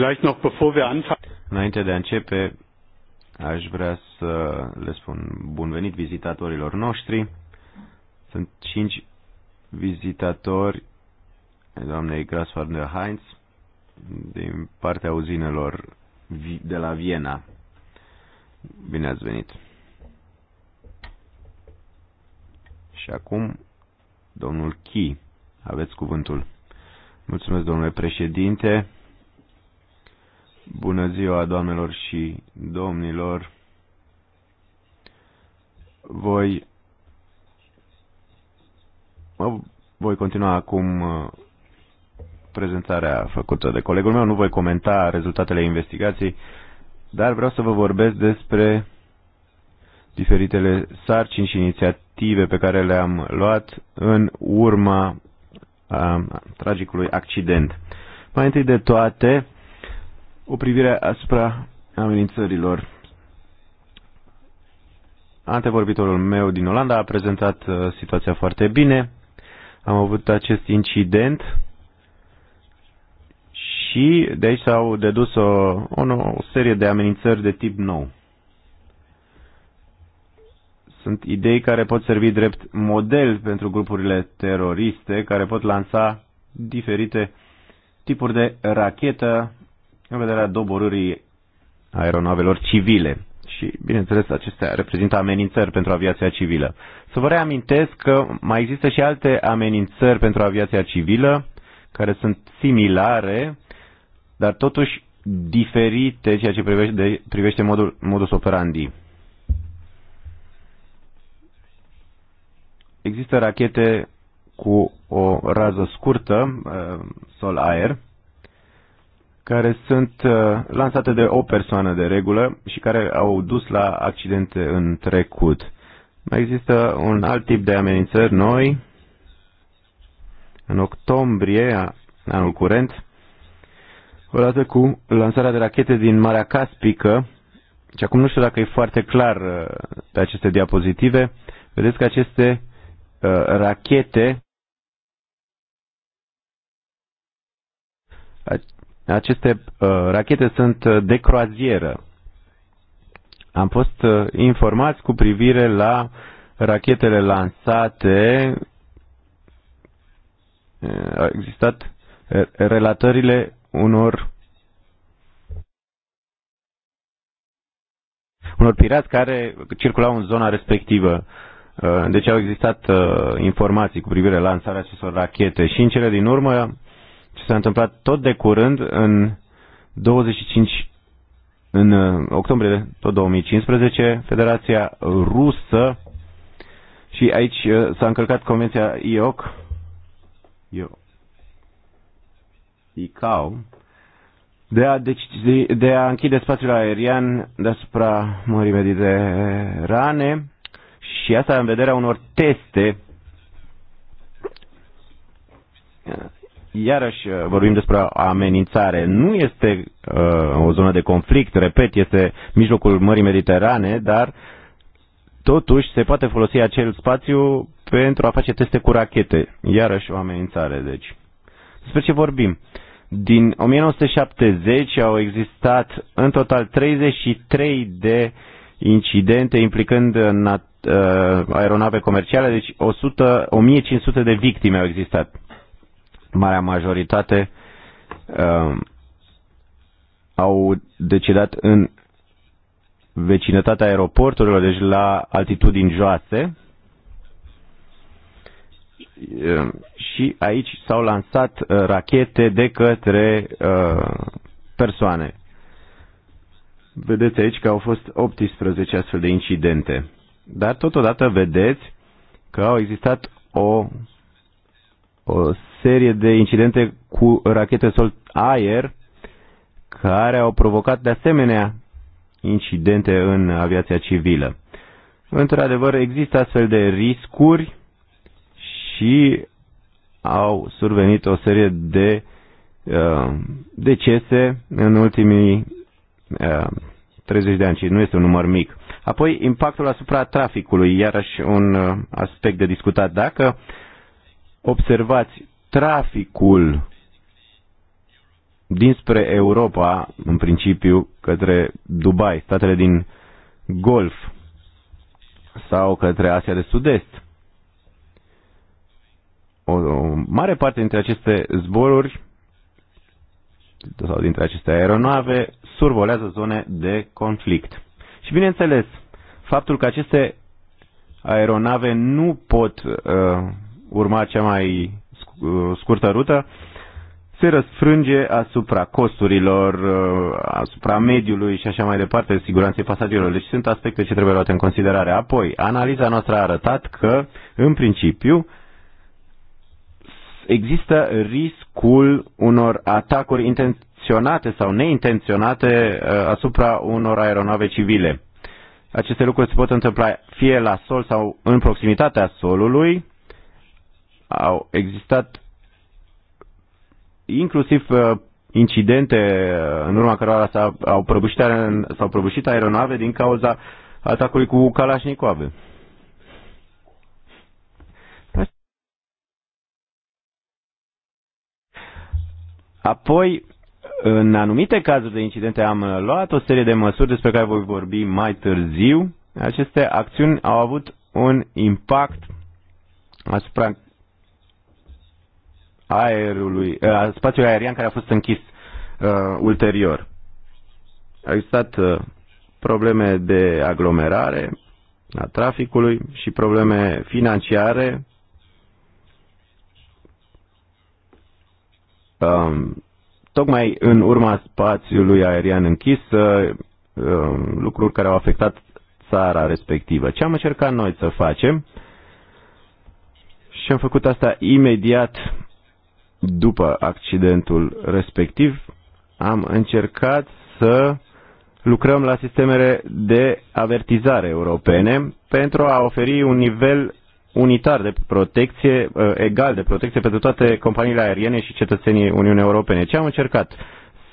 Vielleicht noch bevor wir anfangen. Înainte de a începe, aș vrea să le spun bun venit vizitatorilor noștri. Sunt cinci vizitatori doamnei Grasfar Heinz din partea uzinelor de la Viena. Bine ați venit! Și acum, domnul Chi, aveți cuvântul. Mulțumesc, domnule președinte. Bună ziua, doamnelor și domnilor! Voi, voi continua acum uh, prezentarea făcută de colegul meu. Nu voi comenta rezultatele investigației, dar vreau să vă vorbesc despre diferitele sarcini și inițiative pe care le-am luat în urma a, uh, tragicului accident. Mai întâi de toate, o privire asupra amenințărilor. Antevorbitorul meu din Olanda a prezentat uh, situația foarte bine. Am avut acest incident și de aici s-au dedus o, o, o serie de amenințări de tip nou. Sunt idei care pot servi drept model pentru grupurile teroriste care pot lansa diferite tipuri de rachetă în vederea doborârii aeronavelor civile. Și, bineînțeles, acestea reprezintă amenințări pentru aviația civilă. Să vă reamintesc că mai există și alte amenințări pentru aviația civilă, care sunt similare, dar totuși diferite ceea ce privește, de, privește modul, modus operandi. Există rachete cu o rază scurtă, uh, sol-aer, care sunt uh, lansate de o persoană de regulă și care au dus la accidente în trecut. Mai există un alt tip de amenințări noi. În octombrie, anul curent, odată cu lansarea de rachete din Marea Caspică, și acum nu știu dacă e foarte clar uh, pe aceste diapozitive, vedeți că aceste uh, rachete aceste uh, rachete sunt uh, de croazieră. Am fost uh, informați cu privire la rachetele lansate. Au existat relatările unor unor pirați care circulau în zona respectivă. Deci au existat informații cu privire la lansarea acestor rachete și în cele din urmă ce s-a întâmplat tot de curând în 25 în uh, octombrie tot 2015, Federația Rusă și aici uh, s-a încălcat Convenția IOC, IOC ICAO, de a, decide, de a închide spațiul aerian deasupra Mării Mediterane și asta în vederea unor teste iarăși uh, vorbim despre amenințare. Nu este uh, o zonă de conflict, repet, este mijlocul Mării Mediterane, dar totuși se poate folosi acel spațiu pentru a face teste cu rachete. Iarăși o amenințare, deci. Despre ce vorbim? Din 1970 au existat în total 33 de incidente implicând uh, nat- uh, aeronave comerciale, deci 100, 1500 de victime au existat marea majoritate uh, au decedat în vecinătatea aeroporturilor, deci la altitudini joase. Uh, și aici s-au lansat uh, rachete de către uh, persoane. Vedeți aici că au fost 18 astfel de incidente. Dar totodată vedeți că au existat o, o serie de incidente cu rachete solt-aer care au provocat de asemenea incidente în aviația civilă. Într-adevăr, există astfel de riscuri și au survenit o serie de uh, decese în ultimii uh, 30 de ani și nu este un număr mic. Apoi, impactul asupra traficului, iarăși un uh, aspect de discutat. Dacă observați traficul dinspre Europa, în principiu, către Dubai, statele din Golf sau către Asia de Sud-Est. O, o mare parte dintre aceste zboruri sau dintre aceste aeronave survolează zone de conflict. Și bineînțeles, faptul că aceste aeronave nu pot uh, urma cea mai Uh, scurtă rută se răsfrânge asupra costurilor, uh, asupra mediului și așa mai departe, siguranței pasagerilor. Deci sunt aspecte ce trebuie luate în considerare. Apoi, analiza noastră a arătat că, în principiu, există riscul unor atacuri intenționate sau neintenționate uh, asupra unor aeronave civile. Aceste lucruri se pot întâmpla fie la sol sau în proximitatea solului, au existat inclusiv uh, incidente uh, în urma cărora s-au prăbușit, s-au prăbușit aeronave din cauza atacului cu Kalashnikov. Apoi, în anumite cazuri de incidente am luat o serie de măsuri despre care voi vorbi mai târziu. Aceste acțiuni au avut un impact asupra aerului, uh, a spațiului aerian care a fost închis uh, ulterior. Au existat uh, probleme de aglomerare a traficului și probleme financiare um, tocmai în urma spațiului aerian închis uh, um, lucruri care au afectat țara respectivă. Ce am încercat noi să facem și am făcut asta imediat după accidentul respectiv, am încercat să lucrăm la sistemele de avertizare europene pentru a oferi un nivel unitar de protecție, uh, egal de protecție pentru toate companiile aeriene și cetățenii Uniunii Europene. Ce am încercat?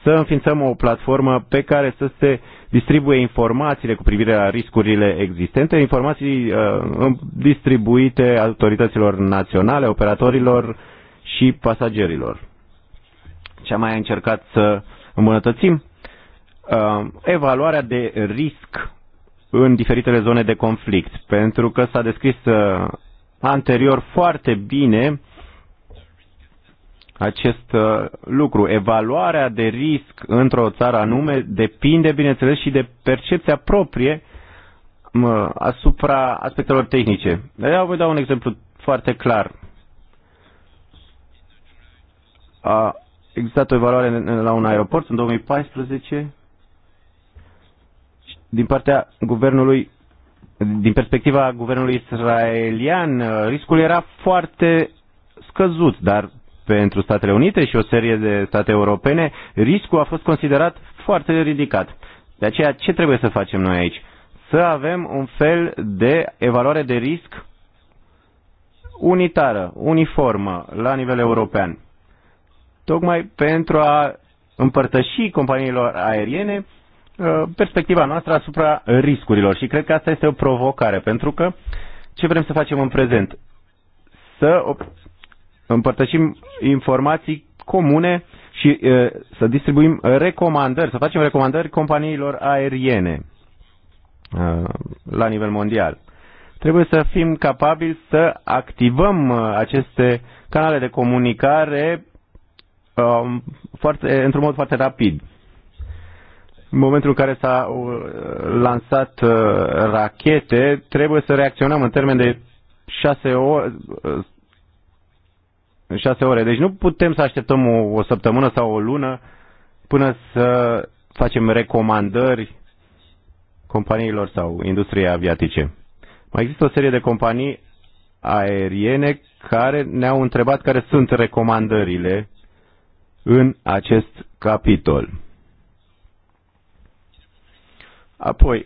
Să înființăm o platformă pe care să se distribuie informațiile cu privire la riscurile existente, informații uh, distribuite autorităților naționale, operatorilor și pasagerilor. Ce am mai încercat să îmbunătățim? Uh, evaluarea de risc în diferitele zone de conflict, pentru că s-a descris uh, anterior foarte bine acest uh, lucru. Evaluarea de risc într-o țară anume depinde, bineînțeles, și de percepția proprie asupra aspectelor tehnice. Eu voi da un exemplu foarte clar. A existat o evaluare la un aeroport în 2014 din partea guvernului, din perspectiva guvernului israelian, riscul era foarte scăzut, dar pentru Statele Unite și o serie de state europene, riscul a fost considerat foarte ridicat. De aceea, ce trebuie să facem noi aici? Să avem un fel de evaluare de risc unitară, uniformă, la nivel european tocmai pentru a împărtăși companiilor aeriene uh, perspectiva noastră asupra riscurilor. Și cred că asta este o provocare, pentru că ce vrem să facem în prezent? Să împărtășim informații comune și uh, să distribuim recomandări, să facem recomandări companiilor aeriene uh, la nivel mondial. Trebuie să fim capabili să activăm aceste canale de comunicare um, foarte, într-un mod foarte rapid. În momentul în care s-a uh, lansat uh, rachete, trebuie să reacționăm în termen de șase ore, uh, șase ore. Deci nu putem să așteptăm o, o săptămână sau o lună până să facem recomandări companiilor sau industriei aviatice. Mai există o serie de companii aeriene care ne-au întrebat care sunt recomandările în acest capitol. Apoi,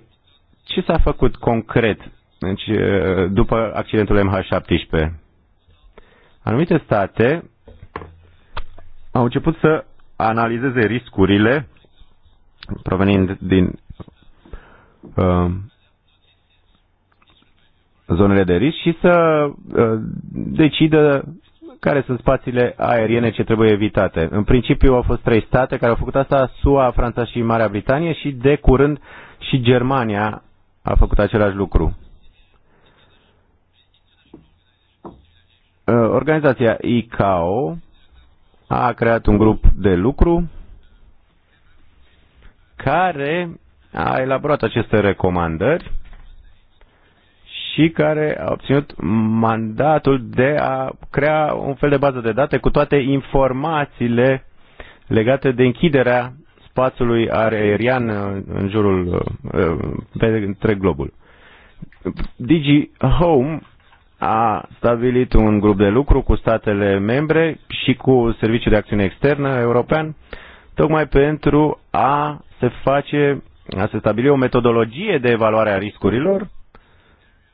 ce s-a făcut concret deci, după accidentul MH17? Anumite state au început să analizeze riscurile provenind din uh, zonele de risc și să uh, decidă care sunt spațiile aeriene ce trebuie evitate. În principiu au fost trei state care au făcut asta, SUA, Franța și Marea Britanie și de curând și Germania a făcut același lucru. Uh, organizația ICAO a creat un grup de lucru care a elaborat aceste recomandări și care a obținut mandatul de a crea un fel de bază de date cu toate informațiile legate de închiderea spațiului aerian în jurul, pe întreg globul. Digi Home a stabilit un grup de lucru cu statele membre și cu Serviciul de Acțiune Externă European, tocmai pentru a se face, a se stabili o metodologie de evaluare a riscurilor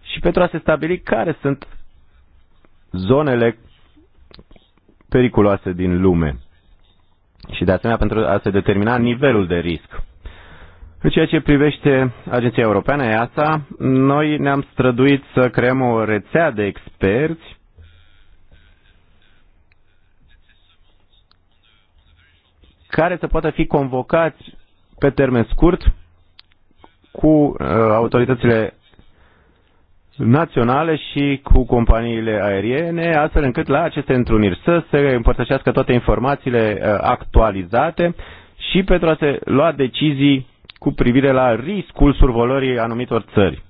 și pentru a se stabili care sunt zonele periculoase din lume și de asemenea pentru a se determina nivelul de risc. În ceea ce privește Agenția Europeană EASA, noi ne-am străduit să creăm o rețea de experți care să poată fi convocați pe termen scurt cu uh, autoritățile naționale și cu companiile aeriene, astfel încât la aceste întruniri să se împărtășească toate informațiile uh, actualizate și pentru a se lua decizii cu privire la riscul survolării anumitor țări.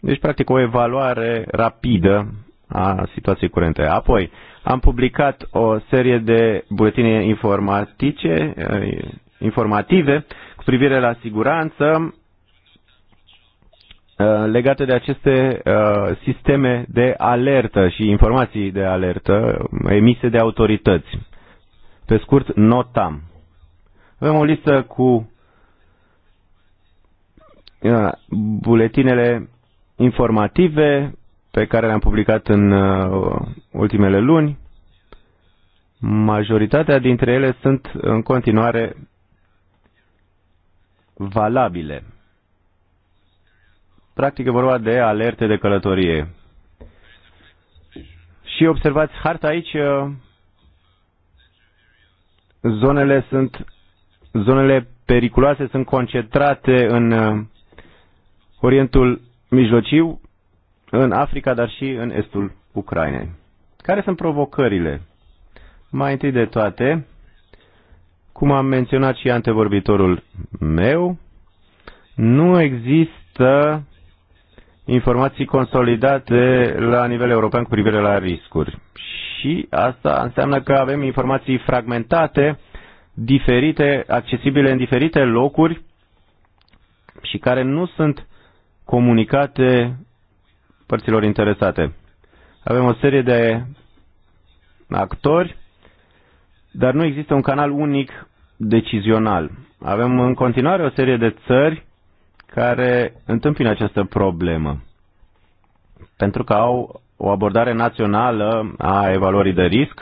Deci, practic, o evaluare rapidă a situației curente. Apoi, am publicat o serie de buletine informatice, uh, informative, cu privire la siguranță, Uh, legate de aceste uh, sisteme de alertă și informații de alertă um, emise de autorități. Pe scurt, NOTAM. Avem o listă cu uh, buletinele informative pe care le-am publicat în uh, ultimele luni. Majoritatea dintre ele sunt în continuare valabile. Practic e vorba de alerte de călătorie. Și observați harta aici, uh, zonele sunt zonele periculoase sunt concentrate în uh, Orientul Mijlociu, în Africa, dar și în estul Ucrainei. Care sunt provocările? Mai întâi de toate, cum am menționat și antevorbitorul meu, nu există informații consolidate la nivel european cu privire la riscuri. Și asta înseamnă că avem informații fragmentate, diferite, accesibile în diferite locuri și care nu sunt comunicate părților interesate. Avem o serie de actori, dar nu există un canal unic decizional. Avem în continuare o serie de țări care întâmpină această problemă. Pentru că au o abordare națională a evaluării de risc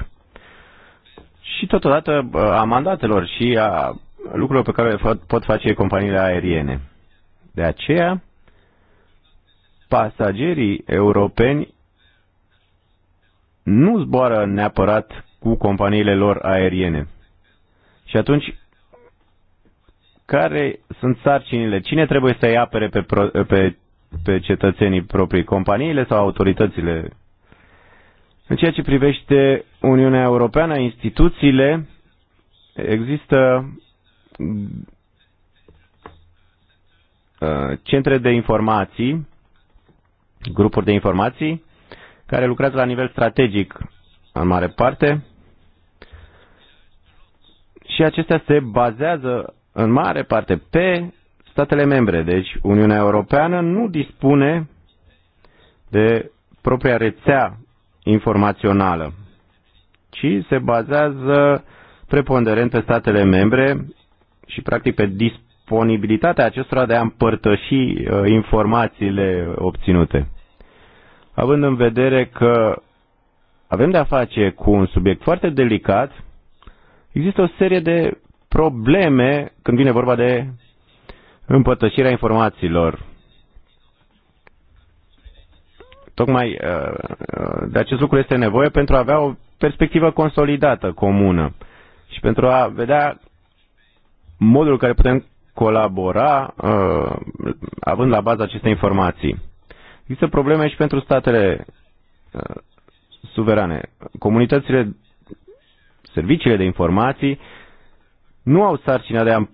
și totodată uh, a mandatelor și a lucrurilor pe care le pot face companiile aeriene. De aceea, pasagerii europeni nu zboară neapărat cu companiile lor aeriene. Și atunci care sunt sarcinile, cine trebuie să-i apere pe, pro, pe, pe cetățenii proprii, companiile sau autoritățile. În ceea ce privește Uniunea Europeană, instituțiile, există uh, centre de informații, grupuri de informații, care lucrează la nivel strategic în mare parte și acestea se bazează în mare parte pe statele membre. Deci Uniunea Europeană nu dispune de propria rețea informațională, ci se bazează preponderent pe statele membre și practic pe disponibilitatea acestora de a împărtăși uh, informațiile obținute. Având în vedere că avem de-a face cu un subiect foarte delicat, există o serie de probleme când vine vorba de împărtășirea informațiilor. Tocmai uh, uh, de acest lucru este nevoie pentru a avea o perspectivă consolidată, comună și pentru a vedea modul în care putem colabora uh, având la bază aceste informații. Există probleme și pentru statele suverane. Comunitățile, serviciile de informații nu au sarcina de a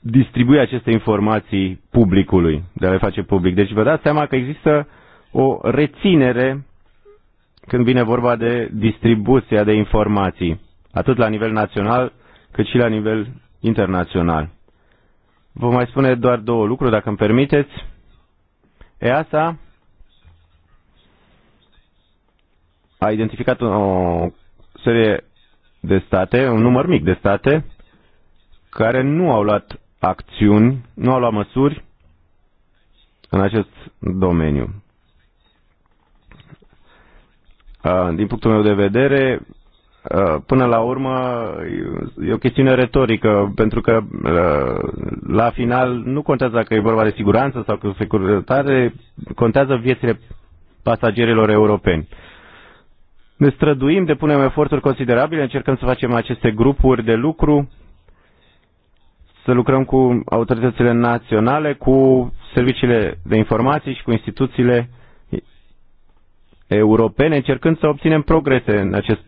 distribui aceste informații publicului, de a le face public. Deci vă dați seama că există o reținere când vine vorba de distribuția de informații, atât la nivel național cât și la nivel internațional. Vă mai spune doar două lucruri, dacă îmi permiteți. EASA a identificat o serie de state, un număr mic de state, care nu au luat acțiuni, nu au luat măsuri în acest domeniu. Din punctul meu de vedere, până la urmă e o chestiune retorică, pentru că la final nu contează că e vorba de siguranță sau de securitate, contează viețile pasagerilor europeni. Ne străduim, depunem eforturi considerabile, încercăm să facem aceste grupuri de lucru să lucrăm cu autoritățile naționale, cu serviciile de informații și cu instituțiile europene, încercând să obținem progrese în acest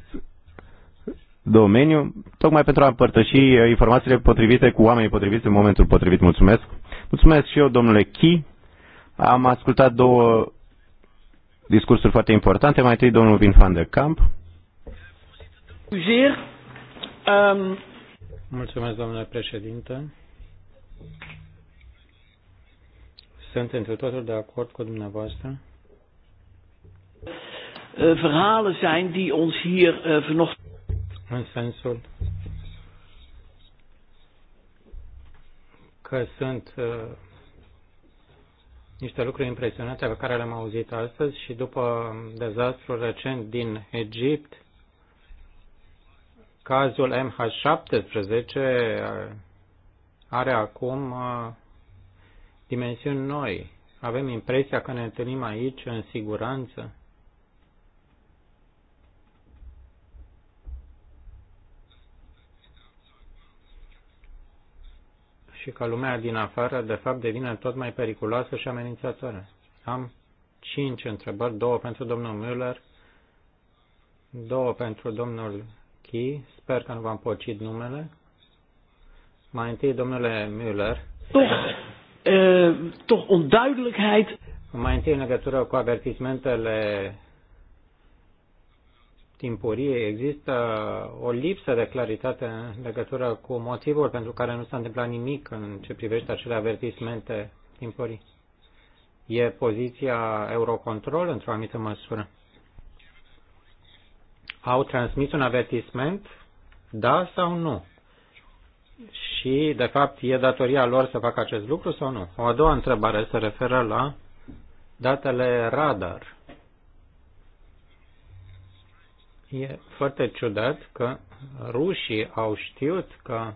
domeniu, tocmai pentru a împărtăși informațiile potrivite cu oamenii potriviți în momentul potrivit. Mulțumesc! Mulțumesc și eu, domnule Chi. Am ascultat două discursuri foarte importante. Mai întâi, domnul Vin van de Camp. Um, Mulțumesc, domnule președinte. Sunt într totul de acord cu dumneavoastră. Eh, verhalen zijn die ons hier eh, vanochtend. sensul că sunt uh, niște lucruri impresionante pe care le-am auzit astăzi și după dezastrul recent din Egipt, Cazul MH17 uh, are acum uh, dimensiuni noi. Avem impresia că ne întâlnim aici în siguranță. și că lumea din afară, de fapt, devine tot mai periculoasă și amenințătoare. Am cinci întrebări, două pentru domnul Müller, două pentru domnul Machi, sper că nu v-am pocit numele. Mai întâi, domnule Müller. Toch, uh, toch onduidelijkheid. Mai întâi, în legătură cu avertismentele timpurie, există o lipsă de claritate în legătură cu motivul pentru care nu s-a întâmplat nimic în ce privește acele avertismente timpurii. E poziția Eurocontrol într-o anumită măsură au transmis un avertisment, da sau nu? Și, de fapt, e datoria lor să facă acest lucru sau nu? O a doua întrebare se referă la datele radar. E foarte ciudat că rușii au știut că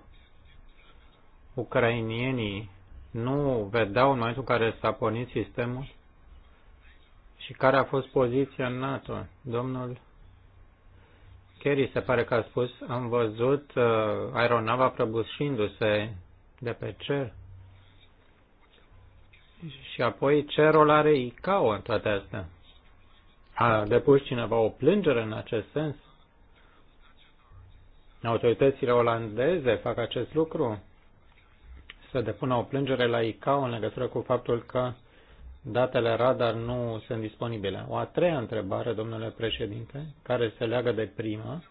ucrainienii nu vedeau în momentul în care s-a pornit sistemul și care a fost poziția NATO. Domnul Kerry se pare că a spus, am văzut uh, aeronava prăbușindu-se de pe cer. Și apoi ce rol are ICAO în toate astea? A depus cineva o plângere în acest sens? Autoritățile olandeze fac acest lucru? Să depună o plângere la ICAO în legătură cu faptul că datele radar nu sunt disponibile. O a treia întrebare, domnule președinte, care se leagă de prima,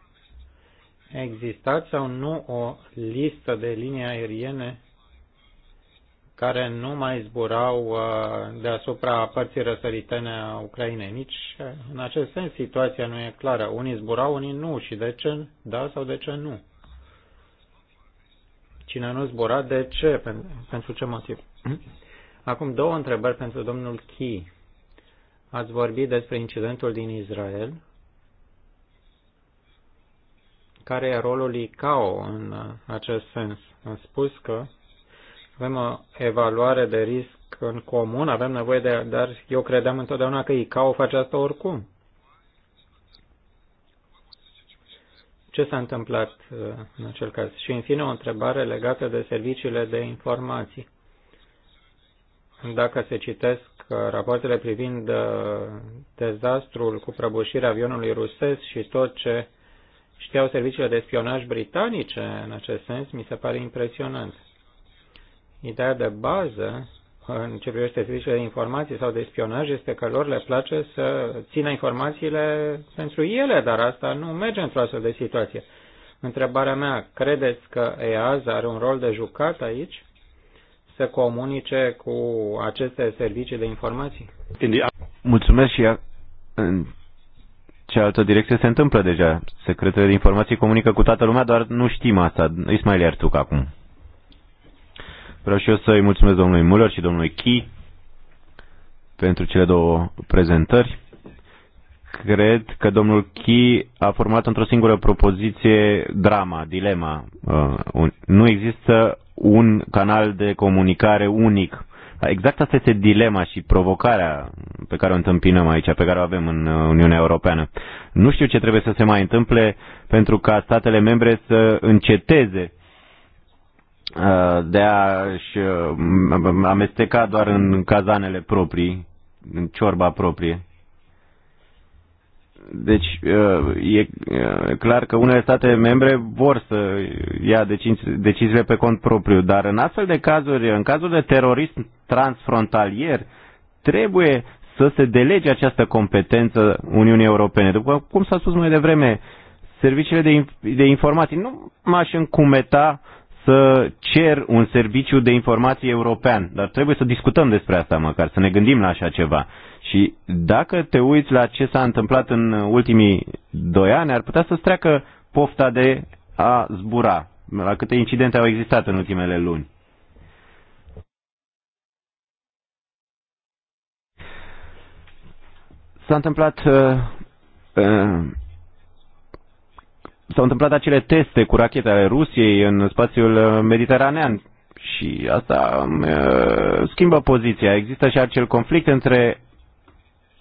existați sau nu o listă de linii aeriene care nu mai zburau uh, deasupra părții răsăritene a Ucrainei. Nici uh, în acest sens situația nu e clară. Unii zburau, unii nu. Și de ce da sau de ce nu? Cine nu zbura, de ce? Pentru ce motiv? Acum două întrebări pentru domnul Chi. Ați vorbit despre incidentul din Israel. Care e rolul ICAO în acest sens? Am spus că avem o evaluare de risc în comun, avem nevoie de, dar eu credeam întotdeauna că ICAO face asta oricum. Ce s-a întâmplat uh, în acel caz? Și în fine o întrebare legată de serviciile de informații dacă se citesc uh, rapoartele privind uh, dezastrul cu prăbușirea avionului rusesc și tot ce știau serviciile de spionaj britanice în acest sens, mi se pare impresionant. Ideea de bază în ce privește serviciile de informații sau de spionaj este că lor le place să țină informațiile pentru ele, dar asta nu merge într-o astfel de situație. Întrebarea mea, credeți că EAS are un rol de jucat aici? să comunice cu aceste servicii de informații? Mulțumesc și în cealaltă direcție se întâmplă deja. Secretele de informații comunică cu toată lumea, dar nu știm asta. Ismail Ertuc acum. Vreau și eu să-i mulțumesc domnului Muller și domnului Chi pentru cele două prezentări. Cred că domnul Chi a format într-o singură propoziție drama, dilema. Uh, nu există un canal de comunicare unic. Exact asta este dilema și provocarea pe care o întâmpinăm aici, pe care o avem în uh, Uniunea Europeană. Nu știu ce trebuie să se mai întâmple pentru ca statele membre să înceteze uh, de a-și uh, amesteca doar în cazanele proprii, în ciorba proprie. Deci uh, e uh, clar că unele state membre vor să ia deciziile pe cont propriu, dar în astfel de cazuri, în cazul de terorism transfrontalier, trebuie să se delege această competență Uniunii Europene. După cum s-a spus mai devreme, serviciile de, de informații nu m-aș încumeta să cer un serviciu de informații european, dar trebuie să discutăm despre asta măcar, să ne gândim la așa ceva. Și dacă te uiți la ce s-a întâmplat în ultimii doi ani, ar putea să-ți treacă pofta de a zbura, la câte incidente au existat în ultimele luni. S-a întâmplat uh, uh, s-au întâmplat acele teste cu rachete ale Rusiei în spațiul uh, mediteranean și asta um, uh, schimbă poziția. Există și acel conflict între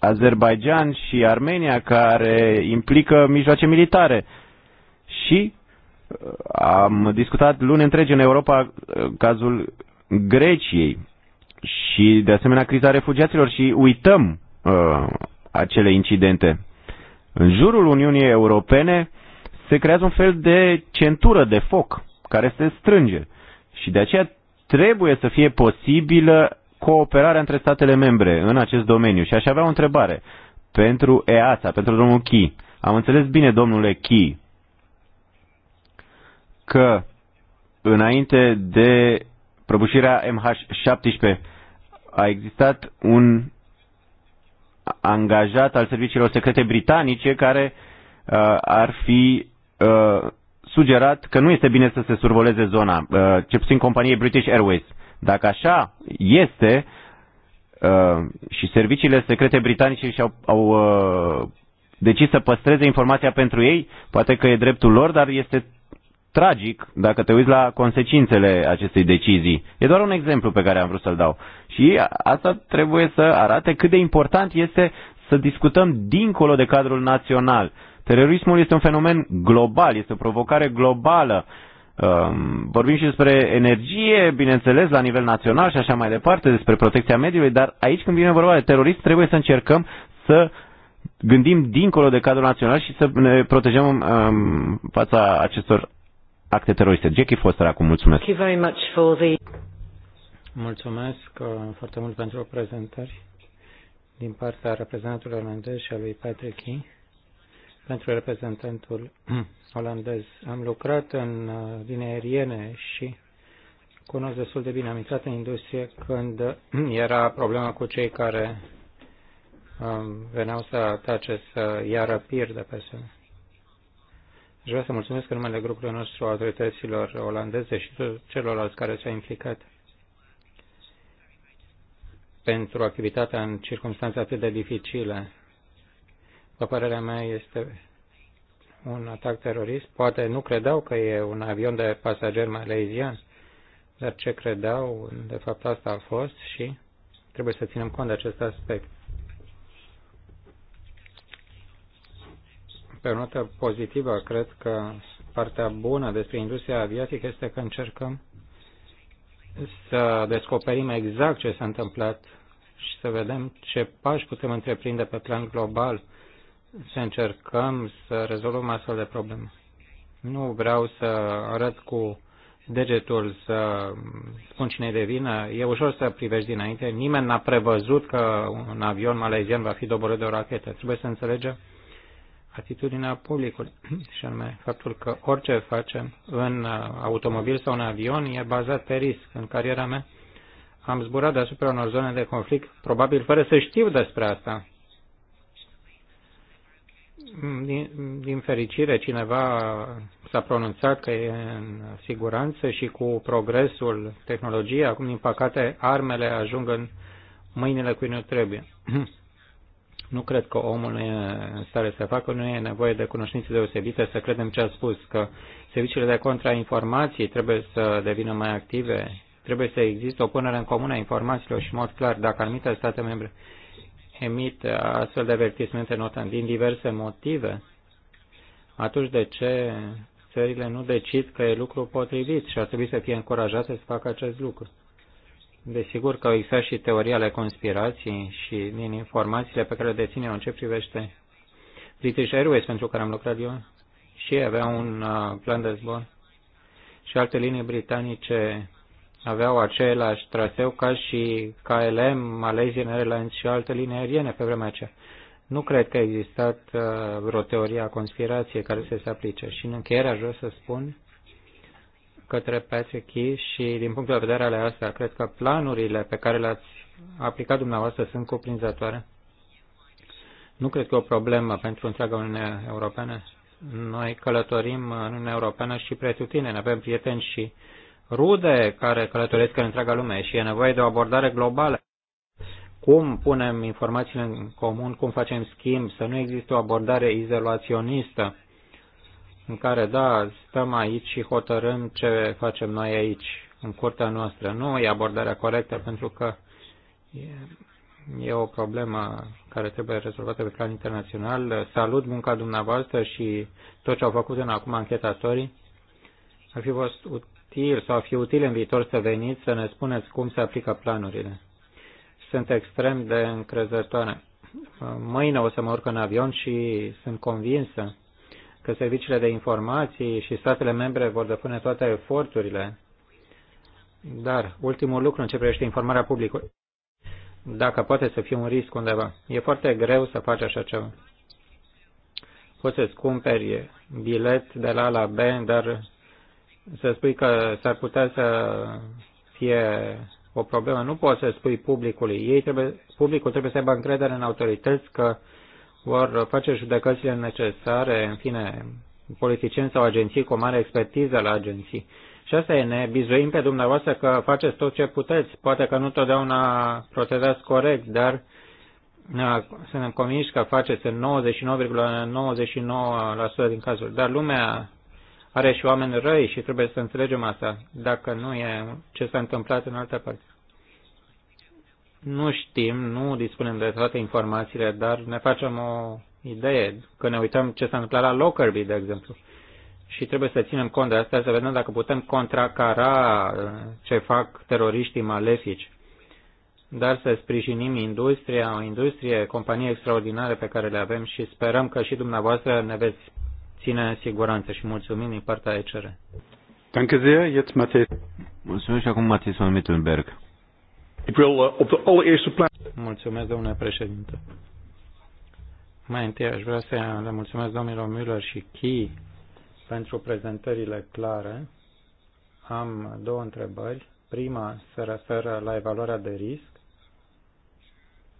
Azerbaijan și Armenia care implică mijloace militare. Și uh, am discutat luni întregi în Europa uh, cazul Greciei și de asemenea criza refugiaților și uităm uh, acele incidente. În jurul Uniunii Europene se creează un fel de centură de foc care se strânge și de aceea trebuie să fie posibilă cooperarea între statele membre în acest domeniu. Și aș avea o întrebare pentru EASA, pentru domnul Chi. Am înțeles bine, domnule Chi, că înainte de prăbușirea MH17 a existat un angajat al serviciilor secrete britanice care uh, ar fi uh, sugerat că nu este bine să se survoleze zona, uh, ce puțin companiei British Airways. Uh, dacă așa este, uh, și serviciile secrete britanice și-au au, uh, decis să păstreze informația pentru ei, poate că e dreptul lor, dar este tragic dacă te uiți la consecințele acestei decizii. E doar un exemplu pe care am vrut să-l dau. Și asta trebuie să arate cât de important este să discutăm dincolo de cadrul național. Terorismul este un fenomen global, este o provocare globală. Uh, Um, vorbim și despre energie, bineînțeles, la nivel național și așa mai departe, despre protecția mediului, dar aici când vine vorba de terorist trebuie să încercăm să gândim dincolo de cadrul național și să ne protejăm um, fața acestor acte teroriste. Jackie Foster acum, mulțumesc. Thank you very much for the... Mulțumesc uh, foarte mult pentru prezentări din partea reprezentantului olandez și a lui Patrick King pentru reprezentantul olandez. Am lucrat în linii uh, aeriene și cunosc destul de bine. Am intrat în industrie când uh, era problema cu cei care um, veneau să atace, să ia răpiri de persoane. Aș vrea să mulțumesc în numele grupului nostru autorităților olandeze și celorlalți care s-au implicat pentru activitatea în circunstanțe atât de dificile. După părerea mea, este un atac terorist. Poate nu credeau că e un avion de pasageri malezian, dar ce credeau, de fapt asta a fost și trebuie să ținem cont de acest aspect. Pe o notă pozitivă, cred că partea bună despre industria aviatică este că încercăm să descoperim exact ce s-a întâmplat și să vedem ce pași putem întreprinde pe plan global să încercăm să rezolvăm astfel de probleme. Nu vreau să arăt cu degetul să spun cine e de vină. E ușor să privești dinainte. Nimeni n-a prevăzut că un avion malezian va fi doborât de o rachetă. Trebuie să înțelegem atitudinea publicului și anume faptul că orice facem în uh, automobil sau în avion e bazat pe risc. În cariera mea am zburat deasupra unor zone de conflict, probabil fără să știu despre asta din, din fericire, cineva s-a pronunțat că e în siguranță și cu progresul tehnologiei, acum, din păcate, armele ajung în mâinile cui nu trebuie. Nu cred că omul nu e în stare să facă, nu e nevoie de cunoștințe deosebite să credem ce a spus, că serviciile de contrainformații trebuie să devină mai active, trebuie să existe o punere în comună a informațiilor și, în mod clar, dacă anumite state membre emit astfel de avertismente notan din diverse motive, atunci de ce țările nu decid că e lucru potrivit și ar trebui să fie încurajate să facă acest lucru? Desigur că au existat și teoria ale conspirației și din informațiile pe care le dețin eu în ce privește British Airways, pentru care am lucrat eu, și avea un uh, plan de zbor și alte linii britanice aveau același traseu ca și KLM, Malaysian Airlines și alte linii aeriene pe vremea aceea. Nu cred că a existat uh, vreo teorie a conspirației care să se aplice. Și în încheiere aș vrea să spun către Patrick Key și din punctul de vedere ale astea, cred că planurile pe care le-ați aplicat dumneavoastră sunt cuprinzătoare. Nu cred că e o problemă pentru întreaga Uniune Europeană. Noi călătorim în Uniunea Europeană și Ne avem prieteni și uh, rude care călătoresc în întreaga lume și e nevoie de o abordare globală. Cum punem informațiile în comun, cum facem schimb, să nu există o abordare izolaționistă în care, da, stăm aici și hotărâm ce facem noi aici, în curtea noastră. Nu e abordarea corectă pentru că e, e o problemă care trebuie rezolvată pe plan internațional. Salut munca dumneavoastră și tot ce au făcut în acum anchetatorii. Ar fi fost util sau fi util în viitor să veniți să ne spuneți cum se aplică planurile. Sunt extrem de încrezătoare. Mâine o să mă urc în avion și sunt convinsă că serviciile de informații și statele membre vor depune toate eforturile. Dar ultimul lucru în ce privește informarea publicului, dacă poate să fie un risc undeva, e foarte greu să faci așa ceva poți să-ți cumperi bilet de la A la B, dar să spui că s-ar putea să fie o problemă. Nu poți să spui publicului. Ei trebuie, publicul trebuie să aibă încredere în autorități că vor face judecățile necesare, în fine, politicieni sau agenții cu o mare expertiză la agenții. Și asta e, ne bizuim pe dumneavoastră că faceți tot ce puteți. Poate că nu totdeauna procedați corect, dar suntem convinși că faceți în 99,99% ,99 din cazuri. Dar lumea are și oameni răi și trebuie să înțelegem asta, dacă nu e ce s-a întâmplat în altă parte. Nu știm, nu dispunem de toate informațiile, dar ne facem o idee, că ne uităm ce s-a întâmplat la Lockerbie, de exemplu. Și trebuie să ținem cont de asta, să vedem dacă putem contracara ce fac teroriștii malefici. Dar să sprijinim industria, o industrie, companii extraordinare pe care le avem și sperăm că și dumneavoastră ne veți ține siguranță și mulțumim din partea ECR. Danke sehr, jetzt Matthias. Mulțumesc și acum Matthias von Mittelberg. Eh, de Mulțumesc, domnule președinte. Mai întâi aș vrea să le mulțumesc domnilor Müller și Chi pentru prezentările clare. Am două întrebări. Prima se referă la evaluarea de risc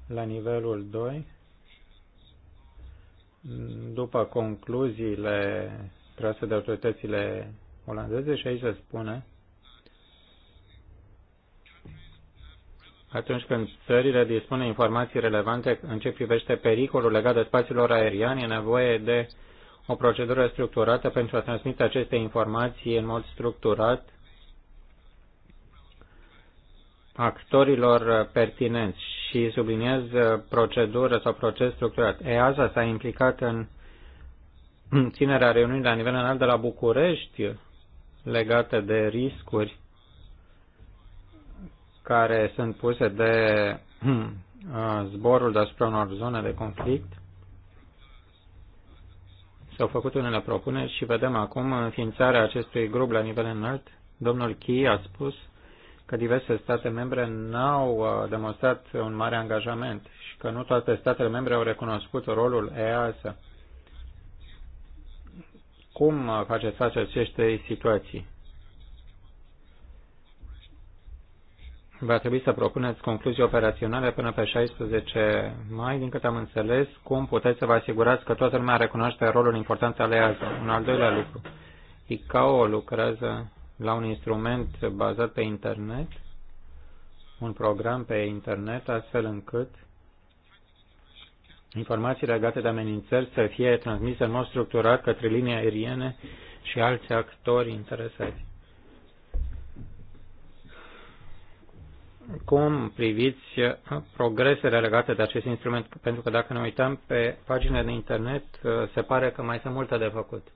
la nivelul 2 după concluziile trase de autoritățile olandeze și aici se spune atunci când țările dispune informații relevante în ce privește pericolul legat de spațiilor aerian, e nevoie de o procedură structurată pentru a transmite aceste informații în mod structurat actorilor pertinenți și subliniez uh, procedură sau proces structurat. EASA s-a implicat în ținerea reuniunii la nivel înalt de la București legate de riscuri care sunt puse de uh, zborul deasupra unor zone de conflict. S-au făcut unele propuneri și vedem acum înființarea acestui grup la nivel înalt. Domnul Chi a spus că diverse state membre n-au uh, demonstrat un mare angajament și că nu toate statele membre au recunoscut rolul EASA. Cum uh, faceți față acestei situații? Va trebui să propuneți concluzii operaționale până pe 16 mai, din câte am înțeles, cum puteți să vă asigurați că toată lumea recunoaște rolul important al EASA. Un al doilea lucru. ICAO lucrează la un instrument bazat pe internet, un program pe internet, astfel încât informații legate de amenințări să fie transmise în mod structurat către linii aeriene și alți actori interesați. Cum priviți progresele legate de acest instrument? Pentru că dacă ne uităm pe paginile de internet, se pare că mai sunt multe de făcut.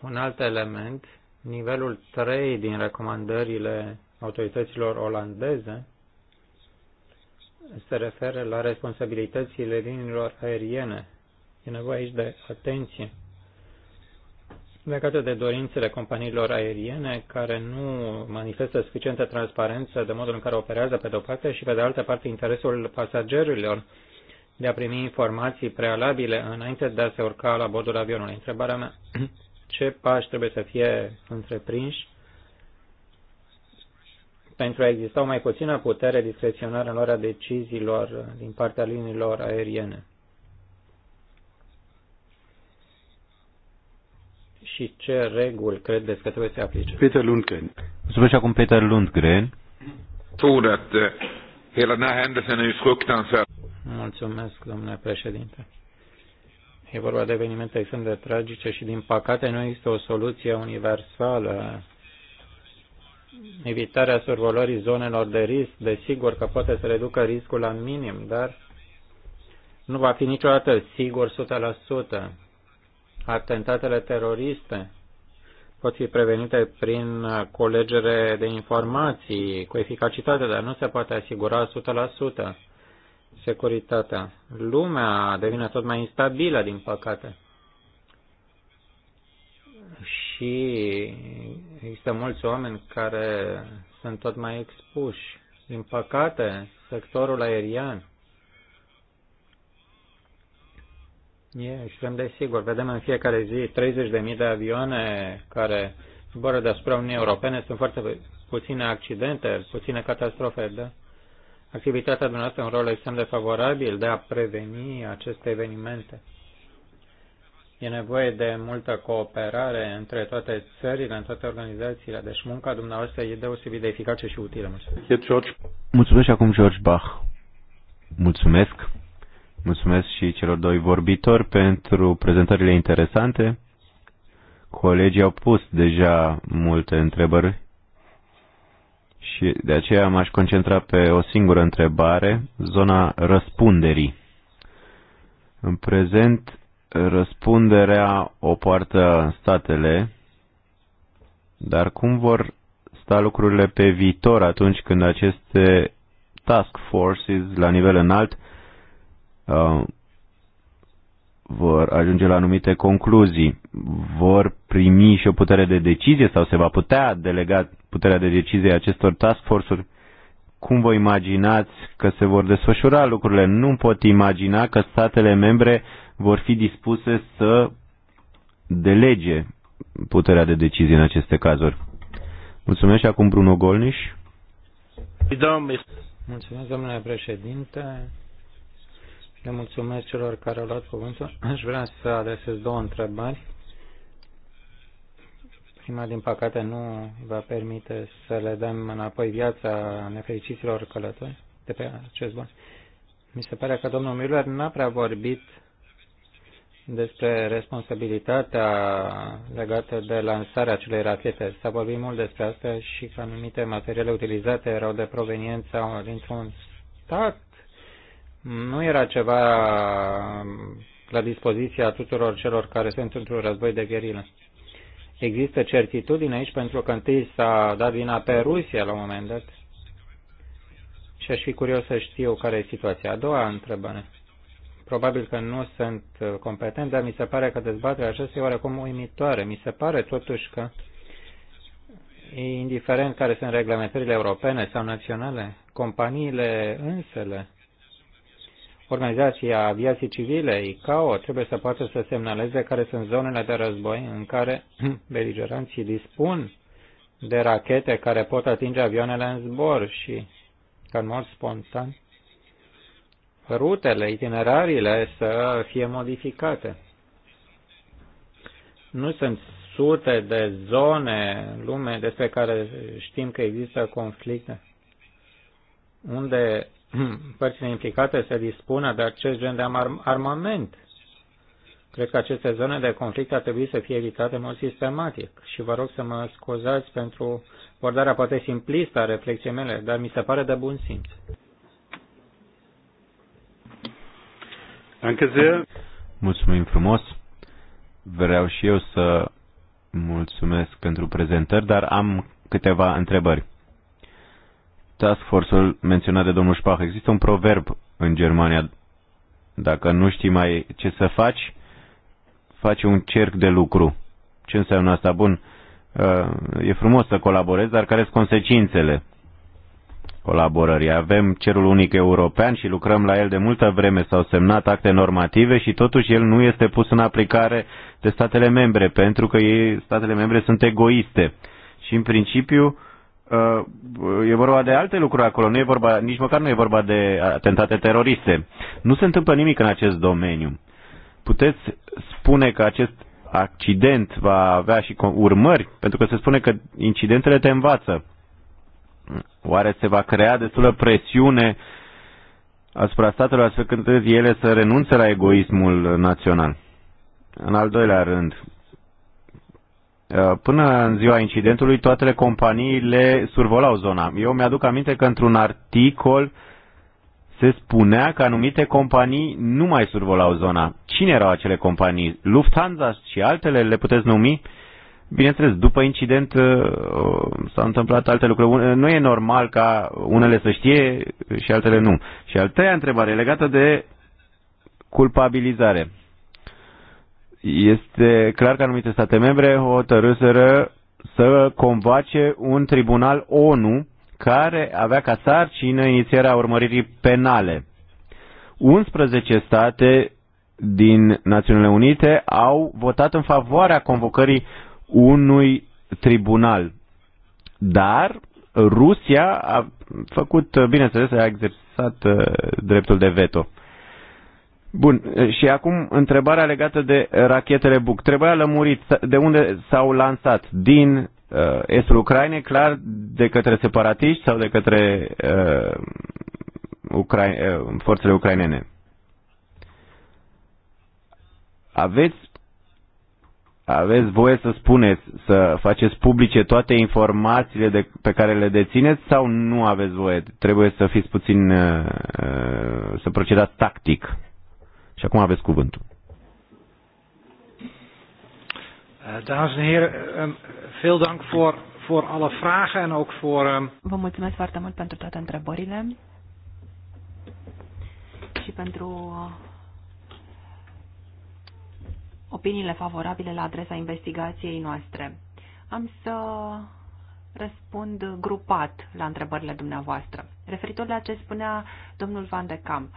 Un alt element Nivelul 3 din recomandările autorităților olandeze se referă la responsabilitățile liniilor aeriene. E nevoie aici de atenție legată de dorințele companiilor aeriene care nu manifestă suficientă transparență de modul în care operează pe de-o parte și pe de altă parte interesul pasagerilor de a primi informații prealabile înainte de a se urca la bordul avionului. Întrebarea mea ce pași trebuie să fie întreprinși pentru a exista o mai puțină putere discreționară în luarea deciziilor din partea liniilor aeriene. Și ce reguli credeți că trebuie să aplice? Peter Lundgren. Mulțumesc acum Peter Lundgren. Eh, Mulțumesc, domnule președinte. E vorba de evenimente extrem de tragice și, din păcate, nu există o soluție universală. Evitarea survolării zonelor de risc, desigur că poate să reducă riscul la minim, dar nu va fi niciodată sigur 100%. Atentatele teroriste pot fi prevenite prin colegere de informații cu eficacitate, dar nu se poate asigura securitatea. Lumea devine tot mai instabilă, din păcate. Și există mulți oameni care sunt tot mai expuși. Din păcate, sectorul aerian e extrem de sigur. Vedem în fiecare zi 30.000 de avioane care zboară deasupra Uniunii Europene. Sunt foarte puține accidente, puține catastrofe, da? activitatea dumneavoastră un rol extrem de favorabil de a preveni aceste evenimente. E nevoie de multă cooperare între toate țările, în toate organizațiile, deci munca dumneavoastră e deosebit de eficace și utilă. Mulțumesc, George. Mulțumesc și acum George Bach. Mulțumesc. Mulțumesc și celor doi vorbitori pentru prezentările interesante. Colegii au pus deja multe întrebări și de aceea m-aș concentra pe o singură întrebare, zona răspunderii. În prezent, răspunderea o poartă statele, dar cum vor sta lucrurile pe viitor atunci când aceste task forces la nivel înalt uh, vor ajunge la anumite concluzii, vor primi și o putere de decizie sau se va putea delega puterea de decizie a acestor task force-uri, cum vă imaginați că se vor desfășura lucrurile? Nu pot imagina că statele membre vor fi dispuse să delege puterea de decizie în aceste cazuri. Mulțumesc și acum Bruno Golniș. Mulțumesc, domnule președinte. Le mulțumesc celor care au luat cuvântul. Aș vrea să adresez două întrebări. Maxima, din păcate, nu va permite să le dăm înapoi viața nefericiților călători de pe acest bun. Mi se pare că domnul Miller n-a prea vorbit despre responsabilitatea legată de lansarea acelei rachete. S-a vorbit mult despre asta și că anumite materiale utilizate erau de proveniență dintr-un stat. Nu era ceva la dispoziția tuturor celor care sunt într-un război de gherilă. Există certitudine aici pentru că întâi s-a dat vina pe Rusia la un moment dat. Și aș fi curios să știu care e situația. A doua întrebare. Probabil că nu sunt competent, dar mi se pare că dezbaterea aceasta e oarecum uimitoare. Mi se pare totuși că, indiferent care sunt reglementările europene sau naționale, companiile însele Organizația Aviației Civile, ICAO, trebuie să poată să semnaleze care sunt zonele de război în care beligeranții dispun de rachete care pot atinge avioanele în zbor și, ca în mod spontan, rutele, itinerariile să fie modificate. Nu sunt sute de zone în lume despre care știm că există conflicte, unde părțile implicate se dispună de acest gen de armament. Cred că aceste zone de conflict ar trebui să fie evitate în mod sistematic și vă rog să mă scuzați pentru abordarea poate simplistă a reflexiei mele, dar mi se pare de bun simț. Mulțumim frumos. Vreau și eu să mulțumesc pentru prezentări, dar am câteva întrebări task force-ul menționat de domnul Spach. Există un proverb în Germania. Dacă nu știi mai ce să faci, faci un cerc de lucru. Ce înseamnă asta? Bun, uh, e frumos să colaborezi, dar care sunt consecințele colaborării? Avem cerul unic european și lucrăm la el de multă vreme, s-au semnat acte normative și totuși el nu este pus în aplicare de statele membre, pentru că ei, statele membre sunt egoiste. Și în principiu, uh, Uh, e vorba de alte lucruri acolo, nu e vorba, nici măcar nu e vorba de atentate teroriste. Nu se întâmplă nimic în acest domeniu. Puteți spune că acest accident va avea și urmări, pentru că se spune că incidentele te învață. Oare se va crea destulă presiune asupra statelor astfel când ele să renunțe la egoismul național? În al doilea rând, Uh, până în ziua incidentului, toate companiile survolau zona. Eu mi-aduc aminte că într-un articol se spunea că anumite companii nu mai survolau zona. Cine erau acele companii? Lufthansa și altele le puteți numi? Bineînțeles, după incident uh, s-au întâmplat alte lucruri. Nu e normal ca unele să știe și altele nu. Și al treia întrebare legată de culpabilizare. Este clar că anumite state membre hotărâsără să convoace un tribunal ONU care avea ca sarcină inițierea urmăririi penale. 11 state din Națiunile Unite au votat în favoarea convocării unui tribunal. Dar Rusia a făcut, bineînțeles, a exercitat uh, dreptul de veto. Bun, eh, și acum întrebarea legată de rachetele Buc. Trebuia lămurit de unde s-au lansat, din uh, estul Ucrainei, clar, de către separatiști sau de către uh, eh, Ucra- uh, forțele ucrainene. Aveți aveți voie să spuneți, să faceți publice toate informațiile de, pe care le dețineți sau nu aveți voie? Trebuie să fiți puțin, uh, să procedați tactic. Și acum aveți cuvântul. Eh, dames en heren, ehm, veel dank voor, voor alle vragen en ook voor... Ehm, Vă mulțumesc foarte mult pentru toate întrebările și pentru uh, opiniile favorabile la adresa investigației noastre. Am să răspund grupat la întrebările dumneavoastră. Referitor la ce spunea domnul Van de Camp,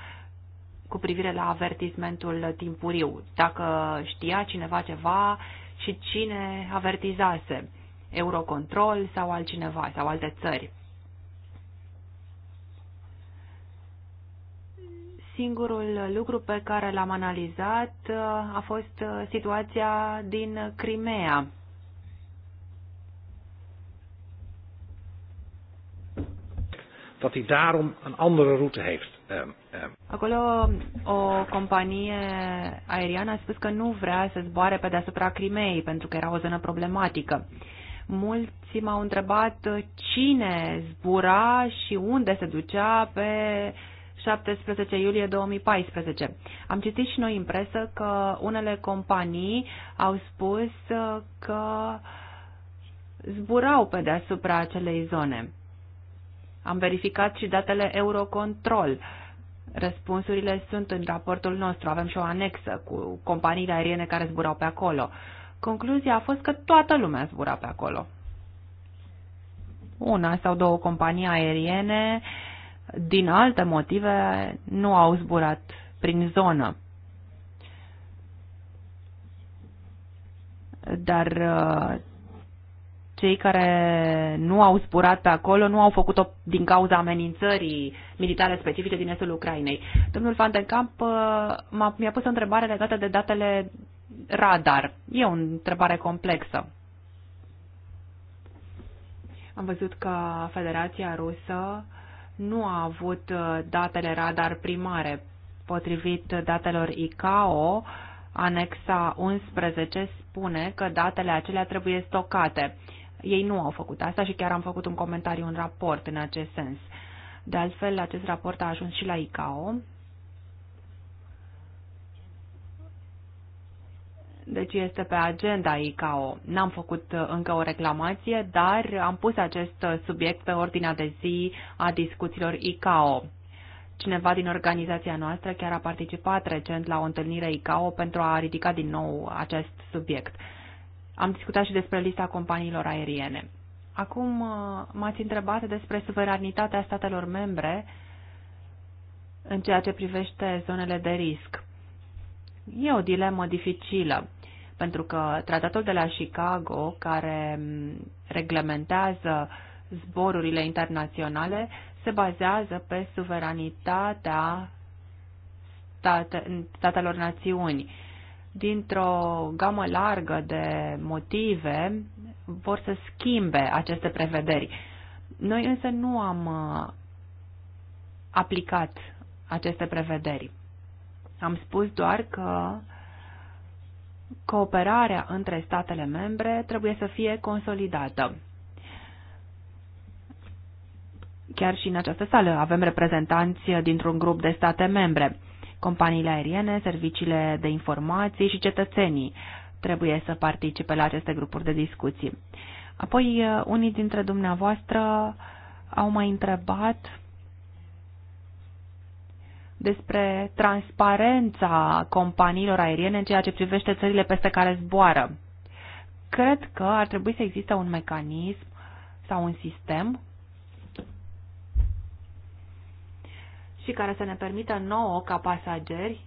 cu privire la avertismentul timpuriu, dacă știa cineva ceva și cine avertizase, Eurocontrol sau altcineva sau alte țări. Singurul lucru pe care l-am analizat uh, a fost uh, situația din Crimea. Dat hij daarom een andere route heeft. Ehm, Acolo o companie aeriană a spus că nu vrea să zboare pe deasupra Crimei pentru că era o zonă problematică. Mulți m-au întrebat cine zbura și unde se ducea pe 17 iulie 2014. Am citit și noi în presă că unele companii au spus că zburau pe deasupra acelei zone. Am verificat și datele Eurocontrol. Uh, Răspunsurile sunt în raportul nostru. Avem și o anexă cu companiile aeriene care zburau pe acolo. Concluzia a fost că toată lumea zbura pe acolo. Una sau două companii aeriene, din alte motive, nu au zburat prin zonă. Dar uh, cei care nu au zburat pe acolo nu au făcut-o din cauza amenințării militare specifice din estul Ucrainei. Domnul Van den Kamp uh, mi-a pus o întrebare legată de datele radar. E o întrebare complexă. Am văzut că Federația Rusă nu a avut uh, datele radar primare. Potrivit datelor ICAO, anexa 11 spune că datele acelea trebuie stocate. Ei nu au făcut asta și chiar am făcut un comentariu un raport în acest sens. De altfel, acest raport a ajuns și la ICAO. Deci este pe agenda ICAO. N-am făcut uh, încă o reclamație, dar am pus acest uh, subiect pe ordinea de zi a discuțiilor ICAO. Cineva din organizația noastră chiar a participat recent la o întâlnire ICAO pentru a ridica din nou acest subiect. Am discutat și despre lista companiilor aeriene. Acum uh, m-ați întrebat despre suveranitatea statelor membre în ceea ce privește zonele de risc. E o dilemă dificilă, pentru că tratatul de la Chicago, care mm, reglementează zborurile internaționale, se bazează pe suveranitatea state, statelor națiuni dintr-o gamă largă de motive, vor să schimbe aceste prevederi. Noi însă nu am uh, aplicat aceste prevederi. Am spus doar că cooperarea între statele membre trebuie să fie consolidată. Chiar și în această sală avem reprezentanți dintr-un grup de state membre. Companiile aeriene, serviciile de informații și cetățenii trebuie să participe la aceste grupuri de discuții. Apoi, eh, unii dintre dumneavoastră au mai întrebat despre transparența companiilor aeriene în ceea ce privește țările peste care zboară. Cred că ar trebui să existe un mecanism sau un sistem și care să ne permită nouă, ca pasageri,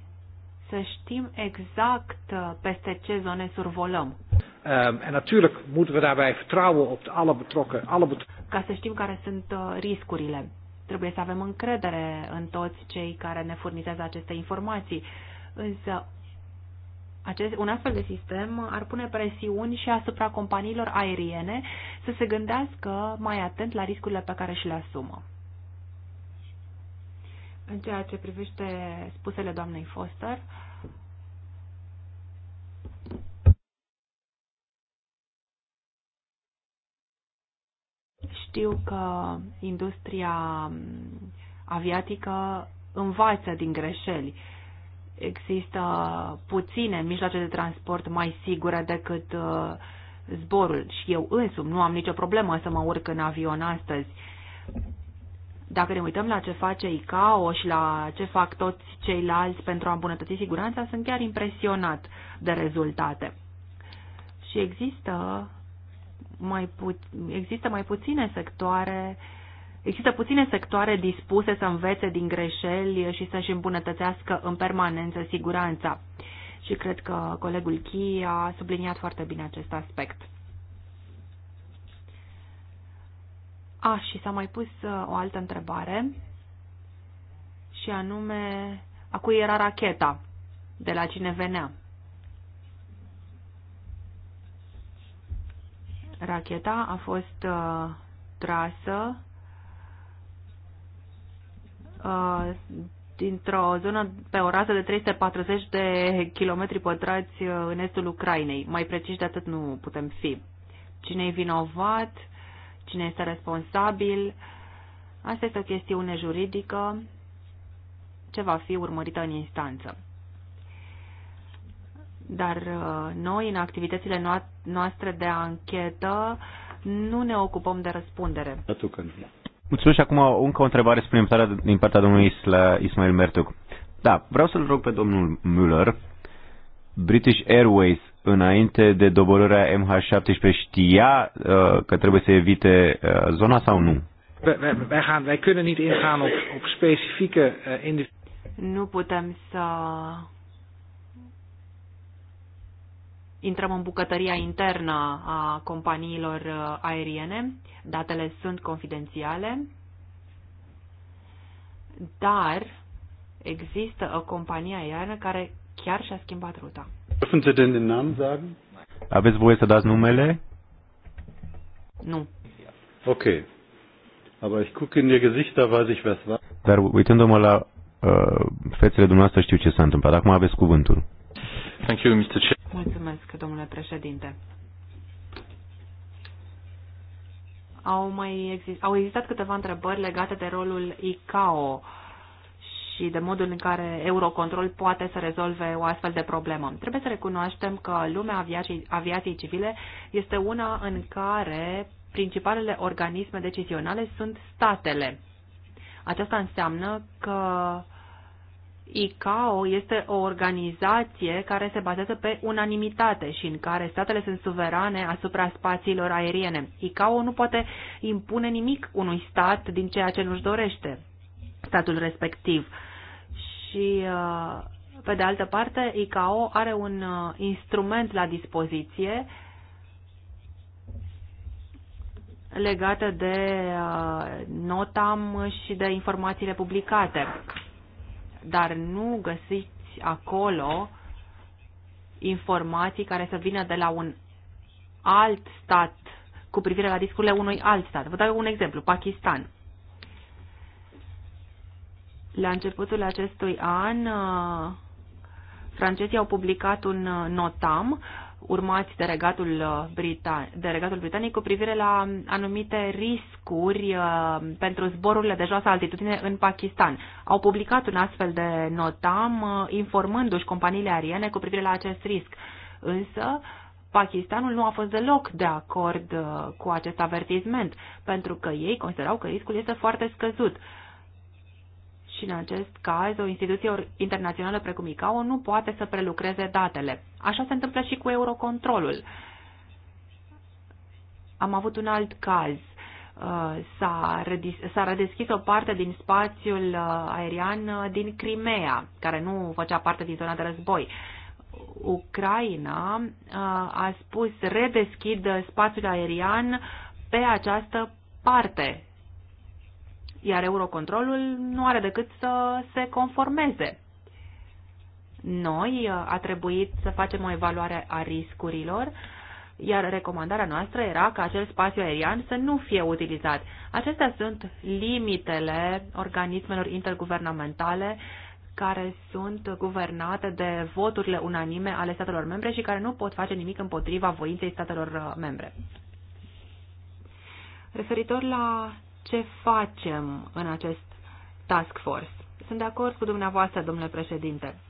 să știm exact uh, peste ce zone survolăm. Um, Ca să știm care sunt uh, riscurile. Trebuie să avem încredere în toți cei care ne furnizează aceste informații. Însă, acest, un astfel de sistem ar pune presiuni și asupra companiilor aeriene să se gândească mai atent la riscurile pe care și le asumă. În ceea ce privește spusele doamnei Foster, știu că industria aviatică învață din greșeli. Există puține mijloace de transport mai sigure decât uh, zborul și eu însumi nu am nicio problemă să mă urc în avion astăzi. Dacă ne uităm la ce face ICAO și la ce fac toți ceilalți pentru a îmbunătăți siguranța, sunt chiar impresionat de rezultate. Și există mai, pu- există mai puține sectoare Există puține sectoare dispuse să învețe din greșeli și să-și îmbunătățească în permanență siguranța. Și cred că colegul Chi a subliniat foarte bine acest aspect. A, și s-a mai pus uh, o altă întrebare și anume a cui era racheta, de la cine venea. Racheta a fost uh, trasă uh, dintr-o zonă pe o rază de 340 de kilometri pătrați uh, în estul Ucrainei. Mai precis de atât nu putem fi. Cine e vinovat? cine este responsabil. Asta este o chestiune juridică ce va fi urmărită în instanță. Dar uh, noi, în activitățile noastre de anchetă, nu ne ocupăm de răspundere. Mulțumesc și acum încă o întrebare suplimentară din partea domnului Ismail Mertuc. Da, vreau să-l rog pe domnul Müller British Airways înainte de doborârea MH17 știa uh, că trebuie să evite uh, zona sau nu? Eh, nu putem să intrăm în bucătăria internă a companiilor eh, aeriene. Datele sunt confidențiale, dar există o companie aeriană care chiar și-a schimbat ruta. Dürfen Sie denn den Namen sagen? Aveți voie să dați numele? Nu. Ok. Aber ich gucke in Ihr Gesicht, da weiß ich, was war. Dar uitându-mă la uh, fețele dumneavoastră știu ce s-a întâmplat. Acum aveți cuvântul. Thank you, Mr. Chair. Mulțumesc, domnule președinte. Au mai exist- au existat câteva întrebări legate de rolul ICAO. Uh, și de modul în care Eurocontrol poate să rezolve o astfel de problemă. Trebuie să recunoaștem că lumea aviației, aviației civile este una în care principalele organisme decizionale sunt statele. Aceasta înseamnă că ICAO este o organizație care se bazează pe unanimitate și în care statele sunt suverane asupra spațiilor aeriene. ICAO nu poate impune nimic unui stat din ceea ce nu-și dorește statul respectiv și uh, pe de altă parte ICAO are un uh, instrument la dispoziție legată de uh, NOTAM și de informațiile publicate. Dar nu găsiți acolo informații care să vină de la un alt stat cu privire la discurile unui alt stat. Vă dau un exemplu, Pakistan. La începutul acestui an, uh, francezii au publicat un uh, notam urmați de regatul, uh, Britan- de regatul britanic cu privire la anumite riscuri pentru zborurile de joasă altitudine în Pakistan. Au publicat un astfel de notam informându-și companiile aeriene cu privire la acest risc. Însă, Pakistanul nu a fost deloc de acord cu acest avertisment, pentru că ei considerau că riscul este foarte scăzut. Uh, și în acest caz o instituție internațională precum ICAO nu poate să prelucreze datele. Așa se întâmplă și cu Eurocontrolul. Am avut un alt caz. Uh, s-a redeschis o parte din spațiul uh, aerian uh, din Crimea, care nu făcea parte din zona de război. Ucraina a spus redeschid spațiul aerian pe această parte iar Eurocontrolul nu are decât să se conformeze. Noi uh, a trebuit să facem o evaluare a riscurilor, iar recomandarea noastră era ca acel spațiu aerian să nu fie utilizat. Acestea sunt limitele organismelor interguvernamentale care sunt guvernate de voturile unanime ale statelor membre și care nu pot face nimic împotriva voinței statelor uh, membre. Referitor la ce facem în acest task force. Sunt de acord cu dumneavoastră, domnule președinte.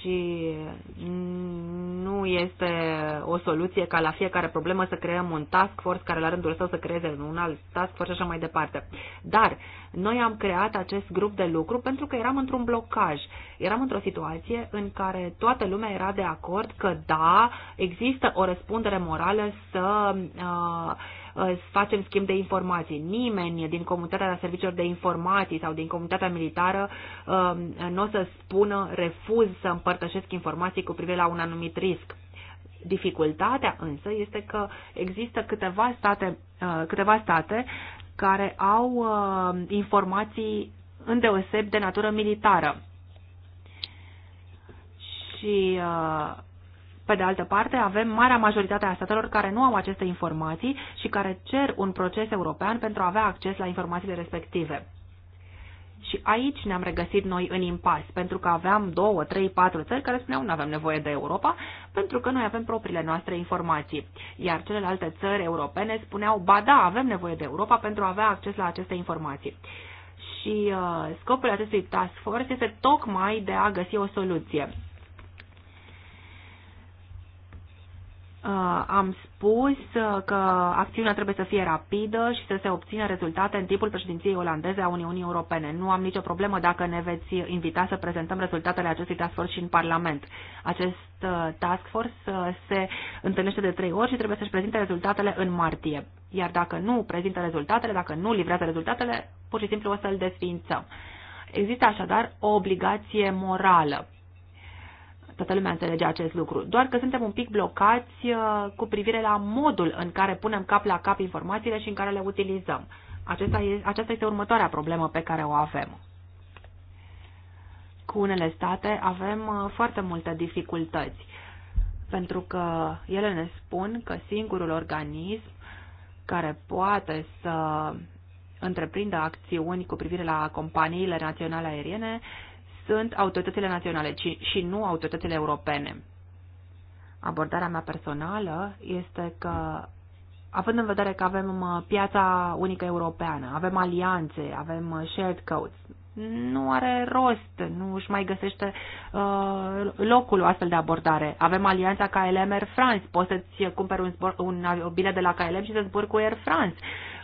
Și este o soluție ca la fiecare problemă să creăm un task force care la rândul său să creeze un alt task force și așa mai departe. Dar noi am creat acest grup de lucru pentru că eram într-un blocaj. Eram într-o situație în care toată lumea era de acord că da, există o răspundere morală să uh, să uh, facem schimb de informații. Nimeni din comunitatea serviciilor de informații sau din comunitatea militară um, nu o să spună refuz să împărtășesc informații cu privire la un anumit risc. Dificultatea însă este că există câteva state, uh, câteva state care au uh, informații îndeoseb de natură militară. Și pe de altă parte, avem marea majoritate a statelor care nu au aceste informații și care cer un proces european pentru a avea acces la informațiile respective. Și aici ne-am regăsit noi în impas, pentru că aveam două, trei, patru țări care spuneau nu avem nevoie de Europa, pentru că noi avem propriile noastre informații. Iar celelalte țări europene spuneau, ba da, avem nevoie de Europa pentru a avea acces la aceste informații. Și uh, scopul acestui task force este tocmai de a găsi o soluție. Uh, am spus uh, că acțiunea trebuie să fie rapidă și să se obțină rezultate în timpul președinției olandeze a Uniunii Europene. Nu am nicio problemă dacă ne veți invita să prezentăm rezultatele acestui task force și în Parlament. Acest uh, task force se întâlnește de trei ori și trebuie să-și prezinte rezultatele în martie. Iar dacă nu prezintă rezultatele, dacă nu livrează rezultatele, pur și simplu o să-l desfințăm. Există așadar o obligație morală Toată lumea înțelege acest lucru. Doar că suntem un pic blocați uh, cu privire la modul în care punem cap la cap informațiile și în care le utilizăm. Aceasta, e, aceasta este următoarea problemă pe care o avem. Cu unele state avem uh, foarte multe dificultăți, pentru că ele ne spun că singurul organism care poate să întreprindă acțiuni cu privire la companiile naționale aeriene sunt autoritățile naționale ci, și nu autoritățile europene. Abordarea mea personală este că, având în vedere că avem piața unică europeană, avem alianțe, avem shared codes, nu are rost, nu își mai găsește uh, locul o astfel de abordare. Avem alianța KLM Air France, poți să-ți cumperi un, zbor, un bilet de la KLM și să zbori cu Air France.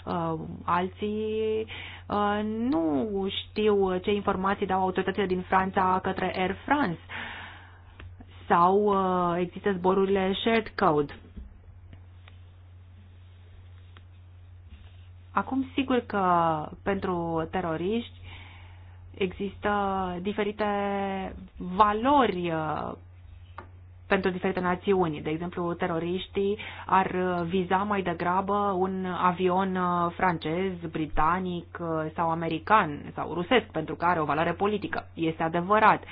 Uh, alții Uh, nu știu ce informații dau autoritățile din Franța către Air France sau uh, există zborurile shared code. Acum, sigur că pentru teroriști există diferite valori uh, pentru diferite națiuni. De exemplu, teroriștii ar viza mai degrabă un avion uh, francez, britanic uh, sau american sau rusesc, pentru că are o valoare politică. Este adevărat.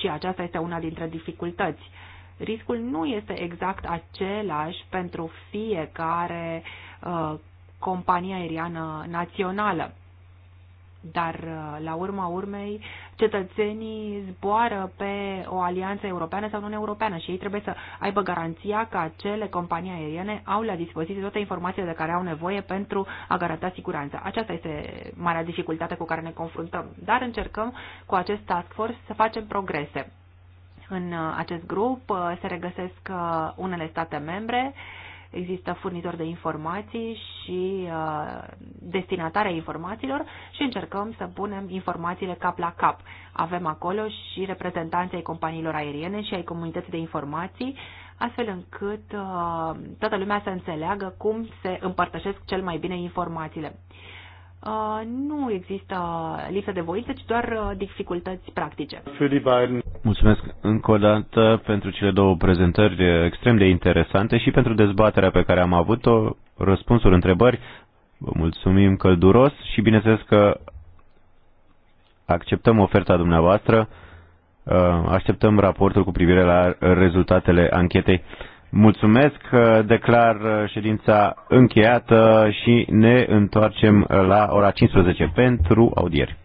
Și aceasta este una dintre dificultăți. Riscul nu este exact același pentru fiecare uh, companie aeriană națională dar, uh, la urma urmei, cetățenii zboară pe o alianță europeană sau non-europeană și ei trebuie să aibă garanția că acele companii aeriene au la dispoziție toate informațiile de care au nevoie pentru a garanta siguranța. Aceasta este marea dificultate cu care ne confruntăm. Dar încercăm cu acest task force să facem progrese. În uh, acest grup uh, se regăsesc unele state membre, există furnizori de informații și uh, destinatarea informațiilor și încercăm să punem informațiile cap la cap. Avem acolo și reprezentanții ai companiilor aeriene și ai comunității de informații, astfel încât uh, toată lumea să înțeleagă cum se împărtășesc cel mai bine informațiile. Uh, nu există lipsă de voință, ci doar uh, dificultăți practice. Mulțumesc încă o dată pentru cele două prezentări extrem de interesante și pentru dezbaterea pe care am avut-o, răspunsuri, întrebări. Vă mulțumim călduros și bineînțeles că acceptăm oferta dumneavoastră, uh, așteptăm raportul cu privire la rezultatele anchetei. Mulțumesc, declar ședința încheiată și ne întoarcem la ora 15 pentru audieri.